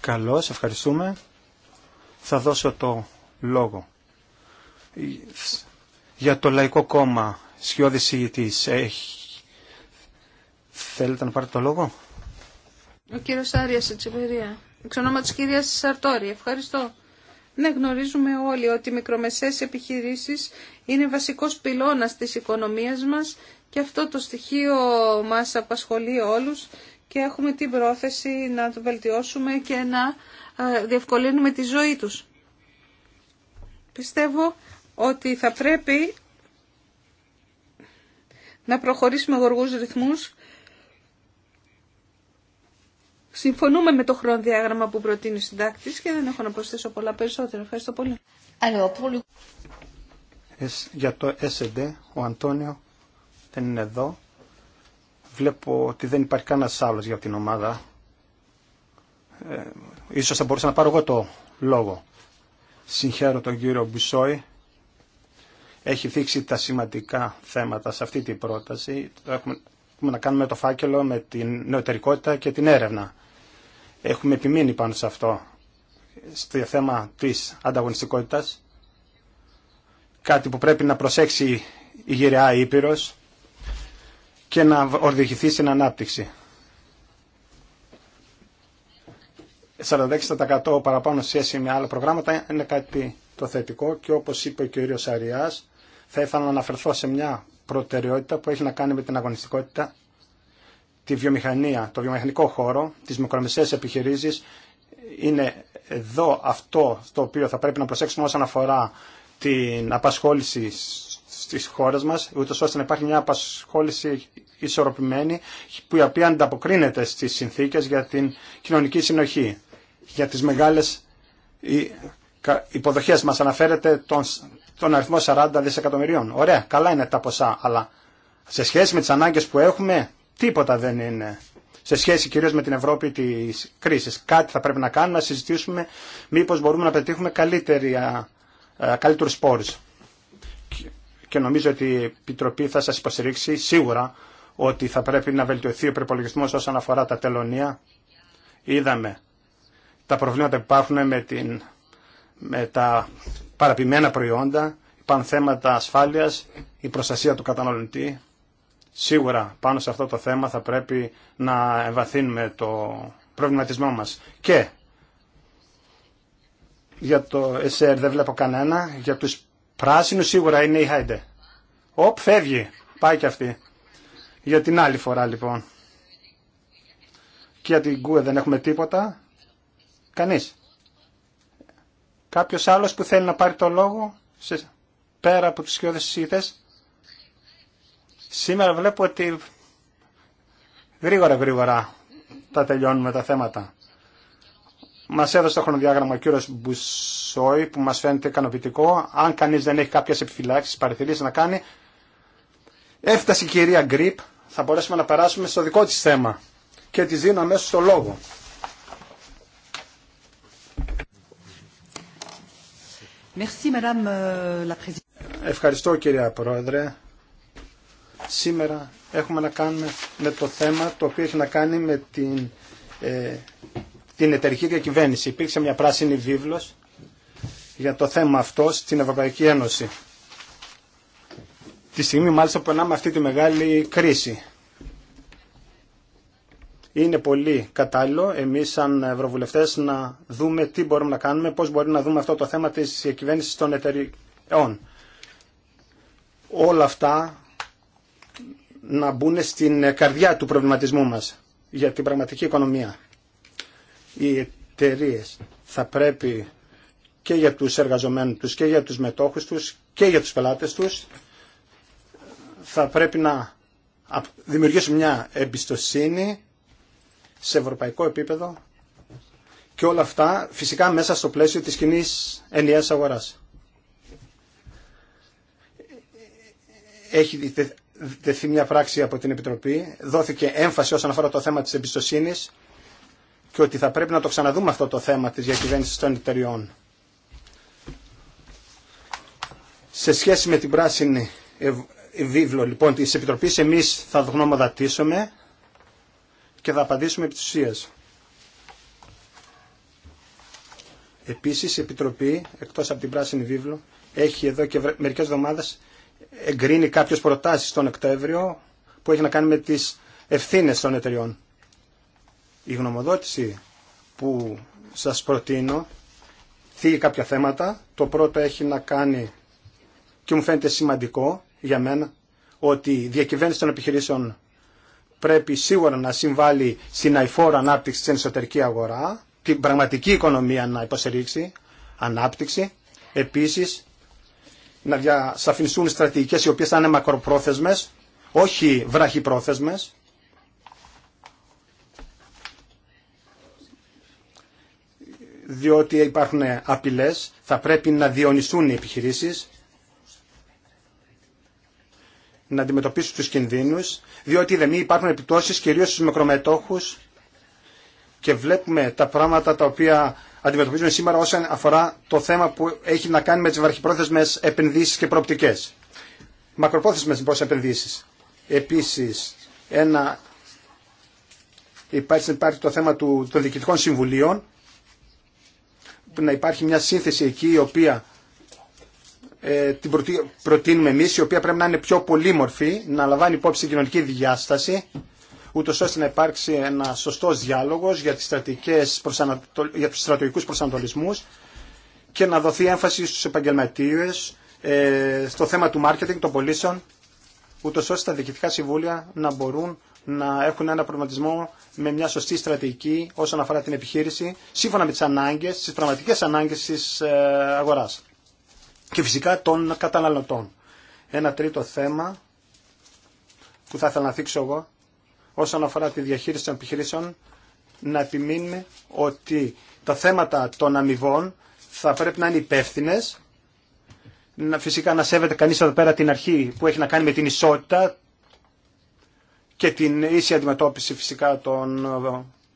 Καλώς, ευχαριστούμε. Θα δώσω το λόγο. Για το Λαϊκό Κόμμα, σιώδης ηγητής, έχει... Θέλετε να πάρετε το λόγο. Ο κύριος Άριας Ετσεβερία. Εξ ονόματο κύρια κυρίας Σαρτόρη. Ευχαριστώ. Ναι, γνωρίζουμε όλοι ότι οι μικρομεσαίες επιχειρήσεις είναι βασικός πυλώνας της οικονομίας μας και αυτό το στοιχείο μα απασχολεί όλους και έχουμε την πρόθεση να το βελτιώσουμε και να ε, διευκολύνουμε τη ζωή τους. Πιστεύω ότι θα πρέπει να προχωρήσουμε γοργούς ρυθμούς Συμφωνούμε με το χρονοδιάγραμμα που προτείνει ο συντάκτη και δεν έχω να προσθέσω πολλά περισσότερα. Ευχαριστώ πολύ. Για το SD, ο Αντώνιο δεν είναι εδώ. Βλέπω ότι δεν υπάρχει κανένα άλλο για την ομάδα. Ε, ίσως θα μπορούσα να πάρω εγώ το λόγο. Συγχαίρω τον κύριο Μπουσόη. Έχει δείξει τα σημαντικά θέματα σε αυτή την πρόταση. Έχουμε, έχουμε να κάνουμε το φάκελο με την νεωτερικότητα και την έρευνα. Έχουμε επιμείνει πάνω σε αυτό, στο θέμα της ανταγωνιστικότητας. Κάτι που πρέπει να προσέξει η γυραιά Ήπειρος και να οδηγηθεί στην ανάπτυξη. 46% παραπάνω σχέση με άλλα προγράμματα είναι κάτι το θετικό και όπως είπε ο κ. Αριάς, θα ήθελα να αναφερθώ σε μια προτεραιότητα που έχει να κάνει με την αγωνιστικότητα τη βιομηχανία, το βιομηχανικό χώρο, τις μικρομεσαίες επιχειρήσεις, είναι εδώ αυτό το οποίο θα πρέπει να προσέξουμε όσον αφορά την απασχόληση στις χώρες μας, ούτως ώστε να υπάρχει μια απασχόληση ισορροπημένη, που η οποία ανταποκρίνεται στις συνθήκες για την κοινωνική συνοχή, για τις μεγάλες υποδοχές μας αναφέρεται τον, τον αριθμό 40 δισεκατομμυρίων. Ωραία, καλά είναι τα ποσά, αλλά σε σχέση με τις ανάγκες που έχουμε, Τίποτα δεν είναι σε σχέση κυρίως με την Ευρώπη τη κρίση. Κάτι θα πρέπει να κάνουμε, να συζητήσουμε μήπως μπορούμε να πετύχουμε καλύτερου καλύτερους Και νομίζω ότι η Επιτροπή θα σας υποστηρίξει σίγουρα ότι θα πρέπει να βελτιωθεί ο προπολογισμό όσον αφορά τα τελωνία. Είδαμε τα προβλήματα που υπάρχουν με, την, με τα παραπημένα προϊόντα, υπάρχουν θέματα ασφάλειας, η προστασία του καταναλωτή. Σίγουρα πάνω σε αυτό το θέμα θα πρέπει να εμβαθύνουμε το προβληματισμό μας. Και για το ΕΣΕΡ δεν βλέπω κανένα. Για τους πράσινους σίγουρα είναι η Χάιντε. Οπ, φεύγει. Πάει και αυτή. Για την άλλη φορά λοιπόν. Και για την ΚΟΕ δεν έχουμε τίποτα. Κανείς. Κάποιος άλλος που θέλει να πάρει το λόγο σε... πέρα από τους σκιώδες συζήτητες. Σήμερα βλέπω ότι γρήγορα γρήγορα τα τελειώνουμε τα θέματα. Μα έδωσε το χρονοδιάγραμμα ο κύριο Μπουσόη που μα φαίνεται ικανοποιητικό. Αν κανεί δεν έχει κάποιε επιφυλάξει, παρατηρήσει να κάνει. Έφτασε η κυρία Γκριπ, θα μπορέσουμε να περάσουμε στο δικό τη θέμα. Και τη δίνω αμέσω το λόγο. Euh, Ευχαριστώ κυρία Πρόεδρε. Σήμερα έχουμε να κάνουμε με το θέμα το οποίο έχει να κάνει με την, ε, την εταιρική διακυβέρνηση. Υπήρξε μια πράσινη βίβλος για το θέμα αυτό στην Ευρωπαϊκή Ένωση. Τη στιγμή μάλιστα που περνάμε αυτή τη μεγάλη κρίση. Είναι πολύ κατάλληλο εμείς σαν Ευρωβουλευτές να δούμε τι μπορούμε να κάνουμε, πώς μπορεί να δούμε αυτό το θέμα της διακυβέρνησης των εταιρικών. Όλα αυτά να μπουν στην καρδιά του προβληματισμού μας για την πραγματική οικονομία. Οι εταιρείε θα πρέπει και για τους εργαζομένους τους και για τους μετόχους τους και για τους πελάτες τους θα πρέπει να δημιουργήσουν μια εμπιστοσύνη σε ευρωπαϊκό επίπεδο και όλα αυτά φυσικά μέσα στο πλαίσιο της κοινή ενιαίας αγοράς. Έχει δεθεί μια πράξη από την Επιτροπή, δόθηκε έμφαση όσον αφορά το θέμα της εμπιστοσύνη και ότι θα πρέπει να το ξαναδούμε αυτό το θέμα της διακυβέρνηση των εταιριών. Σε σχέση με την πράσινη βίβλο λοιπόν της Επιτροπής, εμείς θα γνωμοδατήσουμε και θα απαντήσουμε επί Επίσης η Επιτροπή, εκτός από την πράσινη βίβλο, έχει εδώ και μερικές εβδομάδες εγκρίνει κάποιες προτάσεις τον Οκτώβριο που έχει να κάνει με τις ευθύνες των εταιριών. Η γνωμοδότηση που σας προτείνω θίγει κάποια θέματα. Το πρώτο έχει να κάνει και μου φαίνεται σημαντικό για μένα ότι η διακυβέρνηση των επιχειρήσεων πρέπει σίγουρα να συμβάλλει στην αηφόρο ανάπτυξη στην εσωτερική αγορά, την πραγματική οικονομία να υποστηρίξει, ανάπτυξη. Επίσης, να διασαφινιστούν στρατηγικές οι οποίες θα είναι μακροπρόθεσμες, όχι βραχυπρόθεσμες. διότι υπάρχουν απειλές, θα πρέπει να διονυσούν οι επιχειρήσεις, να αντιμετωπίσουν τους κινδύνους, διότι δεν υπάρχουν επιπτώσεις κυρίως στους μικρομετόχους και βλέπουμε τα πράγματα τα οποία αντιμετωπίζουμε σήμερα όσον αφορά το θέμα που έχει να κάνει με τις βαρχιπρόθεσμε επενδύσεις και προοπτικές. Μακροπρόθεσμες λοιπόν επενδύσεις. Επίσης, ένα, υπάρχει, το θέμα του, των διοικητικών συμβουλίων, που να υπάρχει μια σύνθεση εκεί η οποία ε, την προτείνουμε εμείς, η οποία πρέπει να είναι πιο πολύμορφη, να λαμβάνει υπόψη την κοινωνική διάσταση, ούτως ώστε να υπάρξει ένα σωστός διάλογος για, τις προσανατολ... για τους στρατηγικούς προσανατολισμούς και να δοθεί έμφαση στους επαγγελματίες ε, στο θέμα του μάρκετινγκ των πωλήσεων, ούτως ώστε τα διοικητικά συμβούλια να μπορούν να έχουν ένα προγραμματισμό με μια σωστή στρατηγική όσον αφορά την επιχείρηση, σύμφωνα με τις ανάγκες, τις πραγματικές ανάγκες της ε, αγοράς και φυσικά των καταναλωτών. Ένα τρίτο θέμα που θα ήθελα να θίξω εγώ όσον αφορά τη διαχείριση των επιχειρήσεων να επιμείνουμε ότι τα θέματα των αμοιβών θα πρέπει να είναι υπεύθυνε. Φυσικά να σέβεται κανείς εδώ πέρα την αρχή που έχει να κάνει με την ισότητα και την ίση αντιμετώπιση φυσικά των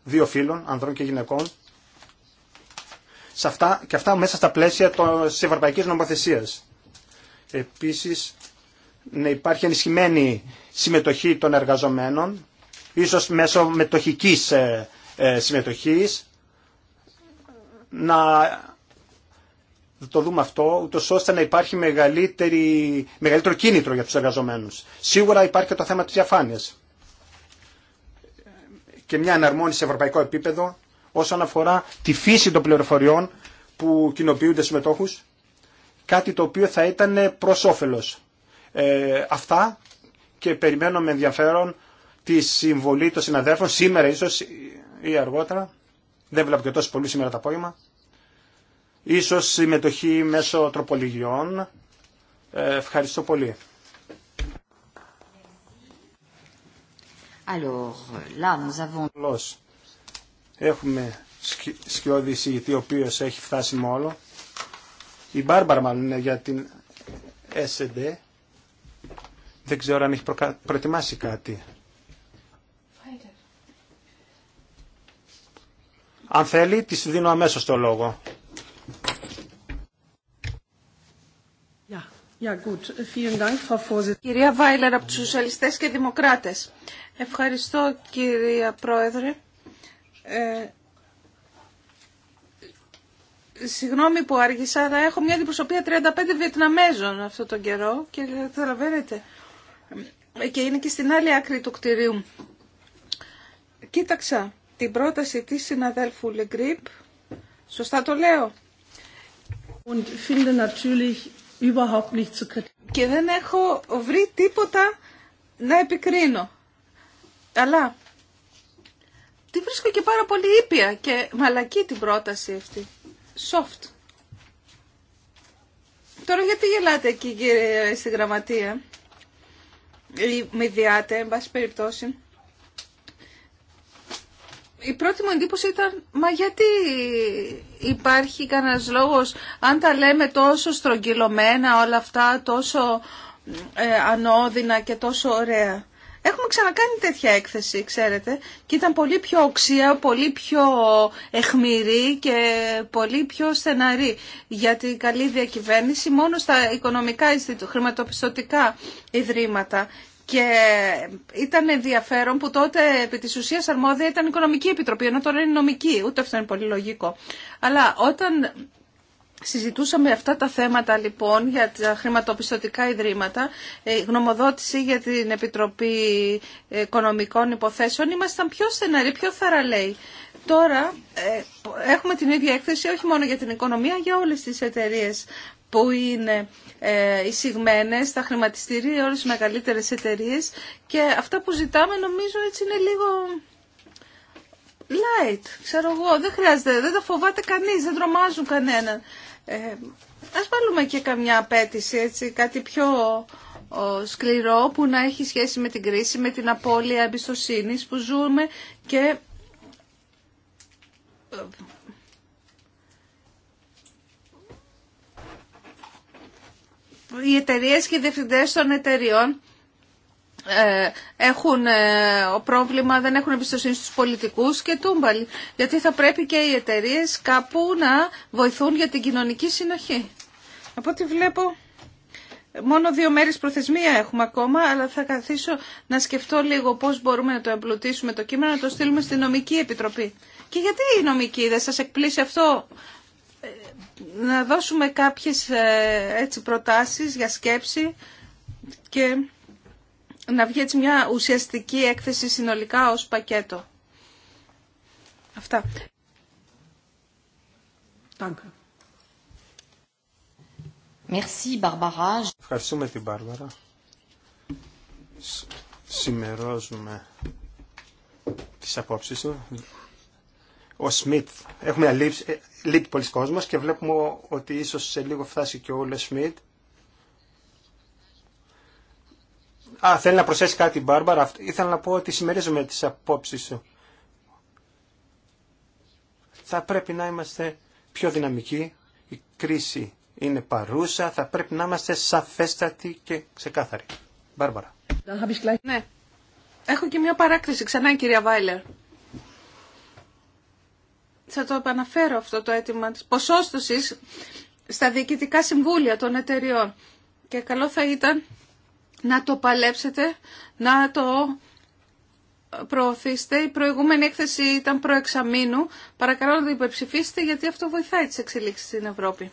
δύο φύλων, ανδρών και γυναικών. Σε αυτά, και αυτά μέσα στα πλαίσια της Ευρωπαϊκή νομοθεσίας. Επίσης, να υπάρχει ενισχυμένη συμμετοχή των εργαζομένων ίσως μέσω μετοχικής ε, ε, συμμετοχής, να το δούμε αυτό, ούτω ώστε να υπάρχει μεγαλύτερη, μεγαλύτερο κίνητρο για τους εργαζομένους. Σίγουρα υπάρχει και το θέμα της διαφάνειας και μια εναρμόνιση σε ευρωπαϊκό επίπεδο όσον αφορά τη φύση των πληροφοριών που κοινοποιούνται στους μετόχους, κάτι το οποίο θα ήταν προς ε, αυτά και περιμένω με ενδιαφέρον τη συμβολή των συναδέλφων σήμερα ίσως ή αργότερα. Δεν βλέπω και τόσο πολύ σήμερα το απόγευμα. Ίσως συμμετοχή μέσω τροπολογιών. Ε, ευχαριστώ πολύ. Alors, là, nous Έχουμε σκιώδη εισηγητή ο οποίο έχει φτάσει μονο Η Μπάρμπαρα μάλλον είναι για την S&D. Δεν ξέρω αν έχει προετοιμάσει κάτι. Αν θέλει, τη δίνω αμέσω το λόγο. Κυρία Βάιλερ από τους Σοσιαλιστές και Δημοκράτες. Ευχαριστώ κυρία Πρόεδρε. Ε, συγγνώμη που άργησα, αλλά έχω μια αντιπροσωπεία 35 Βιετναμέζων αυτό τον καιρό και καταλαβαίνετε. Ε, και είναι και στην άλλη άκρη του κτηρίου. Κοίταξα την πρόταση της συναδέλφου Λεγκρίπ. Σωστά το λέω. Και δεν έχω βρει τίποτα να επικρίνω. Αλλά τη βρίσκω και πάρα πολύ ήπια και μαλακή την πρόταση αυτή. Σοφτ. Τώρα γιατί γελάτε εκεί κύριε στη γραμματεία ή με διάτε, εν πάση περιπτώσει η πρώτη μου εντύπωση ήταν, μα γιατί υπάρχει κανένας λόγος, αν τα λέμε τόσο στρογγυλωμένα όλα αυτά, τόσο ε, ανώδυνα και τόσο ωραία. Έχουμε ξανακάνει τέτοια έκθεση, ξέρετε, και ήταν πολύ πιο οξία, πολύ πιο εχμηρή και πολύ πιο στεναρή για την καλή διακυβέρνηση μόνο στα οικονομικά, χρηματοπιστωτικά ιδρύματα και ήταν ενδιαφέρον που τότε επί της ουσίας αρμόδια ήταν η Οικονομική Επιτροπή, ενώ τώρα είναι νομική, ούτε αυτό είναι πολύ λογικό. Αλλά όταν συζητούσαμε αυτά τα θέματα λοιπόν για τα χρηματοπιστωτικά ιδρύματα, ε, η γνωμοδότηση για την Επιτροπή Οικονομικών Υποθέσεων, ήμασταν πιο στεναροί, πιο θαραλέοι. Τώρα ε, έχουμε την ίδια έκθεση όχι μόνο για την οικονομία, για όλες τις εταιρείες που είναι εισηγμένες στα χρηματιστήρια όλες τις μεγαλύτερες εταιρείες και αυτά που ζητάμε νομίζω έτσι είναι λίγο light, ξέρω εγώ, δεν χρειάζεται, δεν τα φοβάται κανείς, δεν τρομάζουν κανέναν. Ε, ας βάλουμε και καμιά απέτηση, έτσι, κάτι πιο σκληρό που να έχει σχέση με την κρίση, με την απώλεια εμπιστοσύνη που ζούμε και οι εταιρείε και οι διευθυντές των εταιρείων ε, έχουν ε, πρόβλημα, δεν έχουν εμπιστοσύνη στους πολιτικούς και τούμπαλοι. Γιατί θα πρέπει και οι εταιρείε κάπου να βοηθούν για την κοινωνική συνοχή. Από ό,τι βλέπω, μόνο δύο μέρες προθεσμία έχουμε ακόμα, αλλά θα καθίσω να σκεφτώ λίγο πώς μπορούμε να το εμπλουτίσουμε το κείμενο, να το στείλουμε στη νομική επιτροπή. Και γιατί η νομική, δεν σας εκπλήσει αυτό να δώσουμε κάποιες ε, έτσι, προτάσεις για σκέψη και να βγει μια ουσιαστική έκθεση συνολικά ως πακέτο. Αυτά. Merci, Barbara. Ευχαριστούμε την Μπάρβαρα. Σημερώζουμε τις απόψεις του. Ο Σμιτ, έχουμε, αλήψει, λείπει πολλοί κόσμος και βλέπουμε ότι ίσως σε λίγο φτάσει και ο Λεσμίτ. Α, θέλει να προσθέσει κάτι η Μπάρμπαρα. Ήθελα να πω ότι συμμερίζομαι τις απόψεις σου. Θα πρέπει να είμαστε πιο δυναμικοί. Η κρίση είναι παρούσα. Θα πρέπει να είμαστε σαφέστατοι και ξεκάθαροι. Μπάρμπαρα. Ναι. Έχω και μια παράκριση. ξανά κυρία Βάιλερ θα το επαναφέρω αυτό το αίτημα της ποσόστοσης στα διοικητικά συμβούλια των εταιριών. Και καλό θα ήταν να το παλέψετε, να το προωθήσετε. Η προηγούμενη έκθεση ήταν προεξαμήνου. Παρακαλώ να το υπερψηφίσετε γιατί αυτό βοηθάει τις εξελίξεις στην Ευρώπη.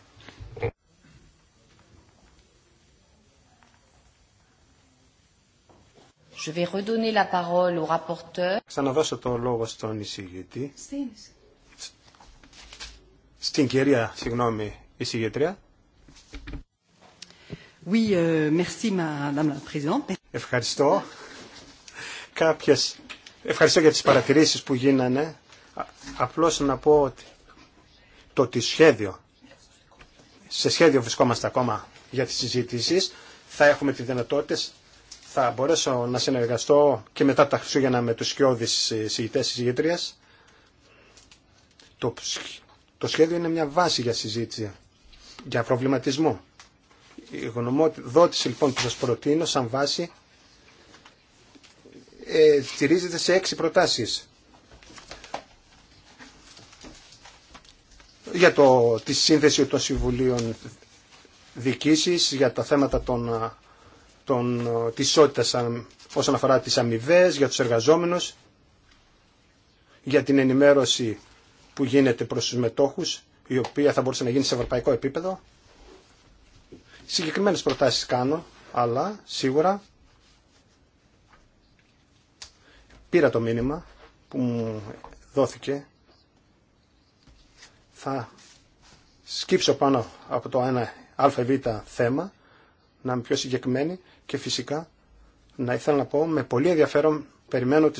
Je vais redonner la parole au rapporteur. το λόγο στον εισηγητή. Στην στην κυρία, συγγνώμη, εισηγήτρια. Oui, euh, Ευχαριστώ. Κάποιες... Ευχαριστώ για τις παρατηρήσεις που γίνανε. Απλώς να πω ότι το τι σχέδιο, σε σχέδιο βρισκόμαστε ακόμα για τις συζήτησεις, θα έχουμε τις δυνατότητες, θα μπορέσω να συνεργαστώ και μετά τα Χριστούγεννα με τους σκιώδεις συζητές της το το σχέδιο είναι μια βάση για συζήτηση, για προβληματισμό. Η γνωμοδότηση λοιπόν που σας προτείνω σαν βάση ε, στηρίζεται σε έξι προτάσεις. Για το, τη σύνδεση των συμβουλίων διοικήσεις, για τα θέματα των, των, της ισότητας όσον αφορά τις αμοιβέ, για τους εργαζόμενους, για την ενημέρωση που γίνεται προς τους μετόχους, η οποία θα μπορούσε να γίνει σε ευρωπαϊκό επίπεδο. Συγκεκριμένες προτάσεις κάνω, αλλά σίγουρα πήρα το μήνυμα που μου δόθηκε. Θα σκύψω πάνω από το ένα αβ θέμα, να είμαι πιο συγκεκριμένη και φυσικά να ήθελα να πω με πολύ ενδιαφέρον περιμένω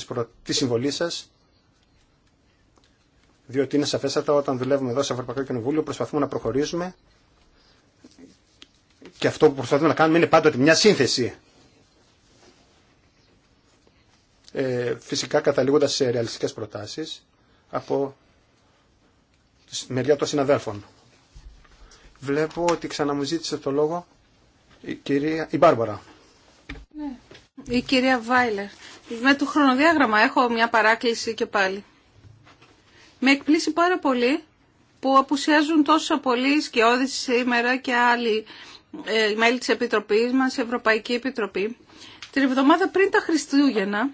τη συμβολή σας διότι είναι σαφέστατα όταν δουλεύουμε εδώ σε Ευρωπαϊκό Κοινοβούλιο προσπαθούμε να προχωρήσουμε και αυτό που προσπαθούμε να κάνουμε είναι πάντοτε μια σύνθεση. Ε, φυσικά καταλήγοντας σε ρεαλιστικές προτάσεις από τη μεριά των συναδέλφων. Βλέπω ότι ξαναμουζήτησε το λόγο η, κυρία, η Μπάρμπαρα. Ναι. Η κυρία Βάιλερ. Με το χρονοδιάγραμμα έχω μια παράκληση και πάλι. Με εκπλήσει πάρα πολύ που απουσιάζουν τόσο πολλοί σκιώδεις σήμερα και άλλοι ε, μέλη της Επιτροπής μας, Ευρωπαϊκή Επιτροπή. Την εβδομάδα πριν τα Χριστούγεννα,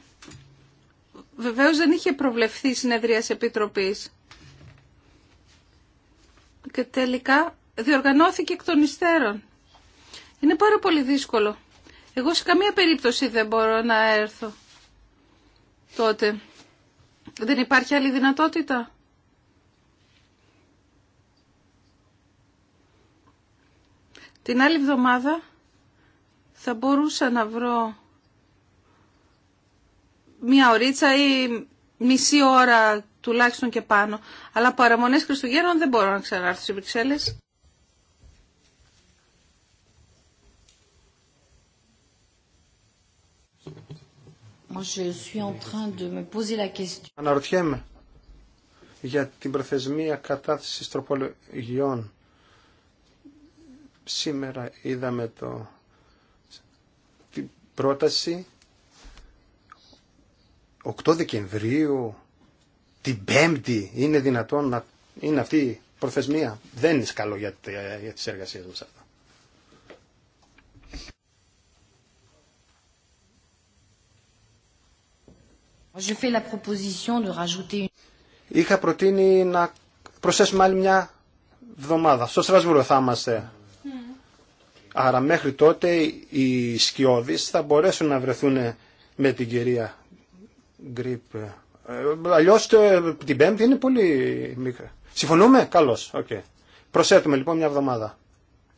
βεβαίως δεν είχε προβλεφθεί συνεδρία Επιτροπής. Και τελικά διοργανώθηκε εκ των υστέρων. Είναι πάρα πολύ δύσκολο. Εγώ σε καμία περίπτωση δεν μπορώ να έρθω τότε. Δεν υπάρχει άλλη δυνατότητα. Την άλλη εβδομάδα θα μπορούσα να βρω μία ωρίτσα ή μισή ώρα τουλάχιστον και πάνω. Αλλά παραμονές Χριστουγέννων δεν μπορώ να ξανάρθω στις Βρυξέλλες. Αναρωτιέμαι για την προθεσμία κατάθεσης τροπολογιών Σήμερα είδαμε το, την πρόταση 8 Δεκεμβρίου, την Πέμπτη, είναι δυνατόν να είναι αυτή η προθεσμία. Δεν είναι καλό για, για τις εργασίες μας αυτό. Είχα προτείνει να προσθέσουμε άλλη μια εβδομάδα. Στο Στρασβούργο θα είμαστε Άρα μέχρι τότε οι σκιώδεις θα μπορέσουν να βρεθούν με την κυρία Γκριπ. Ε, αλλιώς την πέμπτη είναι πολύ μικρή. Συμφωνούμε? Καλώς. Okay. Προσέτουμε λοιπόν μια εβδομάδα.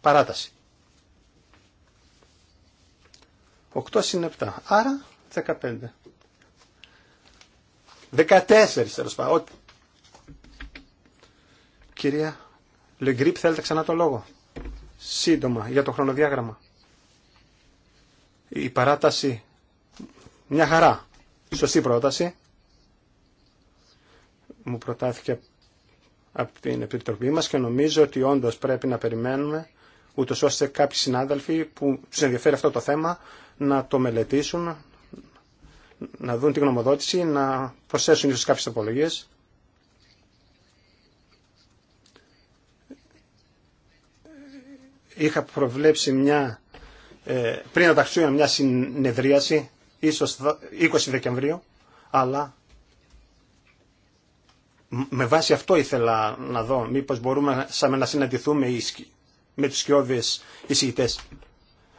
Παράταση. Οκτώ συν 7. Άρα 15. 14 τέλο πάντων. Κυρία Λεγκρίπ, θέλετε ξανά το λόγο. Σύντομα, για το χρονοδιάγραμμα. Η παράταση, μια χαρά, σωστή πρόταση, μου προτάθηκε από την Επιτροπή μας και νομίζω ότι όντως πρέπει να περιμένουμε ούτως ώστε κάποιοι συνάδελφοι που τους ενδιαφέρει αυτό το θέμα να το μελετήσουν, να δουν την γνωμοδότηση, να προσθέσουν ίσως κάποιες απολογίες. είχα προβλέψει μια, ε, πριν να τα μια συνεδρίαση, ίσως 20 Δεκεμβρίου, αλλά με βάση αυτό ήθελα να δω μήπως μπορούμε σαν να συναντηθούμε με τους οι εισηγητές.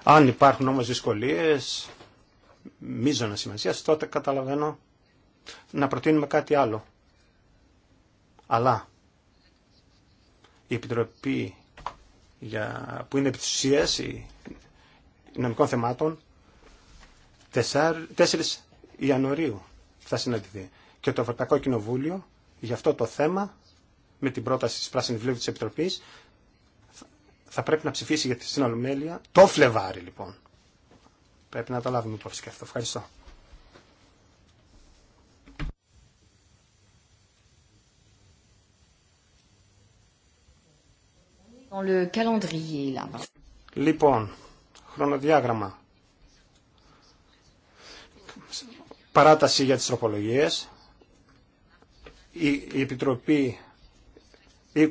Αν υπάρχουν όμως δυσκολίες, μίζωνα σημασία, τότε καταλαβαίνω να προτείνουμε κάτι άλλο. Αλλά η Επιτροπή για, που είναι επί της νομικών θεμάτων 4, 4 Ιανουαρίου θα συναντηθεί. Και το Ευρωπαϊκό Κοινοβούλιο για αυτό το θέμα με την πρόταση της Πράσινης Βιβλίου της Επιτροπής θα πρέπει να ψηφίσει για τη συνολομέλεια το Φλεβάρι λοιπόν. Πρέπει να το λάβουμε υπόψη και αυτό. Ευχαριστώ. Λοιπόν, χρονοδιάγραμμα. Παράταση για τις τροπολογίες. Η Επιτροπή 20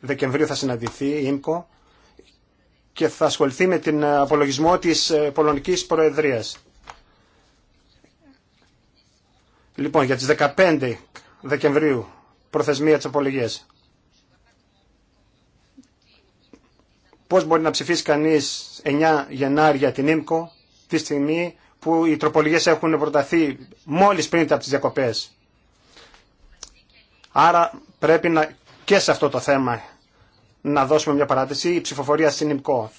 Δεκεμβρίου θα συναντηθεί, η και θα ασχοληθεί με την απολογισμό της ε, Πολωνικής Προεδρίας. Λοιπόν, για τις 15 Δεκεμβρίου προθεσμία της απολογίας. Πώς μπορεί να ψηφίσει κανείς 9 Γενάρη την ΙΜΚΟ τη στιγμή που οι τροπολογίες έχουν προταθεί μόλις πριν από τις διακοπές. Άρα πρέπει να, και σε αυτό το θέμα να δώσουμε μια παράτηση. Η ψηφοφορία στην ΙΜΚΟ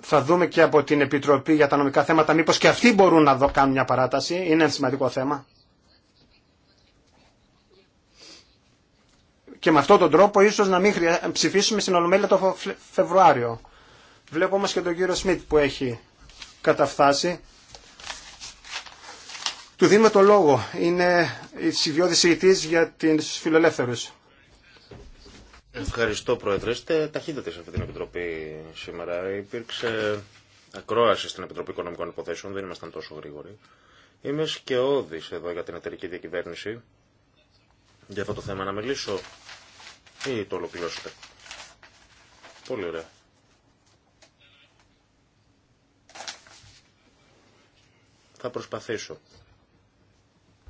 θα δούμε και από την Επιτροπή για τα νομικά θέματα μήπως και αυτοί μπορούν να δω, κάνουν μια παράταση. Είναι ένα σημαντικό θέμα. και με αυτόν τον τρόπο ίσως να μην ψηφίσουμε στην Ολομέλεια το Φεβρουάριο. Βλέπω όμως και τον κύριο Σμιτ που έχει καταφθάσει. Του δίνουμε το λόγο. Είναι η ητής για την φιλελεύθερους. Ευχαριστώ Πρόεδρε. Είστε ταχύτατε σε αυτή την Επιτροπή σήμερα. Υπήρξε ακρόαση στην Επιτροπή Οικονομικών Υποθέσεων, δεν ήμασταν τόσο γρήγοροι. Είμαι σκεώδης εδώ για την εταιρική διακυβέρνηση. Για αυτό το θέμα να μιλήσω ή το ολοκληρώσετε. Πολύ ωραία. Θα προσπαθήσω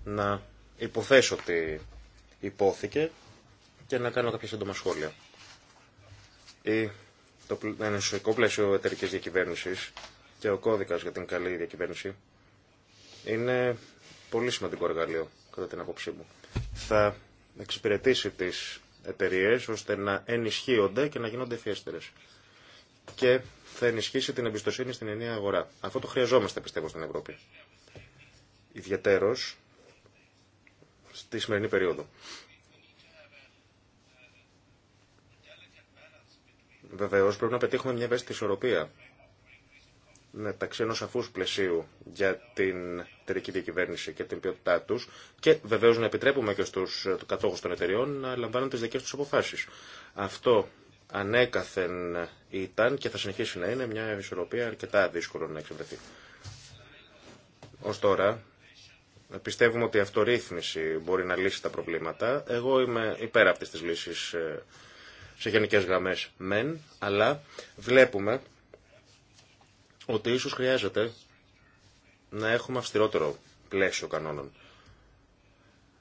να υποθέσω ότι υπόθηκε και να κάνω κάποια σύντομα σχόλια. Ή το ενωσιακό πλαίσιο εταιρική διακυβέρνηση και ο κώδικα για την καλή διακυβέρνηση είναι πολύ σημαντικό εργαλείο, κατά την άποψή μου. Θα εξυπηρετήσει τις εταιρείε ώστε να ενισχύονται και να γίνονται ευφιέστερε. Και θα ενισχύσει την εμπιστοσύνη στην ενιαία αγορά. Αυτό το χρειαζόμαστε, πιστεύω, στην Ευρώπη. Ιδιαίτερο στη σημερινή περίοδο. Βεβαίω, πρέπει να πετύχουμε μια ευαίσθητη ισορροπία μεταξύ ενό σαφού πλαισίου για την εταιρική διακυβέρνηση και την ποιότητά του και βεβαίω να επιτρέπουμε και στου κατόχου των εταιριών να λαμβάνουν τι δικέ του αποφάσει. Αυτό ανέκαθεν ήταν και θα συνεχίσει να είναι μια ισορροπία αρκετά δύσκολο να εξευρεθεί. Ω τώρα, πιστεύουμε ότι η αυτορύθμιση μπορεί να λύσει τα προβλήματα. Εγώ είμαι υπέρ αυτή τη λύση ε, σε γενικέ γραμμέ μεν, αλλά βλέπουμε ότι ίσως χρειάζεται να έχουμε αυστηρότερο πλαίσιο κανόνων.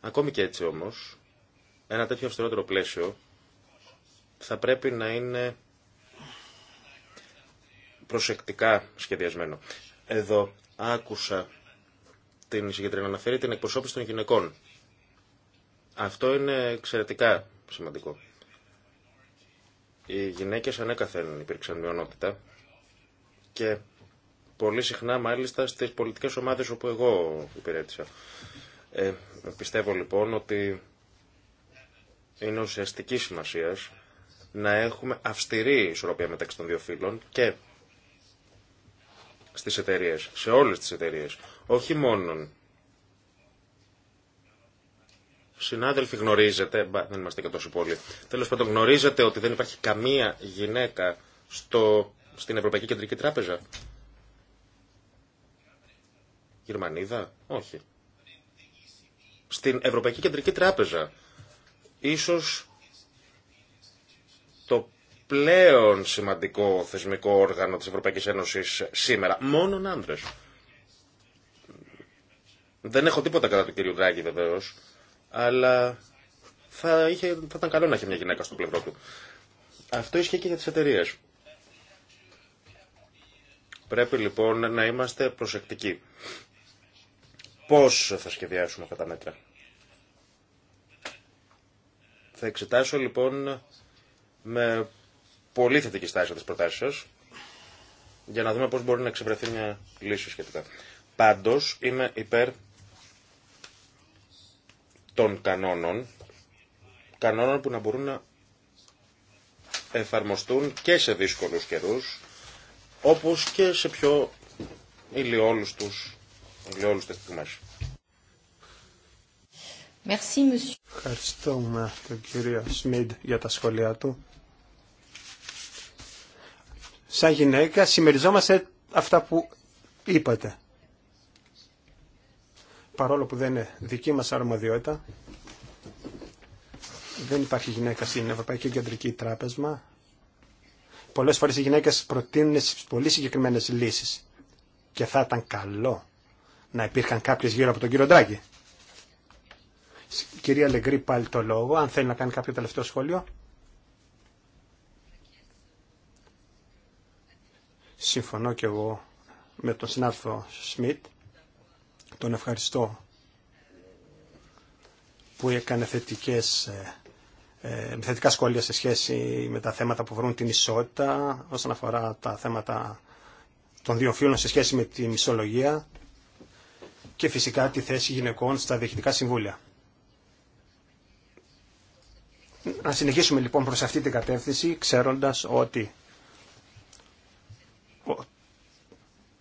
Ακόμη και έτσι όμως, ένα τέτοιο αυστηρότερο πλαίσιο θα πρέπει να είναι προσεκτικά σχεδιασμένο. Εδώ άκουσα την συγκεκριμένη αναφέρει την εκπροσώπηση των γυναικών. Αυτό είναι εξαιρετικά σημαντικό. Οι γυναίκες ανέκαθεν υπήρξαν μειονότητα και Πολύ συχνά μάλιστα στις πολιτικές ομάδες όπου εγώ υπηρέτησα. Ε, πιστεύω λοιπόν ότι είναι ουσιαστική σημασία να έχουμε αυστηρή ισορροπία μεταξύ των δύο φύλων και στις εταιρείε, σε όλες τις εταιρείε, όχι μόνον. Συνάδελφοι, γνωρίζετε, δεν είμαστε και τόσο πολλοί, τέλος πάντων γνωρίζετε ότι δεν υπάρχει καμία γυναίκα στο, στην Ευρωπαϊκή Κεντρική Τράπεζα. Γερμανίδα, όχι. Στην Ευρωπαϊκή Κεντρική Τράπεζα, ίσως το πλέον σημαντικό θεσμικό όργανο της Ευρωπαϊκής Ένωσης σήμερα, μόνον άνδρες. Δεν έχω τίποτα κατά του κύριου Ντράγκη βεβαίω, αλλά θα, είχε, θα ήταν καλό να έχει μια γυναίκα στο πλευρό του. Αυτό ισχύει και για τις εταιρείε. Πρέπει λοιπόν να είμαστε προσεκτικοί πώς θα σχεδιάσουμε αυτά τα μέτρα. Θα εξετάσω λοιπόν με πολύ θετική στάση τις προτάσεις σας για να δούμε πώς μπορεί να εξευρεθεί μια λύση σχετικά. Πάντως είμαι υπέρ των κανόνων, κανόνων που να μπορούν να εφαρμοστούν και σε δύσκολους καιρούς, όπως και σε πιο ηλιόλους τους για Ευχαριστούμε τον κύριο Σμιντ για τα σχόλιά του. Σαν γυναίκα συμμεριζόμαστε αυτά που είπατε. Παρόλο που δεν είναι δική μας αρμοδιότητα, δεν υπάρχει γυναίκα στην Ευρωπαϊκή Κεντρική Τράπεζα. Πολλές φορές οι γυναίκες προτείνουν πολύ συγκεκριμένες λύσεις. Και θα ήταν καλό να υπήρχαν κάποιε γύρω από τον κύριο Ντράγκη. Κυρία Λεγκρή πάλι το λόγο, αν θέλει να κάνει κάποιο τελευταίο σχόλιο. Συμφωνώ και εγώ με τον συνάδελφο Σμιτ. Τον ευχαριστώ που έκανε θετικές, ε, ε, θετικά σχόλια σε σχέση με τα θέματα που βρουν την ισότητα όσον αφορά τα θέματα των δύο φίλων σε σχέση με τη μισολογία και φυσικά τη θέση γυναικών στα διοικητικά συμβούλια. Να συνεχίσουμε λοιπόν προς αυτή την κατεύθυνση, ξέροντας ότι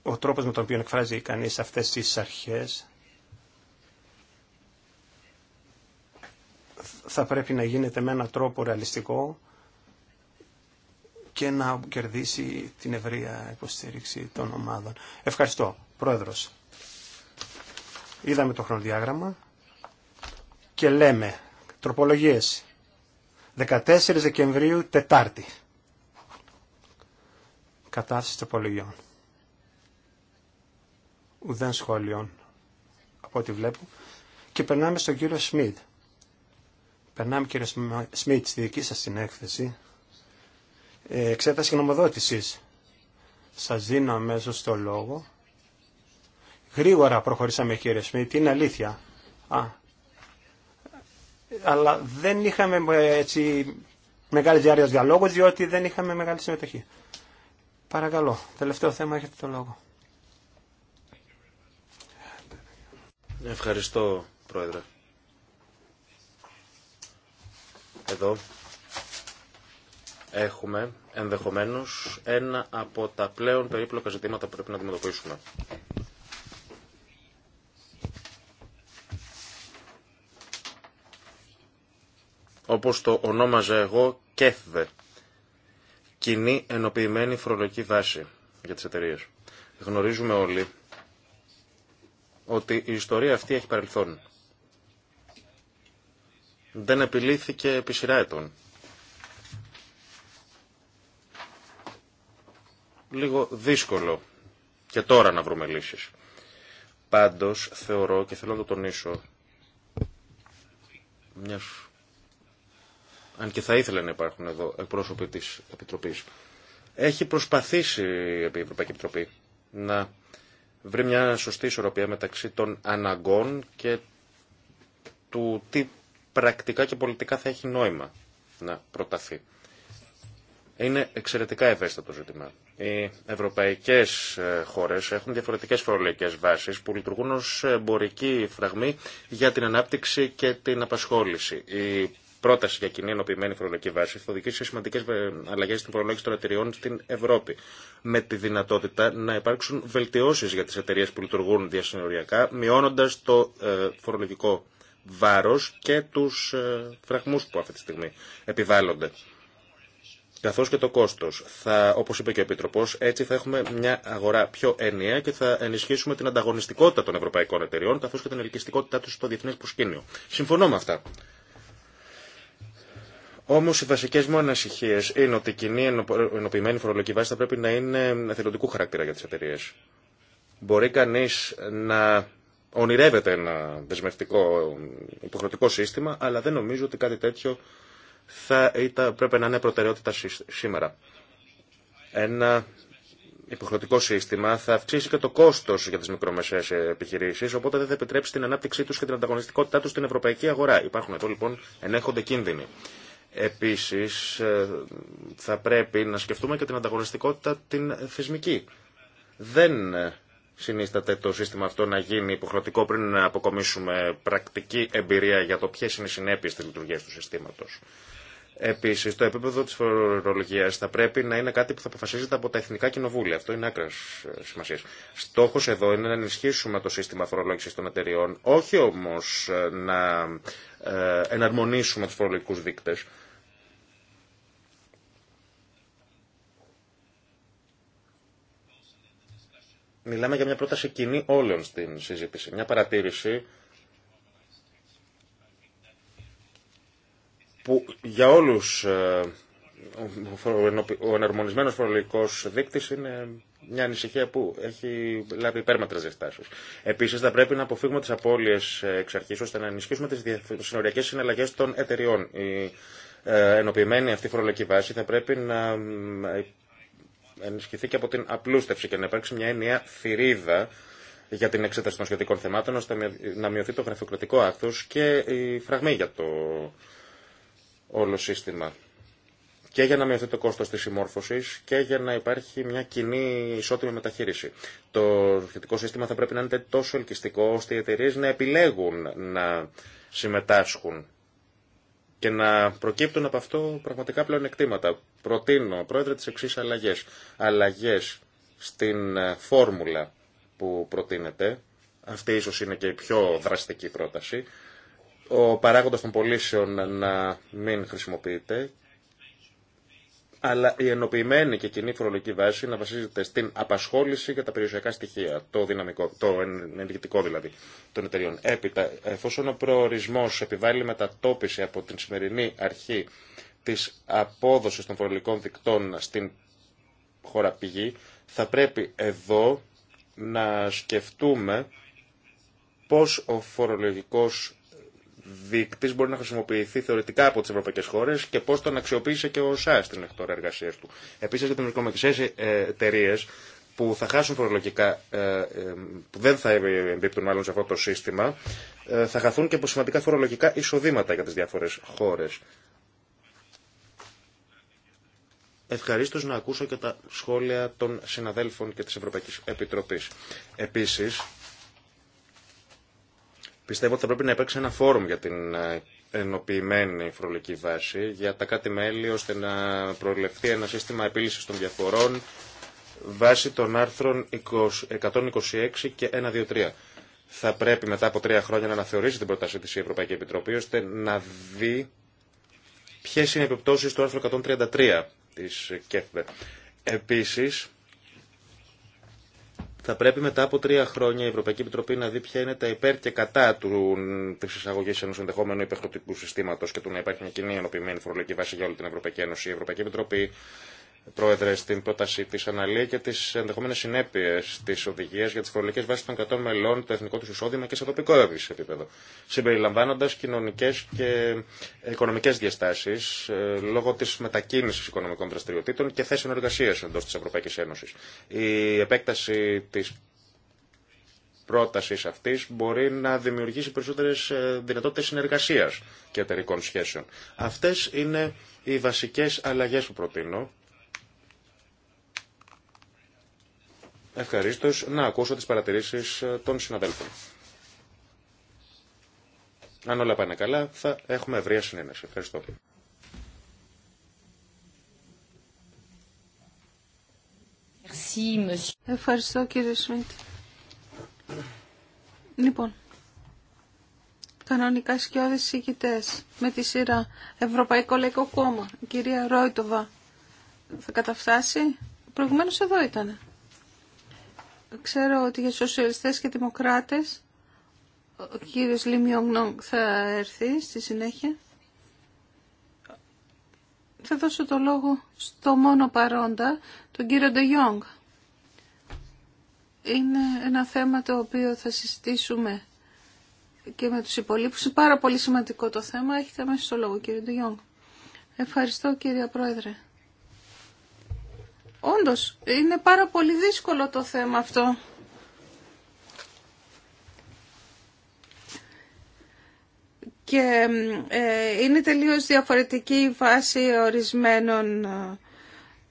ο, τρόπος με τον οποίο εκφράζει κανείς αυτές τις αρχές θα πρέπει να γίνεται με έναν τρόπο ρεαλιστικό και να κερδίσει την ευρεία υποστήριξη των ομάδων. Ευχαριστώ, Πρόεδρος. Είδαμε το χρονοδιάγραμμα και λέμε τροπολογίες 14 Δεκεμβρίου Τετάρτη. Κατάσταση τροπολογιών. Ουδέν σχόλιων από ό,τι βλέπω. Και περνάμε στον κύριο Σμιτ. Περνάμε κύριο Σμιτ στη δική σας την ε, εξέταση γνωμοδότησης. Σας δίνω αμέσως το λόγο Γρήγορα προχωρήσαμε κύριε Σμιτ, είναι αλήθεια. Α. Αλλά δεν είχαμε ε, έτσι μεγάλη διάρκεια διαλόγου διότι δεν είχαμε μεγάλη συμμετοχή. Παρακαλώ, τελευταίο θέμα έχετε το λόγο. Ευχαριστώ, Πρόεδρε. Εδώ έχουμε ενδεχομένως ένα από τα πλέον περίπλοκα ζητήματα που πρέπει να αντιμετωπίσουμε. όπως το ονόμαζα εγώ, ΚΕΘΔΕ, Κοινή Ενοποιημένη Φορολογική Βάση για τις εταιρείε. Γνωρίζουμε όλοι ότι η ιστορία αυτή έχει παρελθόν. Δεν επιλήθηκε επί σειρά ετών. Λίγο δύσκολο και τώρα να βρούμε λύσεις. Πάντως θεωρώ και θέλω να το τονίσω μιας αν και θα ήθελε να υπάρχουν εδώ εκπρόσωποι της Επιτροπής, έχει προσπαθήσει η Ευρωπαϊκή Επιτροπή να βρει μια σωστή ισορροπία μεταξύ των αναγκών και του τι πρακτικά και πολιτικά θα έχει νόημα να προταθεί. Είναι εξαιρετικά ευαίσθητο ζήτημα. Οι ευρωπαϊκές ε, χώρες έχουν διαφορετικές φορολογικές βάσεις που λειτουργούν ως εμπορική φραγμή για την ανάπτυξη και την απασχόληση πρόταση για κοινή ενωπημένη φορολογική βάση θα οδηγήσει σε σημαντικέ ε, αλλαγέ στην φορολογική των εταιριών στην Ευρώπη. Με τη δυνατότητα να υπάρξουν βελτιώσει για τι εταιρείε που λειτουργούν διασυνοριακά, μειώνοντα το ε, φορολογικό βάρο και του ε, φραγμού που αυτή τη στιγμή επιβάλλονται. Καθώ και το κόστο. Όπω είπε και ο Επίτροπο, έτσι θα έχουμε μια αγορά πιο ενιαία και θα ενισχύσουμε την ανταγωνιστικότητα των ευρωπαϊκών εταιριών καθώ και την ελκυστικότητά του στο διεθνέ προσκήνιο. Συμφωνώ με αυτά. Όμω οι βασικέ μου ανασυχίες είναι ότι η κοινή ενοποιημένη φορολογική βάση θα πρέπει να είναι εθελοντικού χαρακτήρα για τι εταιρείε. Μπορεί κανεί να ονειρεύεται ένα δεσμευτικό υποχρεωτικό σύστημα, αλλά δεν νομίζω ότι κάτι τέτοιο θα ήταν, πρέπει να είναι προτεραιότητα σήμερα. Ένα υποχρεωτικό σύστημα θα αυξήσει και το κόστο για τι μικρομεσαίε επιχειρήσει, οπότε δεν θα επιτρέψει την ανάπτυξή του και την ανταγωνιστικότητά του στην ευρωπαϊκή αγορά. Υπάρχουν εδώ λοιπόν ενέχονται κίνδυνοι. Επίσης, ε, θα πρέπει να σκεφτούμε και την ανταγωνιστικότητα την θεσμική. Δεν συνίσταται το σύστημα αυτό να γίνει υποχρεωτικό πριν να αποκομίσουμε πρακτική εμπειρία για το ποιε είναι οι συνέπειε τη λειτουργία του συστήματο. Επίση, το επίπεδο τη φορολογία θα πρέπει να είναι κάτι που θα αποφασίζεται από τα εθνικά κοινοβούλια. Αυτό είναι άκρα ε, σημασία. Στόχο εδώ είναι να ενισχύσουμε το σύστημα φορολόγηση των εταιριών, όχι όμω ε, να εναρμονίσουμε του φορολογικού δείκτε. Μιλάμε για μια πρόταση κοινή όλων στην συζήτηση. Μια παρατήρηση που για όλους ε, ο εναρμονισμένος φορολογικός δείκτης είναι μια ανησυχία που έχει λάβει υπέρματρες διαστάσεις. Επίσης θα πρέπει να αποφύγουμε τις απώλειες ε, εξ αρχής ώστε να ενισχύσουμε τις συνοριακές συναλλαγές των εταιριών. Η ε, ενοποιημένη αυτή φορολογική βάση θα πρέπει να ενισχυθεί και από την απλούστευση και να υπάρξει μια ενιαία θηρίδα για την εξέταση των σχετικών θεμάτων, ώστε να μειωθεί το γραφειοκρατικό άκθος και η φραγμή για το όλο σύστημα. Και για να μειωθεί το κόστος της συμμόρφωσης και για να υπάρχει μια κοινή ισότιμη μεταχείριση. Το σχετικό σύστημα θα πρέπει να είναι τόσο ελκυστικό, ώστε οι εταιρείε να επιλέγουν να συμμετάσχουν και να προκύπτουν από αυτό πραγματικά πλεονεκτήματα. Προτείνω, Πρόεδρε, τις εξής αλλαγές. Αλλαγές στην ε, φόρμουλα που προτείνεται, αυτή ίσως είναι και η πιο δραστική πρόταση, ο παράγοντα των πωλήσεων να μην χρησιμοποιείται αλλά η ενοποιημένη και κοινή φορολογική βάση να βασίζεται στην απασχόληση και τα περιουσιακά στοιχεία, το, δυναμικό, το ενεργητικό δηλαδή των εταιριών. Έπειτα, εφόσον ο προορισμό επιβάλλει μετατόπιση από την σημερινή αρχή τη απόδοση των φορολογικών δικτών στην χώρα πηγή, θα πρέπει εδώ να σκεφτούμε πώς ο φορολογικός δείκτη μπορεί να χρησιμοποιηθεί θεωρητικά από τι ευρωπαϊκέ χώρε και πώ τον αξιοποίησε και ο Σάς στην εκτόρα εργασία του. Επίση για τι μικρομεσαίε ε, εταιρείε που θα χάσουν φορολογικά, ε, ε, που δεν θα εμπίπτουν μάλλον σε αυτό το σύστημα, θα χαθούν και από σημαντικά φορολογικά εισοδήματα για τι διάφορε χώρε. Ευχαρίστω να ακούσω και τα σχόλια των συναδέλφων και τη Ευρωπαϊκή Επιτροπή. Επίση, Πιστεύω ότι θα πρέπει να υπάρξει ένα φόρουμ για την ε, ενοποιημένη φορολογική βάση για τα κάτι μέλη ώστε να προελευθεί ένα σύστημα επίλυσης των διαφορών βάσει των άρθρων 126 και 123. Θα πρέπει μετά από τρία χρόνια να αναθεωρήσει την πρότασή της η Ευρωπαϊκή Επιτροπή ώστε να δει ποιες είναι οι επιπτώσεις του άρθρου 133 της ΚΕΦΔΕ. Επίσης, θα πρέπει μετά από τρία χρόνια η Ευρωπαϊκή Επιτροπή να δει ποια είναι τα υπέρ και κατά τη εισαγωγή ενό ενδεχόμενου υπερχρωτικού συστήματο και του να υπάρχει μια κοινή ενωπημένη φορολογική βάση για όλη την Ευρωπαϊκή Ένωση. Η Ευρωπαϊκή Επιτροπή Πρόεδρε, στην πρότασή τη αναλύει και τι ενδεχόμενε συνέπειε τη οδηγία για τι φορολογικέ βάσει των 100 μελών, το εθνικό του εισόδημα και σε τοπικό επίπεδο. Συμπεριλαμβάνοντα κοινωνικέ και οικονομικέ διαστάσει ε, λόγω τη μετακίνηση οικονομικών δραστηριοτήτων και θέσεων εργασία εντό τη Ευρωπαϊκή Ένωση. Η επέκταση τη πρόταση αυτή μπορεί να δημιουργήσει περισσότερε δυνατότητε συνεργασία και εταιρικών σχέσεων. Αυτέ είναι οι βασικέ αλλαγέ που προτείνω Ευχαριστώ να ακούσω τις παρατηρήσεις ε, των συναδέλφων. Αν όλα πάνε καλά, θα έχουμε ευρεία συνένεση. Ευχαριστώ. Ευχαριστώ κύριε Σμιτ. Λοιπόν, κανονικά σκιώδες συγκητές με τη σειρά Ευρωπαϊκό Λαϊκό Κόμμα, κυρία Ρόιτοβα, θα καταφτάσει. Προηγουμένως εδώ ήτανε. Ξέρω ότι για σοσιαλιστές και δημοκράτες ο κύριος Λιμιόγνο θα έρθει στη συνέχεια. Θα δώσω το λόγο στο μόνο παρόντα, τον κύριο Ντε Είναι ένα θέμα το οποίο θα συζητήσουμε και με τους υπολείπους. Είναι πάρα πολύ σημαντικό το θέμα. Έχετε αμέσως το λόγο κύριε Ντουγιόγκ. Ευχαριστώ κύριε Πρόεδρε. Όντως, είναι πάρα πολύ δύσκολο το θέμα αυτό. Και ε, είναι τελείως διαφορετική η βάση ορισμένων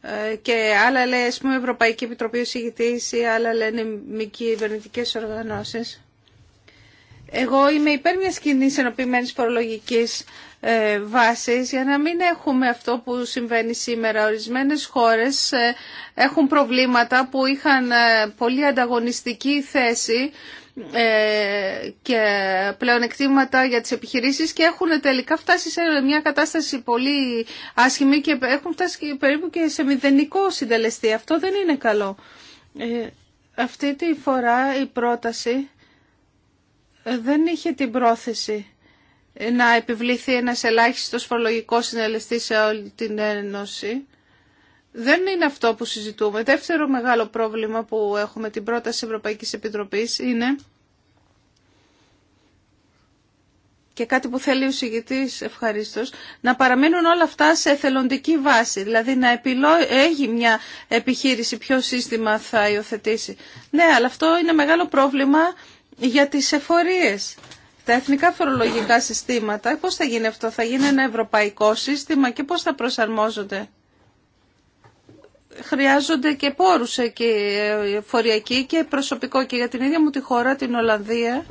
ε, και άλλα λέει, ας πούμε, Ευρωπαϊκή Επιτροπή Οσηγητής ή άλλα λένε μη κυβερνητικές οργανώσεις. Εγώ είμαι υπέρ μιας κοινής ενοποιημένης φορολογικής ε, βάση για να μην έχουμε αυτό που συμβαίνει σήμερα. Ορισμένες χώρες ε, έχουν προβλήματα που είχαν ε, πολύ ανταγωνιστική θέση και πλεονεκτήματα για τις επιχειρήσεις και έχουν τελικά φτάσει σε μια κατάσταση πολύ άσχημη και έχουν φτάσει περίπου και σε μηδενικό συντελεστή. Αυτό δεν είναι καλό. Αυτή τη φορά η πρόταση δεν είχε την πρόθεση να επιβληθεί ένας ελάχιστος φορολογικός συνελεστής σε όλη την Ένωση. Δεν είναι αυτό που συζητούμε. Δεύτερο μεγάλο πρόβλημα που έχουμε την πρόταση Ευρωπαϊκής Επιτροπής είναι και κάτι που θέλει ο συγητής ευχαρίστως, να παραμείνουν όλα αυτά σε εθελοντική βάση, δηλαδή να έχει μια επιχείρηση ποιο σύστημα θα υιοθετήσει. Ναι, αλλά αυτό είναι μεγάλο πρόβλημα για τις εφορίες. Τα εθνικά φορολογικά συστήματα, πώς θα γίνει αυτό, θα γίνει ένα ευρωπαϊκό σύστημα και πώς θα προσαρμόζονται. Χρειάζονται και πόρους εκεί, ε, φοριακοί και προσωπικό και για την ίδια μου τη χώρα, την Ολλανδία,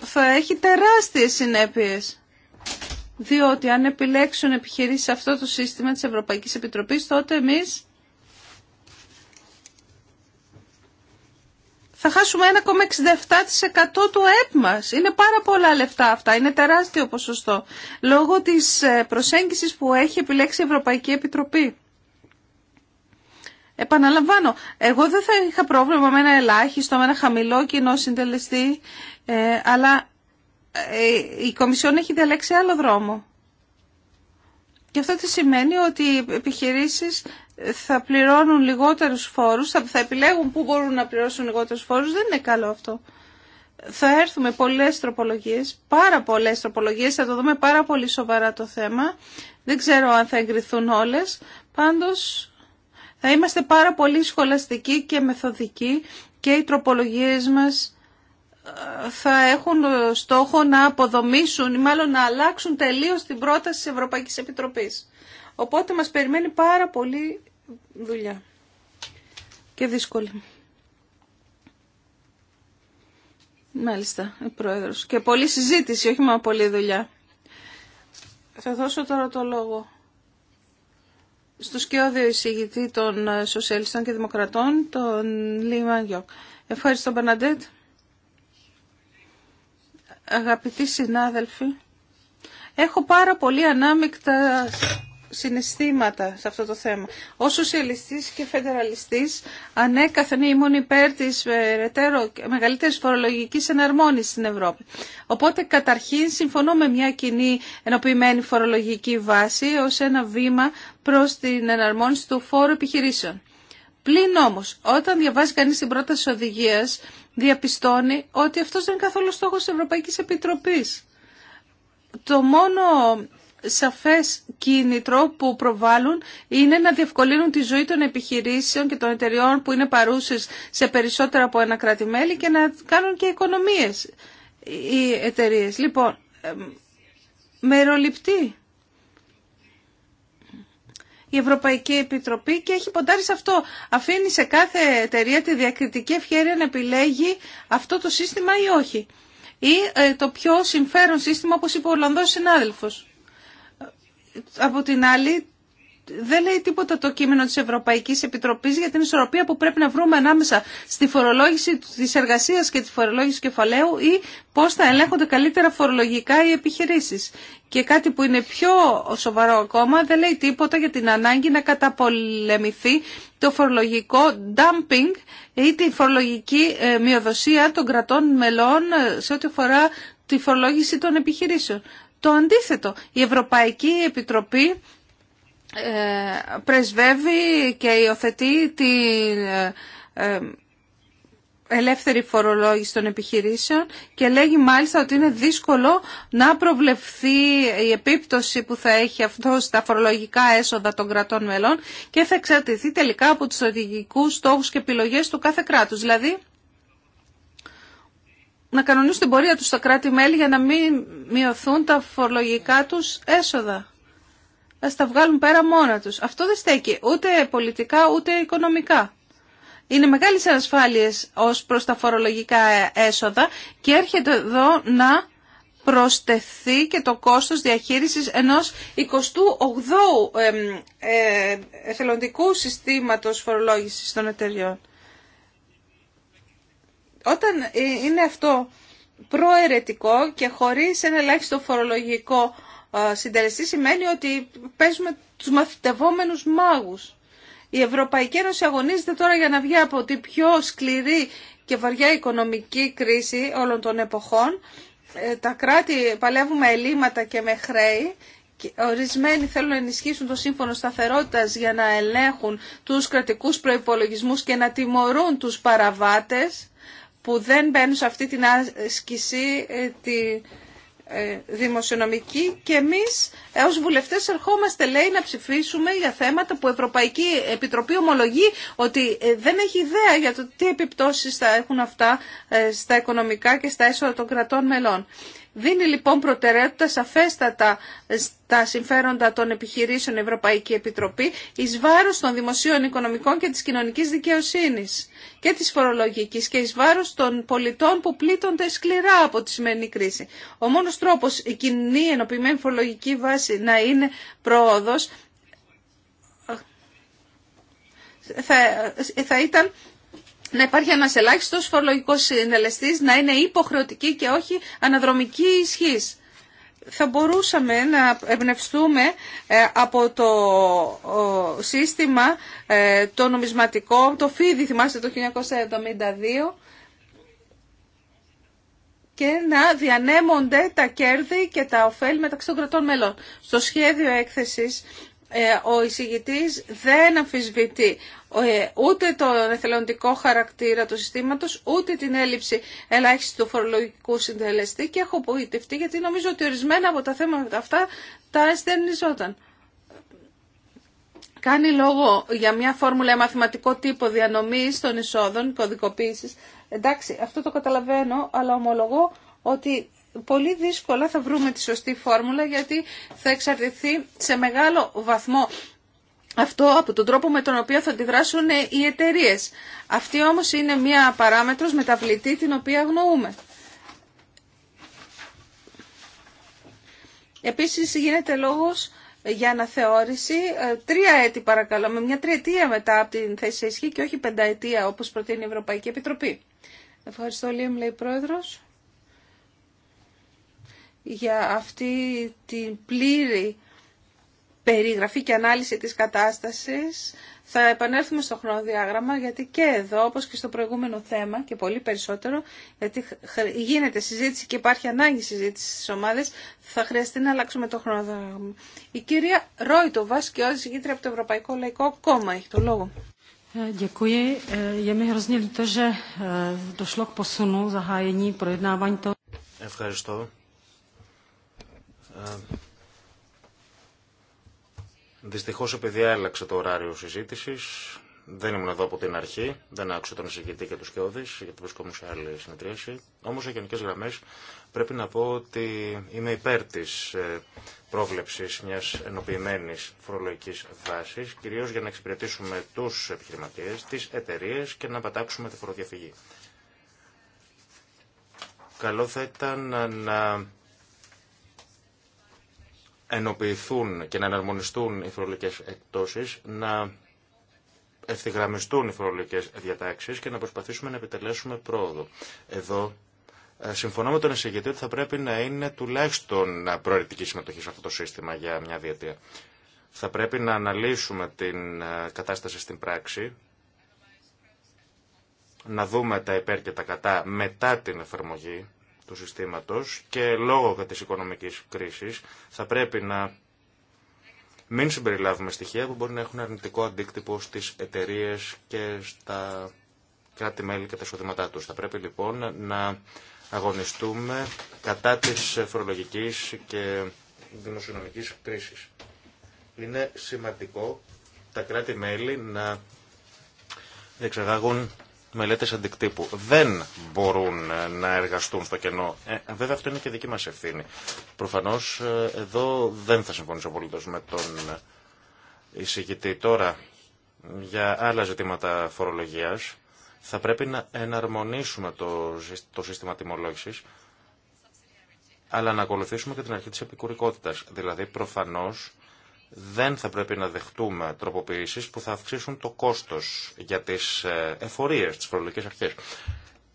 θα έχει τεράστιες συνέπειες. Διότι αν επιλέξουν επιχειρήσεις αυτό το σύστημα της Ευρωπαϊκής Επιτροπής, τότε εμείς θα χάσουμε 1,67% του ΕΠ μας. Είναι πάρα πολλά λεφτά αυτά, είναι τεράστιο ποσοστό, λόγω της ε, προσέγγισης που έχει επιλέξει η Ευρωπαϊκή Επιτροπή. Επαναλαμβάνω, εγώ δεν θα είχα πρόβλημα με ένα ελάχιστο, με ένα χαμηλό κοινό συντελεστή, ε, αλλά ε, η Κομισιόν έχει διαλέξει άλλο δρόμο. Και αυτό τι σημαίνει ότι οι επιχειρήσεις θα πληρώνουν λιγότερους φόρους, θα, επιλέγουν πού μπορούν να πληρώσουν λιγότερους φόρους. Δεν είναι καλό αυτό. Θα έρθουμε πολλές τροπολογίες, πάρα πολλές τροπολογίες, θα το δούμε πάρα πολύ σοβαρά το θέμα. Δεν ξέρω αν θα εγκριθούν όλες. Πάντως θα είμαστε πάρα πολύ σχολαστικοί και μεθοδικοί και οι τροπολογίες μας ε, θα έχουν στόχο να αποδομήσουν ή μάλλον να αλλάξουν τελείως την πρόταση της Ευρωπαϊκής Επιτροπής. Οπότε μας περιμένει πάρα πολύ δουλειά και δύσκολη. Μάλιστα, ο Πρόεδρος. Και πολλή συζήτηση, όχι μόνο πολλή δουλειά. Θα δώσω τώρα το λόγο στο σκιώδιο εισηγητή των Σοσιαλιστών και Δημοκρατών, τον Λίμαν Γιώκ. Ευχαριστώ, Μπαναντέτ. Αγαπητοί συνάδελφοι, έχω πάρα πολύ ανάμεικτα συναισθήματα σε αυτό το θέμα. Ω σοσιαλιστής και φεντεραλιστής ανέκαθεν ήμουν υπέρ της περαιτέρω μεγαλύτερης φορολογικής εναρμόνησης στην Ευρώπη. Οπότε καταρχήν συμφωνώ με μια κοινή ενοποιημένη φορολογική βάση ως ένα βήμα προς την εναρμόνιση του φόρου επιχειρήσεων. Πλην όμως, όταν διαβάζει κανείς την πρόταση οδηγία, διαπιστώνει ότι αυτό δεν είναι καθόλου στόχος της Ευρωπαϊκής Επιτροπής. Το μόνο σαφές κίνητρο που προβάλλουν είναι να διευκολύνουν τη ζωή των επιχειρήσεων και των εταιριών που είναι παρούσες σε περισσότερα από ένα κράτη-μέλη και να κάνουν και οικονομίες οι εταιρείες. Λοιπόν, μεροληπτή η Ευρωπαϊκή Επιτροπή και έχει ποντάρει σε αυτό. Αφήνει σε κάθε εταιρεία τη διακριτική ευχαίρεια να επιλέγει αυτό το σύστημα ή όχι. Ή ε, το πιο συμφέρον σύστημα όπως είπε ο Ολλανδός συνάδελφος από την άλλη δεν λέει τίποτα το κείμενο της Ευρωπαϊκής Επιτροπής για την ισορροπία που πρέπει να βρούμε ανάμεσα στη φορολόγηση της εργασίας και τη φορολόγηση κεφαλαίου ή πώς θα ελέγχονται καλύτερα φορολογικά οι επιχειρήσεις. Και κάτι που είναι πιο σοβαρό ακόμα δεν λέει τίποτα για την ανάγκη να καταπολεμηθεί το φορολογικό dumping ή τη φορολογική ε, μειοδοσία των κρατών μελών ε, σε ό,τι αφορά τη φορολόγηση των επιχειρήσεων το αντίθετο. Η Ευρωπαϊκή Επιτροπή ε, πρεσβεύει και υιοθετεί την ε, ε, ελεύθερη φορολόγηση των επιχειρήσεων και λέγει μάλιστα ότι είναι δύσκολο να προβλεφθεί η επίπτωση που θα έχει αυτό στα φορολογικά έσοδα των κρατών μελών και θα εξαρτηθεί τελικά από τους στρατηγικούς στόχους και επιλογές του κάθε κράτους. Δηλαδή, να κανονίσουν την πορεία τους στα κράτη-μέλη για να μην μειωθούν τα φορολογικά τους έσοδα. Να τα βγάλουν πέρα μόνα τους. Αυτό δεν στέκει ούτε πολιτικά ούτε οικονομικά. Είναι μεγάλες ανασφάλειες ως προς τα φορολογικά έσοδα και έρχεται εδώ να προστεθεί και το κόστος διαχείρισης ενός 28ου ε, εθελοντικού συστήματος φορολόγησης των εταιριών. Όταν ε, είναι αυτό προαιρετικό και χωρίς ένα ελάχιστο φορολογικό ε, συντελεστή σημαίνει ότι παίζουμε τους μαθητευόμενους μάγους. Η Ευρωπαϊκή Ένωση αγωνίζεται τώρα για να βγει από την πιο σκληρή και βαριά οικονομική κρίση όλων των εποχών. Ε, τα κράτη παλεύουν με ελλείμματα και με χρέη. Ορισμένοι θέλουν να ενισχύσουν το σύμφωνο σταθερότητας για να ελέγχουν τους κρατικούς προϋπολογισμούς και να τιμωρούν τους παραβάτες που δεν μπαίνουν σε αυτή την άσκηση ε, τη ε, δημοσιονομική και εμείς ε, ως βουλευτές ερχόμαστε λέει να ψηφίσουμε για θέματα που η Ευρωπαϊκή Επιτροπή ομολογεί ότι δεν έχει ιδέα για το τι επιπτώσεις θα έχουν αυτά στα οικονομικά και στα έσοδα των κρατών μελών. Δίνει λοιπόν προτεραιότητα σαφέστατα στα συμφέροντα των επιχειρήσεων Ευρωπαϊκή Επιτροπή εις βάρος των δημοσίων οικονομικών και της κοινωνικής δικαιοσύνης και της φορολογικής και εις βάρος των πολιτών που πλήττονται σκληρά από τη σημερινή κρίση. Ο μόνος τρόπος η κοινή ενωπημένη φορολογική βάση να είναι πρόοδος θα, θα ήταν να υπάρχει ένας ελάχιστος φορολογικός συνελεστής, να είναι υποχρεωτική και όχι αναδρομική ισχύς. Θα μπορούσαμε να εμπνευστούμε ε, από το σύστημα ε, το νομισματικό, το ΦΥΔΙ θυμάστε το 1972, και να διανέμονται τα κέρδη και τα ωφέλη μεταξύ των κρατών μελών. Στο σχέδιο έκθεσης ε, ο εισηγητής δεν αμφισβητεί ε, ούτε τον εθελοντικό χαρακτήρα του συστήματος, ούτε την έλλειψη ελάχιστη του φορολογικού συντελεστή και έχω απογοητευτεί γιατί νομίζω ότι ορισμένα από τα θέματα αυτά τα εστερνιζόταν. Κάνει λόγο για μια φόρμουλα μαθηματικό τύπο διανομής των εισόδων, κωδικοποίησης. Εντάξει, αυτό το καταλαβαίνω, αλλά ομολογώ ότι πολύ δύσκολα θα βρούμε τη σωστή φόρμουλα γιατί θα εξαρτηθεί σε μεγάλο βαθμό αυτό από τον τρόπο με τον οποίο θα αντιδράσουν ε, οι εταιρείε. Αυτή όμως είναι μία παράμετρος μεταβλητή την οποία αγνοούμε. Επίσης γίνεται λόγος για αναθεώρηση ε, τρία έτη παρακαλώ, με μια τριετία μετά από την θέση ισχύ και όχι πενταετία όπως προτείνει η Ευρωπαϊκή Επιτροπή. Ευχαριστώ Λίμ, λέει Πρόεδρος, για αυτή την πλήρη περιγραφή και ανάλυση της κατάστασης. Θα επανέλθουμε στο χρονοδιάγραμμα γιατί και εδώ, όπως και στο προηγούμενο θέμα και πολύ περισσότερο, γιατί γίνεται συζήτηση και υπάρχει ανάγκη συζήτηση στις ομάδες, θα χρειαστεί να αλλάξουμε το χρονοδιάγραμμα. Η κυρία Ρόιτο και ο από το Ευρωπαϊκό Λαϊκό Κόμμα, έχει το λόγο. Ευχαριστώ. Δυστυχώ επειδή άλλαξε το ωράριο συζήτηση, δεν ήμουν εδώ από την αρχή, δεν άκουσα τον εισηγητή και του Κιώδη, γιατί βρισκόμουν σε άλλη συνεδρίαση. Όμω, σε γενικέ γραμμέ, πρέπει να πω ότι είμαι υπέρ τη ε, πρόβλεψη μια ενοποιημένη φορολογική βάση, κυρίω για να εξυπηρετήσουμε του επιχειρηματίε, τι εταιρείε και να πατάξουμε τη φοροδιαφυγή. Καλό θα ήταν να ενοποιηθούν και να εναρμονιστούν οι φορολογικές εκτόσεις, να ευθυγραμμιστούν οι φορολογικές διατάξεις και να προσπαθήσουμε να επιτελέσουμε πρόοδο. Εδώ ε, συμφωνώ με τον εισηγητή ότι θα πρέπει να είναι τουλάχιστον προαιρετική συμμετοχή σε αυτό το σύστημα για μια διετία. Θα πρέπει να αναλύσουμε την ε, κατάσταση στην πράξη, να δούμε τα υπέρ και τα κατά μετά την εφαρμογή του συστήματος και λόγω της οικονομικής κρίσης θα πρέπει να μην συμπεριλάβουμε στοιχεία που μπορεί να έχουν αρνητικό αντίκτυπο στις εταιρείε και στα κράτη-μέλη και τα εισοδήματά τους. Θα πρέπει λοιπόν να αγωνιστούμε κατά της φορολογικής και δημοσιονομικής κρίσης. Είναι σημαντικό τα κράτη-μέλη να διεξαγάγουν Μελέτε αντικτύπου δεν μπορούν ε, να εργαστούν στο κενό. Ε, βέβαια αυτό είναι και δική μα ευθύνη. Προφανώς ε, εδώ δεν θα συμφωνήσω πολύ με τον εισηγητή. Τώρα για άλλα ζητήματα φορολογίας θα πρέπει να εναρμονίσουμε το, το σύστημα τιμολόγησης αλλά να ακολουθήσουμε και την αρχή της επικουρικότητας. Δηλαδή προφανώς δεν θα πρέπει να δεχτούμε τροποποιήσεις που θα αυξήσουν το κόστος για τις ε, εφορίες, της φορολογικής αρχής.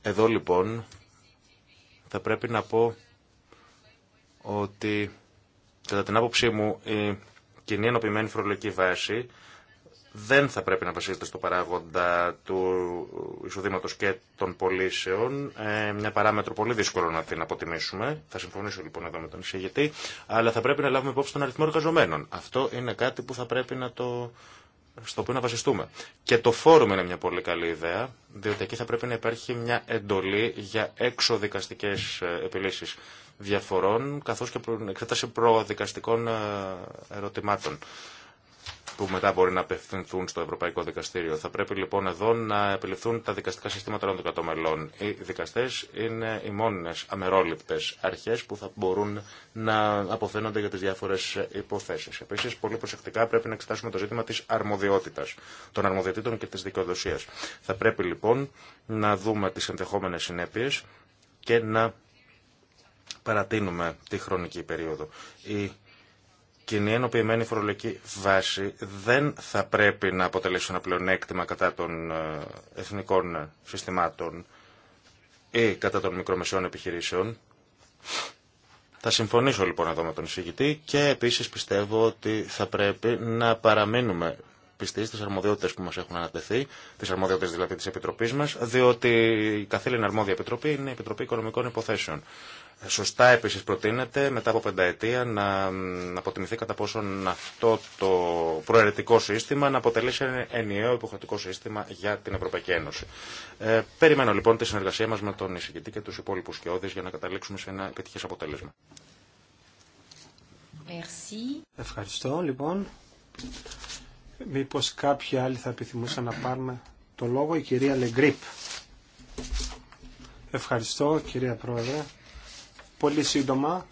Εδώ λοιπόν θα πρέπει να πω ότι κατά την άποψή μου η κοινή ενωπημένη φορολογική βάση δεν θα πρέπει να βασίζεται στο παράγοντα του εισοδήματο και των πωλήσεων. Ε, μια παράμετρο πολύ δύσκολο να την αποτιμήσουμε. Θα συμφωνήσω λοιπόν εδώ με τον εισηγητή. Αλλά θα πρέπει να λάβουμε υπόψη τον αριθμό εργαζομένων. Αυτό είναι κάτι που θα πρέπει να το στο οποίο να βασιστούμε. Και το φόρουμ είναι μια πολύ καλή ιδέα, διότι εκεί θα πρέπει να υπάρχει μια εντολή για εξοδικαστικές ε, επιλύσεις διαφορών, καθώς και εξέταση προδικαστικών ε, ερωτημάτων που μετά μπορεί να απευθυνθούν στο Ευρωπαϊκό Δικαστήριο. Θα πρέπει λοιπόν εδώ να επιληφθούν τα δικαστικά συστήματα των δικατομελών. Οι δικαστές είναι οι μόνε αμερόληπτες αρχές που θα μπορούν να αποφαίνονται για τι διάφορε υποθέσει. Επίση, πολύ προσεκτικά πρέπει να εξετάσουμε το ζήτημα της αρμοδιότητας των αρμοδιοτήτων και της δικαιοδοσίας. Θα πρέπει λοιπόν να δούμε τις ενδεχόμενε συνέπειες και να παρατείνουμε τη χρονική περίοδο. Η κοινή ενοποιημένη φορολογική βάση δεν θα πρέπει να αποτελέσει ένα πλεονέκτημα κατά των ε, εθνικών συστημάτων ή κατά των μικρομεσαίων επιχειρήσεων. Θα συμφωνήσω λοιπόν εδώ με τον εισηγητή και επίσης πιστεύω ότι θα πρέπει να παραμείνουμε πιστοί στις αρμοδιότητες που μας έχουν ανατεθεί, τις αρμοδιότητες δηλαδή της Επιτροπής μας, διότι η καθήλυνα αρμόδια Επιτροπή είναι η Επιτροπή Οικονομικών Υποθέσεων. Σωστά επίση προτείνεται μετά από πενταετία να αποτιμηθεί κατά πόσον αυτό το προαιρετικό σύστημα να αποτελέσει ένα ενιαίο υποχρεωτικό σύστημα για την Ευρωπαϊκή Ένωση. Ε, περιμένω λοιπόν τη συνεργασία μα με τον εισηγητή και του υπόλοιπου σκιώδει για να καταλήξουμε σε ένα επιτυχέ αποτέλεσμα. Merci. Ευχαριστώ λοιπόν. Μήπω κάποιοι άλλοι θα επιθυμούσαν να πάρουν το λόγο, η κυρία Λεγκρίπ. Ευχαριστώ κυρία Πρόεδρε πολύ σύντομα,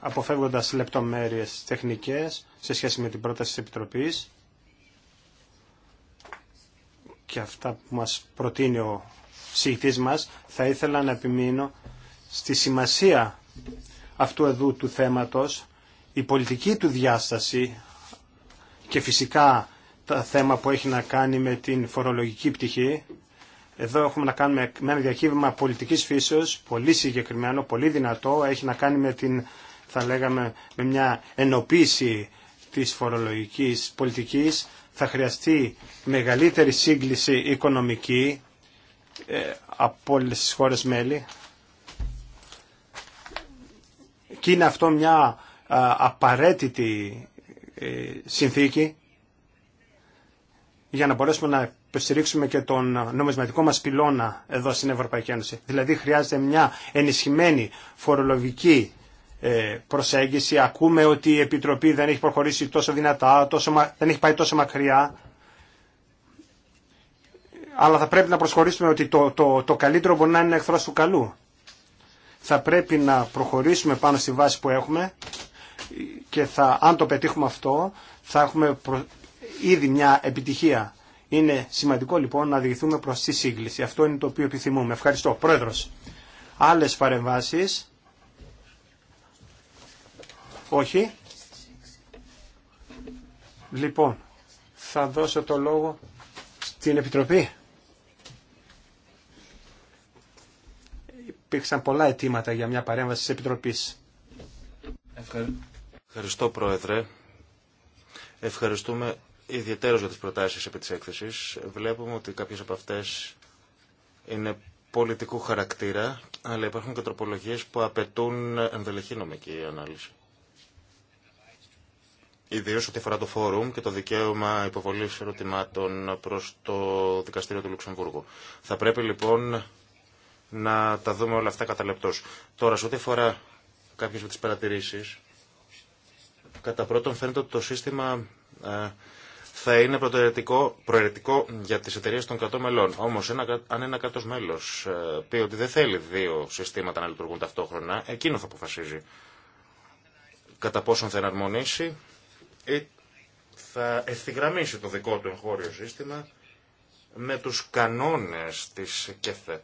αποφεύγοντας λεπτομέρειες τεχνικές σε σχέση με την πρόταση της Επιτροπής και αυτά που μας προτείνει ο συγητής μας, θα ήθελα να επιμείνω στη σημασία αυτού εδώ του θέματος, η πολιτική του διάσταση και φυσικά τα θέμα που έχει να κάνει με την φορολογική πτυχή εδώ έχουμε να κάνουμε με ένα διακύβημα πολιτικής φύσεως, πολύ συγκεκριμένο, πολύ δυνατό, έχει να κάνει με την, θα λέγαμε, με μια ενοποίηση της φορολογικής πολιτικής, θα χρειαστεί μεγαλύτερη σύγκληση οικονομική ε, από όλες τις χώρες μέλη. Και είναι αυτό μια απαραίτητη ε, συνθήκη για να μπορέσουμε να υποστηρίξουμε και τον νομισματικό μας πυλώνα εδώ στην Ευρωπαϊκή Ένωση. Δηλαδή χρειάζεται μια ενισχυμένη φορολογική ε, προσέγγιση. Ακούμε ότι η Επιτροπή δεν έχει προχωρήσει τόσο δυνατά, τόσο, δεν έχει πάει τόσο μακριά. Αλλά θα πρέπει να προσχωρήσουμε ότι το, το, το καλύτερο μπορεί να είναι εχθρός του καλού. Θα πρέπει να προχωρήσουμε πάνω στη βάση που έχουμε και θα, αν το πετύχουμε αυτό θα έχουμε προ... ήδη μια επιτυχία. Είναι σημαντικό λοιπόν να διηγηθούμε προς τη σύγκληση. Αυτό είναι το οποίο επιθυμούμε. Ευχαριστώ. Πρόεδρος, άλλες παρεμβάσεις. Όχι. Λοιπόν, θα δώσω το λόγο στην Επιτροπή. Υπήρξαν πολλά αιτήματα για μια παρέμβαση της Επιτροπής. Ευχαριστώ, Πρόεδρε. Ευχαριστούμε ιδιαίτερος για τι προτάσεις επί τη έκθεση, Βλέπουμε ότι κάποιες από αυτές είναι πολιτικού χαρακτήρα, αλλά υπάρχουν και τροπολογίε που απαιτούν ενδελεχή νομική ανάλυση. Ιδίω ό,τι αφορά το φόρουμ και το δικαίωμα υποβολή ερωτημάτων προ το Δικαστήριο του Λουξεμβούργου. Θα πρέπει λοιπόν να τα δούμε όλα αυτά κατά Τώρα, σε ό,τι αφορά κάποιε από τι παρατηρήσει, κατά πρώτον φαίνεται ότι το σύστημα ε, θα είναι προαιρετικό, προαιρετικό για τις εταιρείε των 100 μελών. Όμως αν ένα 100 μέλος ε, πει ότι δεν θέλει δύο συστήματα να λειτουργούν ταυτόχρονα, εκείνο θα αποφασίζει κατά πόσον θα εναρμονίσει ή θα ευθυγραμμίσει το δικό του εγχώριο σύστημα με τους κανόνες της ΚΕΘΕ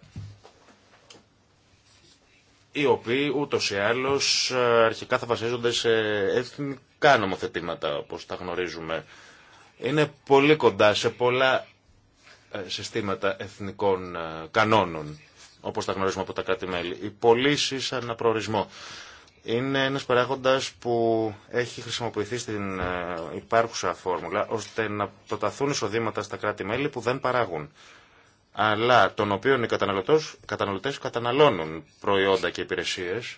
οι οποίοι ούτως ή άλλως ε, αρχικά θα βασίζονται σε εθνικά νομοθετήματα όπως τα γνωρίζουμε είναι πολύ κοντά σε πολλά ε, συστήματα εθνικών ε, κανόνων, όπως τα γνωρίζουμε από τα κράτη-μέλη. Οι πωλήσει προορισμό είναι ένας παράγοντας που έχει χρησιμοποιηθεί στην ε, υπάρχουσα φόρμουλα, ώστε να προταθούν εισοδήματα στα κράτη-μέλη που δεν παράγουν αλλά των οποίων οι καταναλωτές καταναλώνουν προϊόντα και υπηρεσίες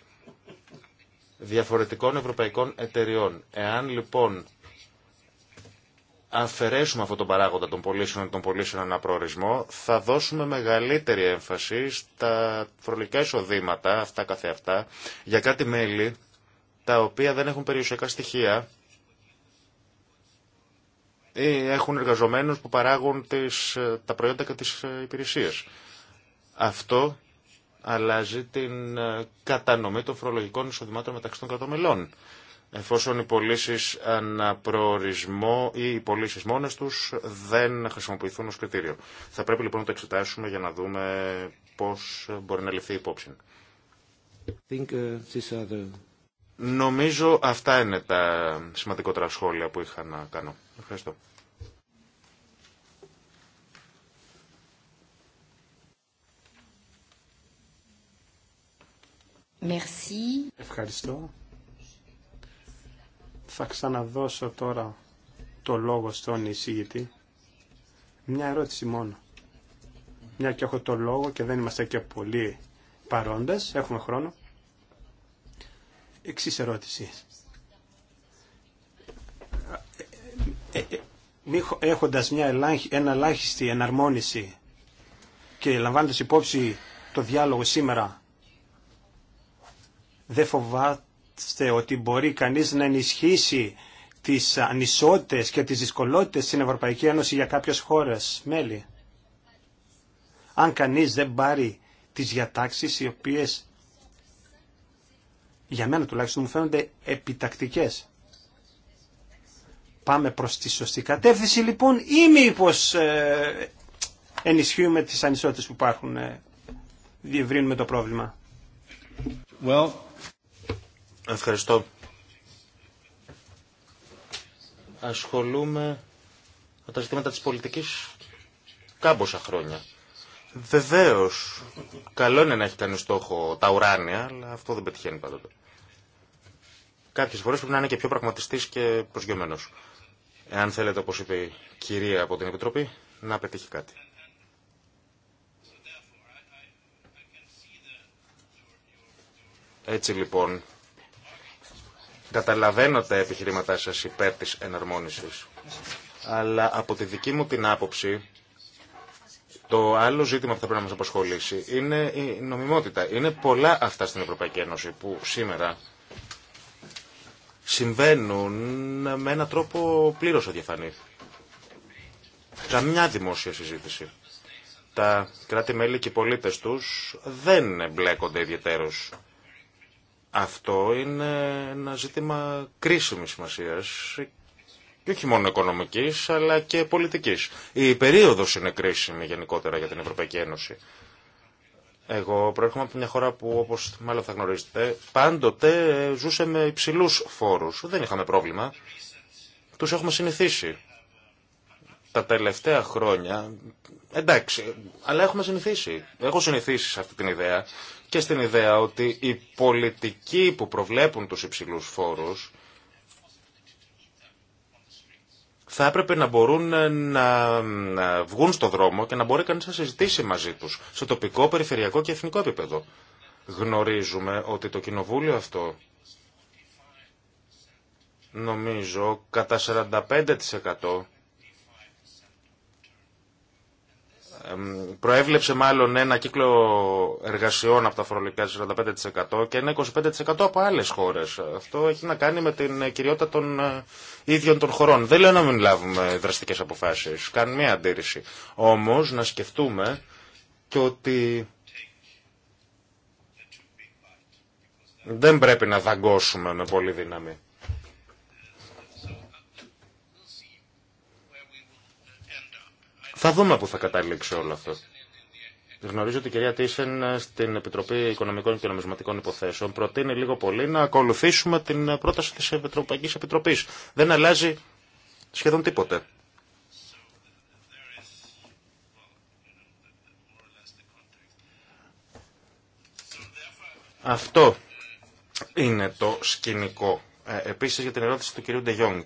διαφορετικών ευρωπαϊκών εταιριών. Εάν λοιπόν αφαιρέσουμε αυτό τον παράγοντα των πωλήσεων των πωλήσεων ένα προορισμό, θα δώσουμε μεγαλύτερη έμφαση στα φορολογικά εισοδήματα, αυτά καθεαυτά, για κάτι μέλη τα οποία δεν έχουν περιουσιακά στοιχεία ή έχουν εργαζομένους που παράγουν τις, τα προϊόντα και τις υπηρεσίες. Αυτό αλλάζει την κατανομή των φορολογικών εισοδημάτων μεταξύ των κρατών εφόσον οι πωλήσει προορισμό ή οι πωλήσει μόνε του δεν χρησιμοποιηθούν ω κριτήριο. Θα πρέπει λοιπόν να το εξετάσουμε για να δούμε πώ μπορεί να ληφθεί υπόψη. Think, ε, Νομίζω αυτά είναι τα σημαντικότερα σχόλια που είχα να κάνω. Ευχαριστώ. Merci. Ευχαριστώ. Θα ξαναδώσω τώρα το λόγο στον εισηγητή. Μια ερώτηση μόνο. Μια και έχω το λόγο και δεν είμαστε και πολύ παρόντες, έχουμε χρόνο. Εξή ερώτηση. Ε, ε, έχοντας μια ελάχιστη, ένα εναρμόνιση και λαμβάνοντας υπόψη το διάλογο σήμερα, δεν φοβάται ότι μπορεί κανείς να ενισχύσει τις ανισότητες και τις δυσκολότητες στην Ευρωπαϊκή Ένωση για κάποιες χώρες μέλη. Αν κανείς δεν πάρει τις διατάξεις οι οποίες για μένα τουλάχιστον μου φαίνονται επιτακτικές. Πάμε προς τη σωστή κατεύθυνση λοιπόν ή μήπω ε, ενισχύουμε τις ανισότητες που υπάρχουν, ε, διευρύνουμε το πρόβλημα. Well, Ευχαριστώ. Ασχολούμαι με τα ζητήματα της πολιτικής κάμποσα χρόνια. Βεβαίω. Καλό είναι να έχει κανεί στόχο τα ουράνια, αλλά αυτό δεν πετυχαίνει πάντοτε. Κάποιες φορές πρέπει να είναι και πιο πραγματιστής και προσγειωμένος. Εάν θέλετε, όπως είπε η κυρία από την Επιτροπή, να πετύχει κάτι. Έτσι λοιπόν, Καταλαβαίνω τα επιχειρήματά σας υπέρ της εναρμόνισης. Αλλά από τη δική μου την άποψη, το άλλο ζήτημα που θα πρέπει να μας απασχολήσει είναι η νομιμότητα. Είναι πολλά αυτά στην Ευρωπαϊκή Ένωση που σήμερα συμβαίνουν με έναν τρόπο πλήρως αδιαφανή. Καμιά δημόσια συζήτηση. Τα κράτη-μέλη και οι πολίτες τους δεν εμπλέκονται ιδιαίτερως αυτό είναι ένα ζήτημα κρίσιμης σημασίας και όχι μόνο οικονομικής αλλά και πολιτικής. Η περίοδος είναι κρίσιμη γενικότερα για την Ευρωπαϊκή Ένωση. Εγώ προέρχομαι από μια χώρα που όπως μάλλον θα γνωρίζετε πάντοτε ζούσε με υψηλούς φόρους. Δεν είχαμε πρόβλημα. Τους έχουμε συνηθίσει τα τελευταία χρόνια, εντάξει, αλλά έχουμε συνηθίσει. Έχω συνηθίσει σε αυτή την ιδέα και στην ιδέα ότι οι πολιτικοί που προβλέπουν τους υψηλούς φόρους θα έπρεπε να μπορούν να, βγουν στο δρόμο και να μπορεί κανείς να συζητήσει μαζί τους σε τοπικό, περιφερειακό και εθνικό επίπεδο. Γνωρίζουμε ότι το κοινοβούλιο αυτό νομίζω κατά 45% προέβλεψε μάλλον ένα κύκλο εργασιών από τα φορολογικά 45% και ένα 25% από άλλες χώρες. Αυτό έχει να κάνει με την κυριότητα των ε, ίδιων των χωρών. Δεν λέω να μην λάβουμε δραστικές αποφάσεις, κάνει μια αντίρρηση. Όμως να σκεφτούμε και ότι δεν πρέπει να δαγκώσουμε με πολύ δύναμη. Θα δούμε πού θα καταλήξει όλο αυτό. Γνωρίζω ότι η κυρία Τίσεν ε, στην Επιτροπή Οικονομικών και Νομισματικών Υποθέσεων προτείνει λίγο πολύ να ακολουθήσουμε την πρόταση της Ευρωπαϊκή Επιτροπής. Δεν αλλάζει σχεδόν τίποτε. Αυτό είναι το σκηνικό. Ε, επίσης για την ερώτηση του κυρίου Ντεγιόνγκ.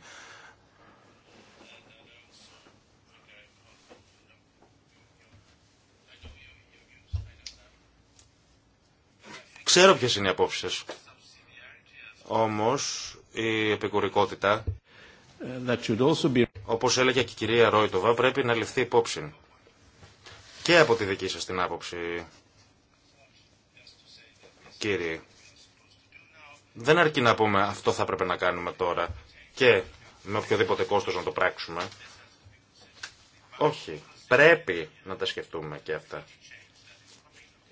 Ξέρω ποιες είναι οι απόψεις Όμως η επικουρικότητα, όπως έλεγε και η κυρία Ρόιτοβα, πρέπει να ληφθεί υπόψη. Και από τη δική σας την άποψη, κύριε, Δεν αρκεί να πούμε αυτό θα πρέπει να κάνουμε τώρα και με οποιοδήποτε κόστος να το πράξουμε. Όχι. Πρέπει να τα σκεφτούμε και αυτά.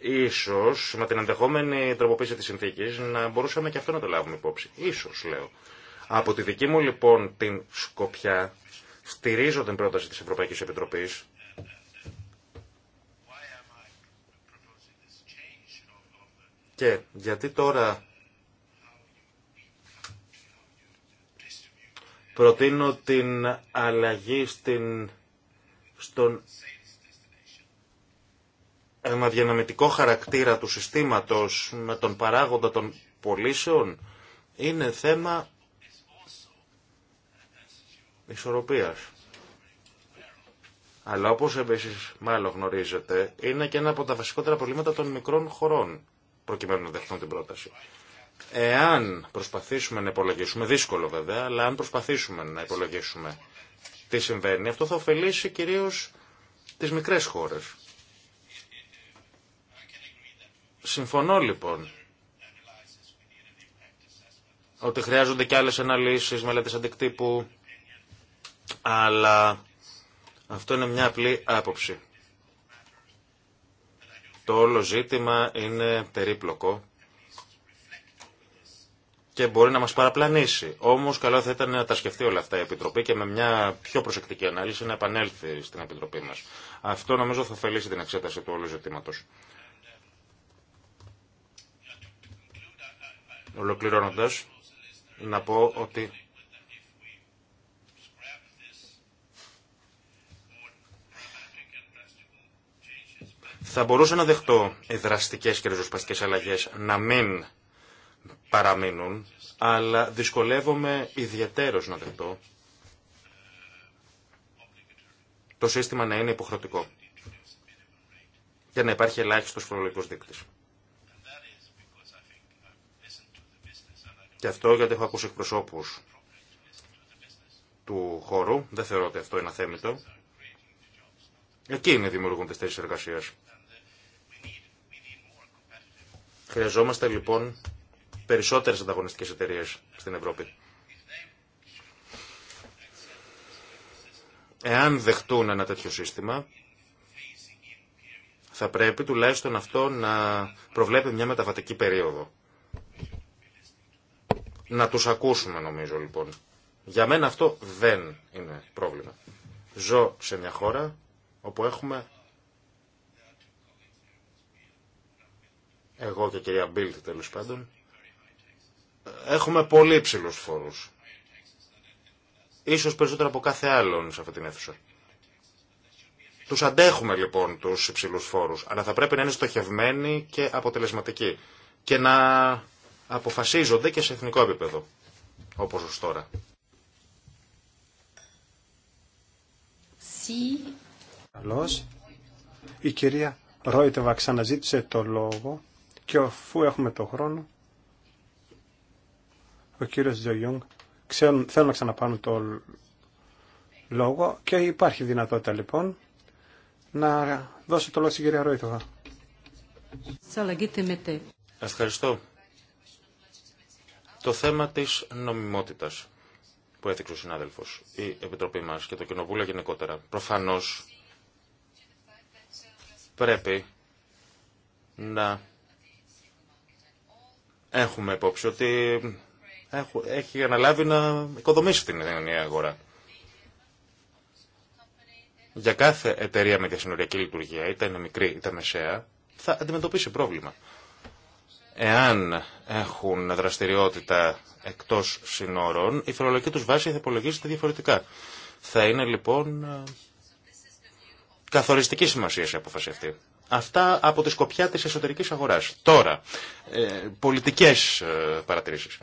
Ίσως με την ενδεχόμενη τροποποίηση της συνθήκη, να μπορούσαμε και αυτό να το λάβουμε υπόψη. Ίσως λέω. Από τη δική μου λοιπόν την σκοπιά στηρίζω την πρόταση της Ευρωπαϊκής Επιτροπής και γιατί τώρα προτείνω την αλλαγή στην, στον αναδιανεμητικό χαρακτήρα του συστήματος με τον παράγοντα των πωλήσεων είναι θέμα ισορροπίας. Αλλά όπως επίσης μάλλον γνωρίζετε, είναι και ένα από τα βασικότερα προβλήματα των μικρών χωρών, προκειμένου να δεχθούν την πρόταση. Εάν προσπαθήσουμε να υπολογίσουμε, δύσκολο βέβαια, αλλά αν προσπαθήσουμε να υπολογίσουμε τι συμβαίνει, αυτό θα ωφελήσει κυρίως τις μικρές χώρες Συμφωνώ λοιπόν ότι χρειάζονται και άλλες αναλύσεις, μελέτες αντικτύπου, αλλά αυτό είναι μια απλή άποψη. Το όλο ζήτημα είναι περίπλοκο και μπορεί να μας παραπλανήσει. Όμως καλό θα ήταν να τα σκεφτεί όλα αυτά η Επιτροπή και με μια πιο προσεκτική ανάλυση να επανέλθει στην Επιτροπή μας. Αυτό νομίζω θα ωφελήσει την εξέταση του όλου ζητήματος. Ολοκληρώνοντας, να πω ότι θα μπορούσα να δεχτώ οι δραστικές και ριζοσπαστικέ αλλαγές να μην παραμείνουν, αλλά δυσκολεύομαι ιδιαίτερος να δεχτώ το σύστημα να είναι υποχρεωτικό και να υπάρχει ελάχιστος φορολογικός δείκτης. Και αυτό γιατί έχω ακούσει εκπροσώπου του χώρου. Δεν θεωρώ ότι αυτό είναι αθέμητο. Εκείνοι δημιουργούν τι τέσσερι εργασία. Χρειαζόμαστε λοιπόν περισσότερες ανταγωνιστικές εταιρείε στην Ευρώπη. Εάν δεχτούν ένα τέτοιο σύστημα, θα πρέπει τουλάχιστον αυτό να προβλέπει μια μεταβατική περίοδο. Να τους ακούσουμε νομίζω λοιπόν. Για μένα αυτό δεν είναι πρόβλημα. Ζω σε μια χώρα όπου έχουμε εγώ και κυρία Μπίλτ τέλο πάντων έχουμε πολύ ψηλού φόρους. Ίσως περισσότερο από κάθε άλλον σε αυτή την αίθουσα. Τους αντέχουμε λοιπόν τους ψηλούς φόρους, αλλά θα πρέπει να είναι στοχευμένοι και αποτελεσματικοί και να αποφασίζονται και σε εθνικό επίπεδο, όπως ως τώρα. Sí. Καλώς. Η κυρία Ρόιτεβα ξαναζήτησε το λόγο και αφού έχουμε το χρόνο, ο κύριος Τζογιούγκ θέλουν να ξαναπάνουν το λόγο και υπάρχει δυνατότητα λοιπόν να δώσω το λόγο στην κυρία Ρόιτεβα. Ευχαριστώ. Το θέμα της νομιμότητας που έθιξε ο συνάδελφος, η Επιτροπή μας και το Κοινοβούλιο γενικότερα, προφανώς πρέπει να έχουμε υπόψη ότι έχει αναλάβει να οικοδομήσει την ενιαία αγορά. Για κάθε εταιρεία με διασυνοριακή λειτουργία, είτε είναι μικρή είτε μεσαία, θα αντιμετωπίσει πρόβλημα εάν έχουν δραστηριότητα εκτός συνόρων, η φορολογική τους βάση θα υπολογίζεται διαφορετικά. Θα είναι λοιπόν ε, καθοριστική σημασία η απόφαση αυτή. Αυτά από τη σκοπιά της εσωτερικής αγοράς. Τώρα, ε, πολιτικές ε, παρατηρήσεις.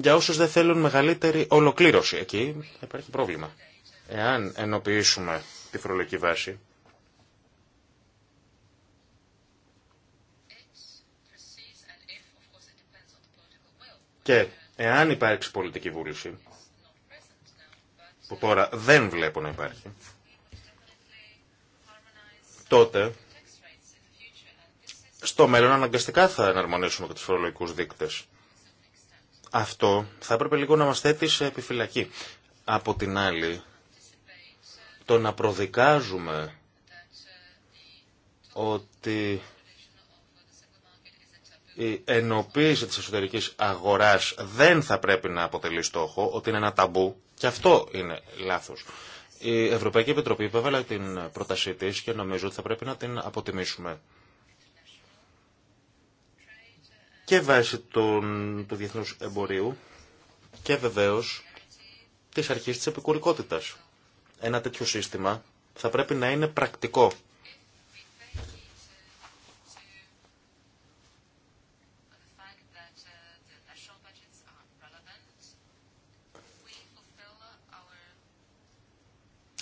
Για όσους δεν θέλουν μεγαλύτερη ολοκλήρωση, εκεί υπάρχει πρόβλημα. Εάν ενοποιήσουμε τη φορολογική βάση, Και εάν υπάρξει πολιτική βούληση, που τώρα δεν βλέπω να υπάρχει, τότε στο μέλλον αναγκαστικά θα εναρμονίσουμε και τους φορολογικούς δείκτες. Αυτό θα έπρεπε λίγο να μας θέτει σε επιφυλακή. Από την άλλη, το να προδικάζουμε ότι η ενοποίηση της εσωτερικής αγοράς δεν θα πρέπει να αποτελεί στόχο, ότι είναι ένα ταμπού και αυτό είναι λάθος. Η Ευρωπαϊκή Επιτροπή υπέβαλε την πρότασή τη και νομίζω ότι θα πρέπει να την αποτιμήσουμε. Και βάσει του διεθνούς εμπορίου και βεβαίως της αρχής της επικουρικότητας. Ένα τέτοιο σύστημα θα πρέπει να είναι πρακτικό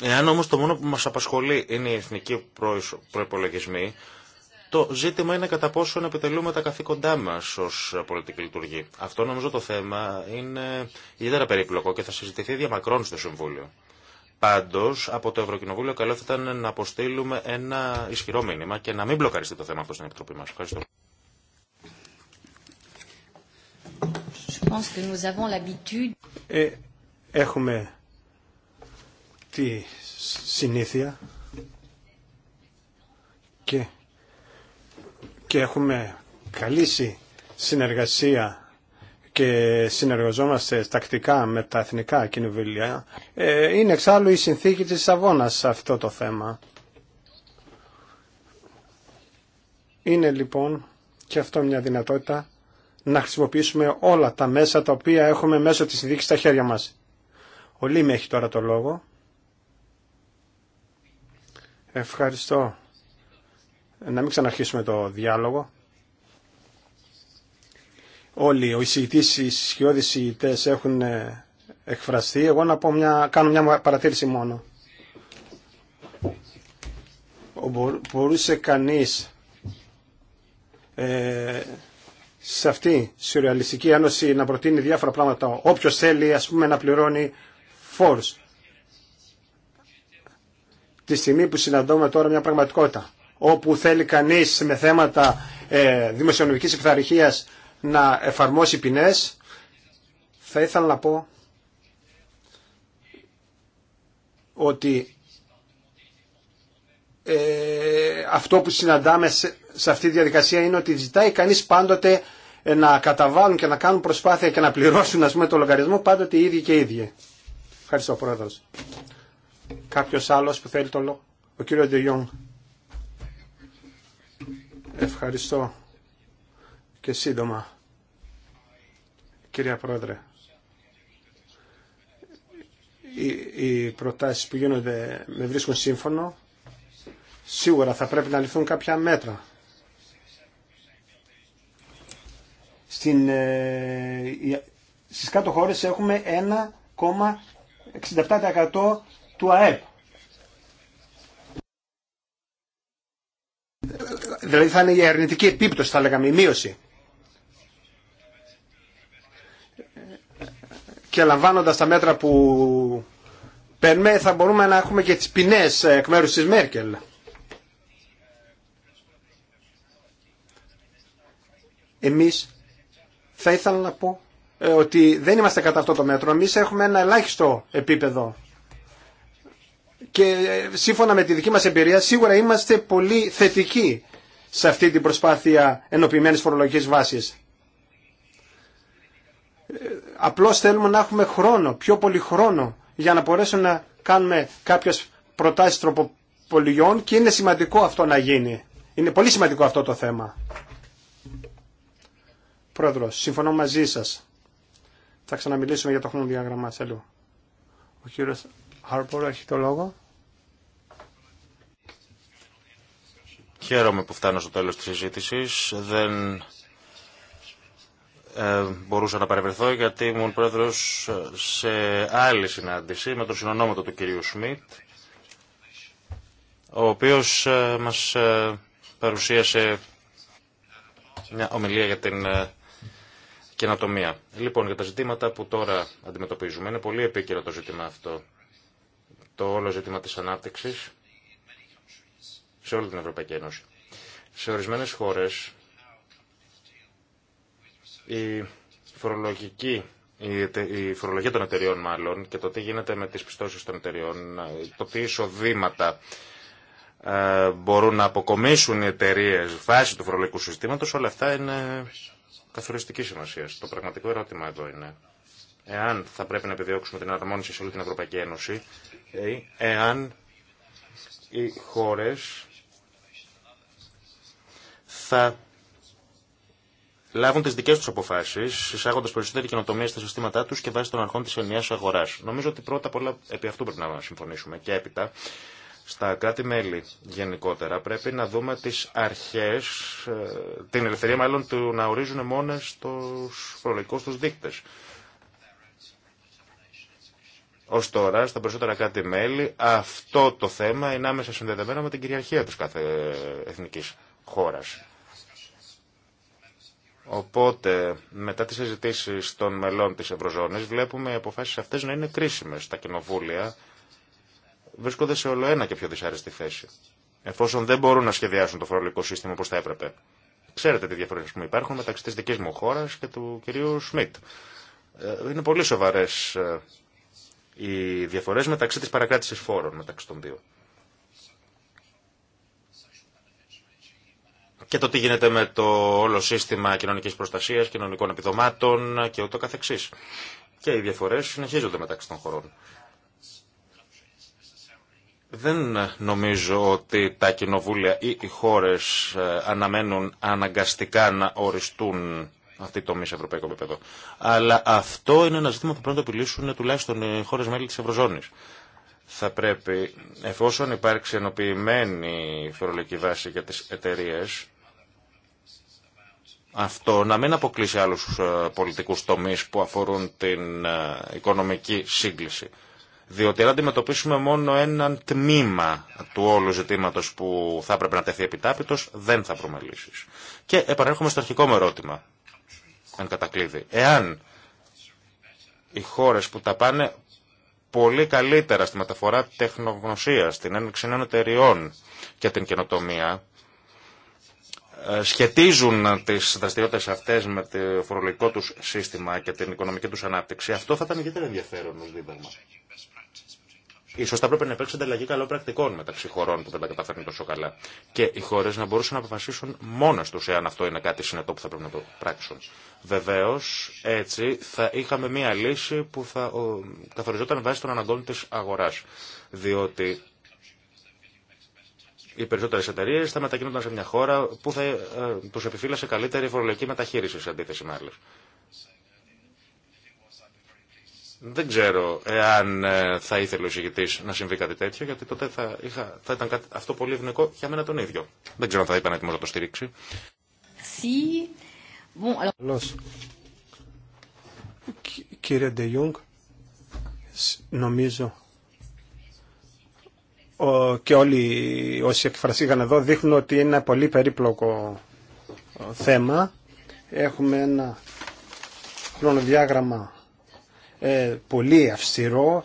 Εάν όμως το μόνο που μας απασχολεί είναι οι εθνικοί προϋπολογισμοί, το ζήτημα είναι κατά πόσο να επιτελούμε τα καθήκοντά μας ως πολιτική λειτουργή. Αυτό νομίζω το θέμα είναι ιδιαίτερα περίπλοκο και θα συζητηθεί διαμακρών στο Συμβούλιο. Πάντως, από το Ευρωκοινοβούλιο καλό θα ήταν να αποστείλουμε ένα ισχυρό μήνυμα και να μην μπλοκαριστεί το θέμα αυτό στην Επιτροπή μα. Ευχαριστώ. Ε, έχουμε τη συνήθεια και, και έχουμε καλήσει συνεργασία και συνεργαζόμαστε τακτικά με τα εθνικά κοινοβουλία. Ε, είναι εξάλλου η συνθήκη της Σαβώνας σε αυτό το θέμα. Είναι λοιπόν και αυτό μια δυνατότητα να χρησιμοποιήσουμε όλα τα μέσα τα οποία έχουμε μέσω της συνθήκης στα χέρια μας. Ο Λίμ έχει τώρα το λόγο. Ευχαριστώ. Να μην ξαναρχίσουμε το διάλογο. Όλοι, οι εισηγητές, οι σιώδεις εισηγητές έχουν ε, εκφραστεί. Εγώ να πω μια, κάνω μια παρατήρηση μόνο. Μπορούσε κανείς ε, σε αυτή τη σουρεαλιστική ένωση να προτείνει διάφορα πράγματα. Όποιος θέλει ας πούμε να πληρώνει φόρους τη στιγμή που συναντώμε τώρα μια πραγματικότητα όπου θέλει κανείς με θέματα ε, δημοσιονομικής να εφαρμόσει ποινέ, θα ήθελα να πω ότι ε, αυτό που συναντάμε σε, αυτή τη διαδικασία είναι ότι ζητάει κανείς πάντοτε ε, να καταβάλουν και να κάνουν προσπάθεια και να πληρώσουν ας πούμε, το λογαριασμό πάντοτε οι ίδιοι και οι ίδιοι. Ευχαριστώ Πρόεδρος. Κάποιος άλλος που θέλει το λόγο. Ο κύριος Ντεγιόν. Ευχαριστώ και σύντομα, κυρία Πρόεδρε. Οι, οι προτάσεις που γίνονται με βρίσκουν σύμφωνο. Σίγουρα θα πρέπει να ληφθούν κάποια μέτρα. Στην, ε, στις κάτω χώρες έχουμε 1,67% του ΑΕΠ. Δηλαδή θα είναι η αρνητική επίπτωση, θα λέγαμε, η μείωση. Και λαμβάνοντας τα μέτρα που παίρνουμε θα μπορούμε να έχουμε και τις ποινές εκ μέρους της Μέρκελ. Εμείς θα ήθελα να πω ε, ότι δεν είμαστε κατά αυτό το μέτρο. Εμείς έχουμε ένα ελάχιστο επίπεδο και σύμφωνα με τη δική μας εμπειρία σίγουρα είμαστε πολύ θετικοί σε αυτή την προσπάθεια ενοποιημένης φορολογικής βάσης. Ε, απλώς θέλουμε να έχουμε χρόνο, πιο πολύ χρόνο, για να μπορέσουμε να κάνουμε κάποιες προτάσεις τροποπολιών και είναι σημαντικό αυτό να γίνει. Είναι πολύ σημαντικό αυτό το θέμα. Πρόεδρο, συμφωνώ μαζί σας. Θα ξαναμιλήσουμε για το χρονοδιάγραμμα. Ο κύριος έχει το λόγο. Χαίρομαι που φτάνω στο τέλος της συζήτησης. Δεν ε, μπορούσα να παρευρεθώ γιατί ήμουν πρόεδρος σε άλλη συνάντηση με τον συνονόματο του κυρίου Σμιτ, ο οποίος ε, μας ε, παρουσίασε μια ομιλία για την ε, καινοτομία. Λοιπόν, για τα ζητήματα που τώρα αντιμετωπίζουμε, είναι πολύ επίκαιρο το ζήτημα αυτό. Το όλο ζήτημα της ανάπτυξης σε όλη την Ευρωπαϊκή Ένωση. Σε ορισμένες χώρες η φορολογική η φορολογία των εταιριών μάλλον και το τι γίνεται με τις πιστώσεις των εταιριών, το τι εισοδήματα ε, μπορούν να αποκομίσουν οι εταιρείε βάσει του φορολογικού συστήματος, όλα αυτά είναι καθοριστική σημασία. Το πραγματικό ερώτημα εδώ είναι εάν θα πρέπει να επιδιώξουμε την αρμόνιση σε όλη την Ευρωπαϊκή Ένωση ή εάν οι χώρες θα λάβουν τι δικέ του αποφάσει, εισάγοντα περισσότερη καινοτομία στα συστήματά του και βάσει των αρχών τη ενιαία αγορά. Νομίζω ότι πρώτα απ' όλα επί αυτού πρέπει να συμφωνήσουμε. Και έπειτα, στα κράτη-μέλη γενικότερα, πρέπει να δούμε τι αρχέ, ε, την ελευθερία μάλλον του να ορίζουν μόνε του προλογικού του δείκτε. Ω τώρα, στα περισσότερα κράτη-μέλη, αυτό το θέμα είναι άμεσα συνδεδεμένο με την κυριαρχία τη κάθε εθνική χώρας. Οπότε, μετά τις συζητήσει των μελών της Ευρωζώνης, βλέπουμε οι αποφάσεις αυτές να είναι κρίσιμες. Τα κοινοβούλια βρίσκονται σε όλο ένα και πιο δυσάρεστη θέση. Εφόσον δεν μπορούν να σχεδιάσουν το φορολογικό σύστημα όπως θα έπρεπε. Ξέρετε τι διαφορές που υπάρχουν μεταξύ της δικής μου χώρας και του κυρίου Σμιτ. Ε, είναι πολύ σοβαρές ε, οι διαφορές μεταξύ της παρακράτησης φόρων μεταξύ των δύο. και το τι γίνεται με το όλο σύστημα κοινωνικής προστασίας, κοινωνικών επιδομάτων και ούτω καθεξής. Και οι διαφορές συνεχίζονται μεταξύ των χωρών. Δεν νομίζω ότι τα κοινοβούλια ή οι χώρες ε, αναμένουν αναγκαστικά να οριστούν αυτή η τομή σε ευρωπαϊκό επίπεδο. Αλλά αυτό είναι ένα ζήτημα που πρέπει να το επιλύσουν τουλάχιστον οι χώρε μέλη τη Ευρωζώνη. Θα πρέπει, εφόσον υπάρξει ενοποιημένη φορολογική βάση για τι εταιρείε, αυτό να μην αποκλείσει άλλους ε, πολιτικούς τομείς που αφορούν την ε, οικονομική σύγκληση. Διότι αν αντιμετωπίσουμε μόνο έναν τμήμα του όλου ζητήματος που θα έπρεπε να τεθεί επιτάπητος, δεν θα προμελήσεις. Και επανέρχομαι στο αρχικό μου ερώτημα, εν κατακλείδη. Εάν οι χώρες που τα πάνε πολύ καλύτερα στη μεταφορά τεχνογνωσίας, στην έννοια νέων εταιριών και την καινοτομία, ε, σχετίζουν τις δραστηριότητες αυτές με το φορολογικό τους σύστημα και την οικονομική τους ανάπτυξη, αυτό θα ήταν ιδιαίτερα ενδιαφέρον ως δίδαγμα. Ίσως θα πρέπει να υπάρξει ανταλλαγή καλών πρακτικών μεταξύ χωρών που δεν τα καταφέρνουν τόσο καλά. Και οι χώρε να μπορούσαν να αποφασίσουν μόνε του εάν αυτό είναι κάτι συνετό που θα πρέπει να το πράξουν. Βεβαίω, έτσι θα είχαμε μία λύση που θα καθοριζόταν βάσει των αναγκών τη αγορά. Διότι οι περισσότερε εταιρείε θα μετακινούνταν σε μια χώρα που θα ε, του επιφύλασε καλύτερη φορολογική μεταχείριση σε αντίθεση με άλλε. Δεν ξέρω εάν ε, θα ήθελε ο εισηγητή να συμβεί κάτι τέτοιο, γιατί τότε θα, είχα, θα ήταν αυτό πολύ ευνοϊκό για μένα τον ίδιο. Δεν ξέρω αν θα ήταν έτοιμο να το στηρίξει. Sí. Bon, alors... νομίζω και όλοι όσοι εκφρασίγαν εδώ δείχνουν ότι είναι ένα πολύ περίπλοκο ε, θέμα. Έχουμε ένα χρονοδιάγραμμα ε, πολύ αυστηρό,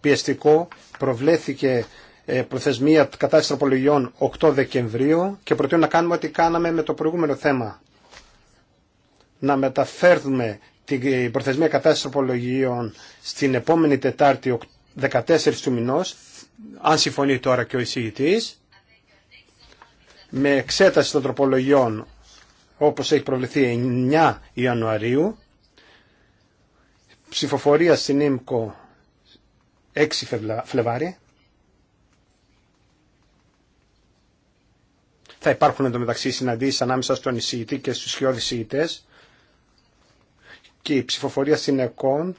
πιεστικό. Προβλέθηκε ε, προθεσμία κατάσταση τροπολογιών 8 Δεκεμβρίου και προτείνω να κάνουμε ό,τι κάναμε με το προηγούμενο θέμα. Να μεταφέρουμε την προθεσμία κατάσταση τροπολογιών στην επόμενη Τετάρτη 14 του μηνός αν συμφωνεί τώρα και ο εισηγητής, με εξέταση των τροπολογιών όπως έχει προβληθεί 9 Ιανουαρίου, ψηφοφορία στην ΙΜΚΟ 6 Φλεβάρι. Θα υπάρχουν εντωμεταξύ συναντήσεις ανάμεσα στον εισηγητή και στους χιώδη εισηγητές και η ψηφοφορία στην ΕΚΟΝ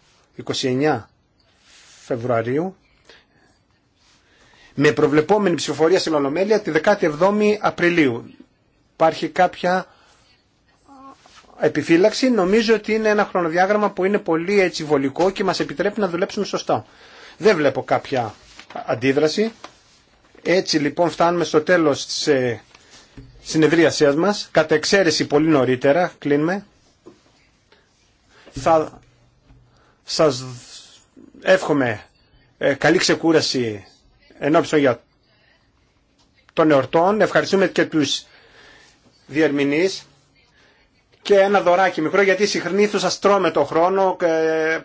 29 Φεβρουαρίου με προβλεπόμενη ψηφοφορία στην Ολομέλεια τη 17η Απριλίου. Υπάρχει κάποια επιφύλαξη. Νομίζω ότι είναι ένα χρονοδιάγραμμα που είναι πολύ έτσι βολικό και μας επιτρέπει να δουλέψουμε σωστά. Δεν βλέπω κάποια αντίδραση. Έτσι λοιπόν φτάνουμε στο τέλος της ε, συνεδρίασίας μας. Κατά εξαίρεση πολύ νωρίτερα, κλείνουμε. Θα σας εύχομαι ε, καλή ξεκούραση ενώπιστον για τον εορτών. Ευχαριστούμε και τους διερμηνείς και ένα δωράκι μικρό γιατί συχνήθω σα τρώμε το χρόνο και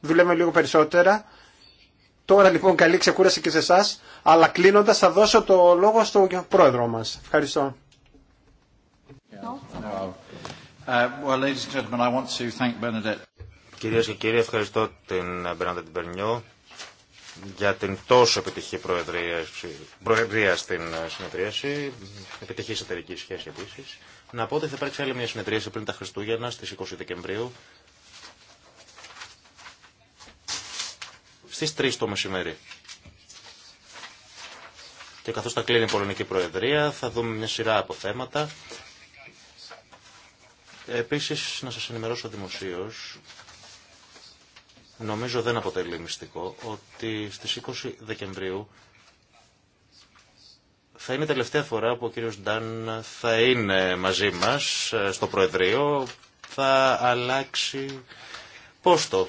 δουλεύουμε λίγο περισσότερα. Τώρα λοιπόν καλή ξεκούραση και σε εσά, αλλά κλείνοντα θα δώσω το λόγο στον πρόεδρο μας. Ευχαριστώ. Κυρίες και κύριοι, ευχαριστώ την Μπερνάντα Τιμπερνιό για την τόσο επιτυχή προεδρία, στην ε, συνεδρίαση, επιτυχή εταιρική σχέση επίση. Να πω ότι θα υπάρξει άλλη μια συνεδρίαση πριν τα Χριστούγεννα στι 20 Δεκεμβρίου. Στι 3 το μεσημέρι. Και καθώ θα κλείνει η Πολωνική Προεδρία, θα δούμε μια σειρά από θέματα. Επίση, να σα ενημερώσω δημοσίω Νομίζω δεν αποτελεί μυστικό ότι στις 20 Δεκεμβρίου θα είναι η τελευταία φορά που ο κύριος Ντάν θα είναι μαζί μας ε, στο Προεδρείο. Θα αλλάξει πόστο.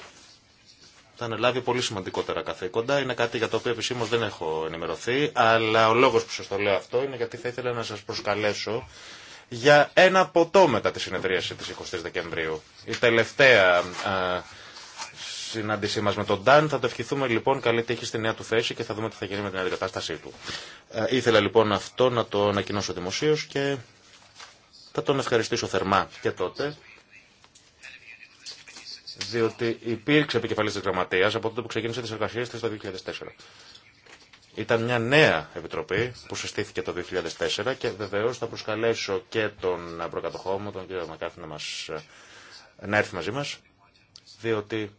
Θα αναλάβει πολύ σημαντικότερα καθήκοντα. Είναι κάτι για το οποίο επισήμως δεν έχω ενημερωθεί, αλλά ο λόγος που σας το λέω αυτό είναι γιατί θα ήθελα να σας προσκαλέσω για ένα ποτό μετά τη συνεδρίαση της 20 Δεκεμβρίου. Η τελευταία συνάντησή μα με τον Ντάν. Θα το ευχηθούμε λοιπόν καλή τύχη στη νέα του θέση και θα δούμε τι θα γίνει με την αντικατάστασή του. Ε, ήθελα λοιπόν αυτό να το ανακοινώσω δημοσίω και θα τον ευχαριστήσω θερμά και τότε. Διότι υπήρξε επικεφαλή τη Γραμματεία από τότε που ξεκίνησε τι εργασίε τη το 2004. Ήταν μια νέα επιτροπή που συστήθηκε το 2004 και βεβαίω θα προσκαλέσω και τον προκατοχό μου, τον κύριο Μακάρθη, να, μας, ε, να έρθει μαζί μα, διότι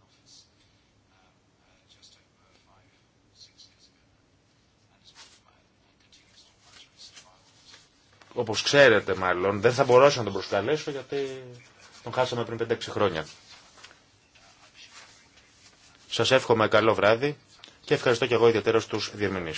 Όπως ξέρετε μάλλον, δεν θα μπορέσω να τον προσκαλέσω γιατί τον χάσαμε πριν 5-6 χρόνια. Σας εύχομαι καλό βράδυ και ευχαριστώ και εγώ ιδιαίτερα στους διερμηνεί.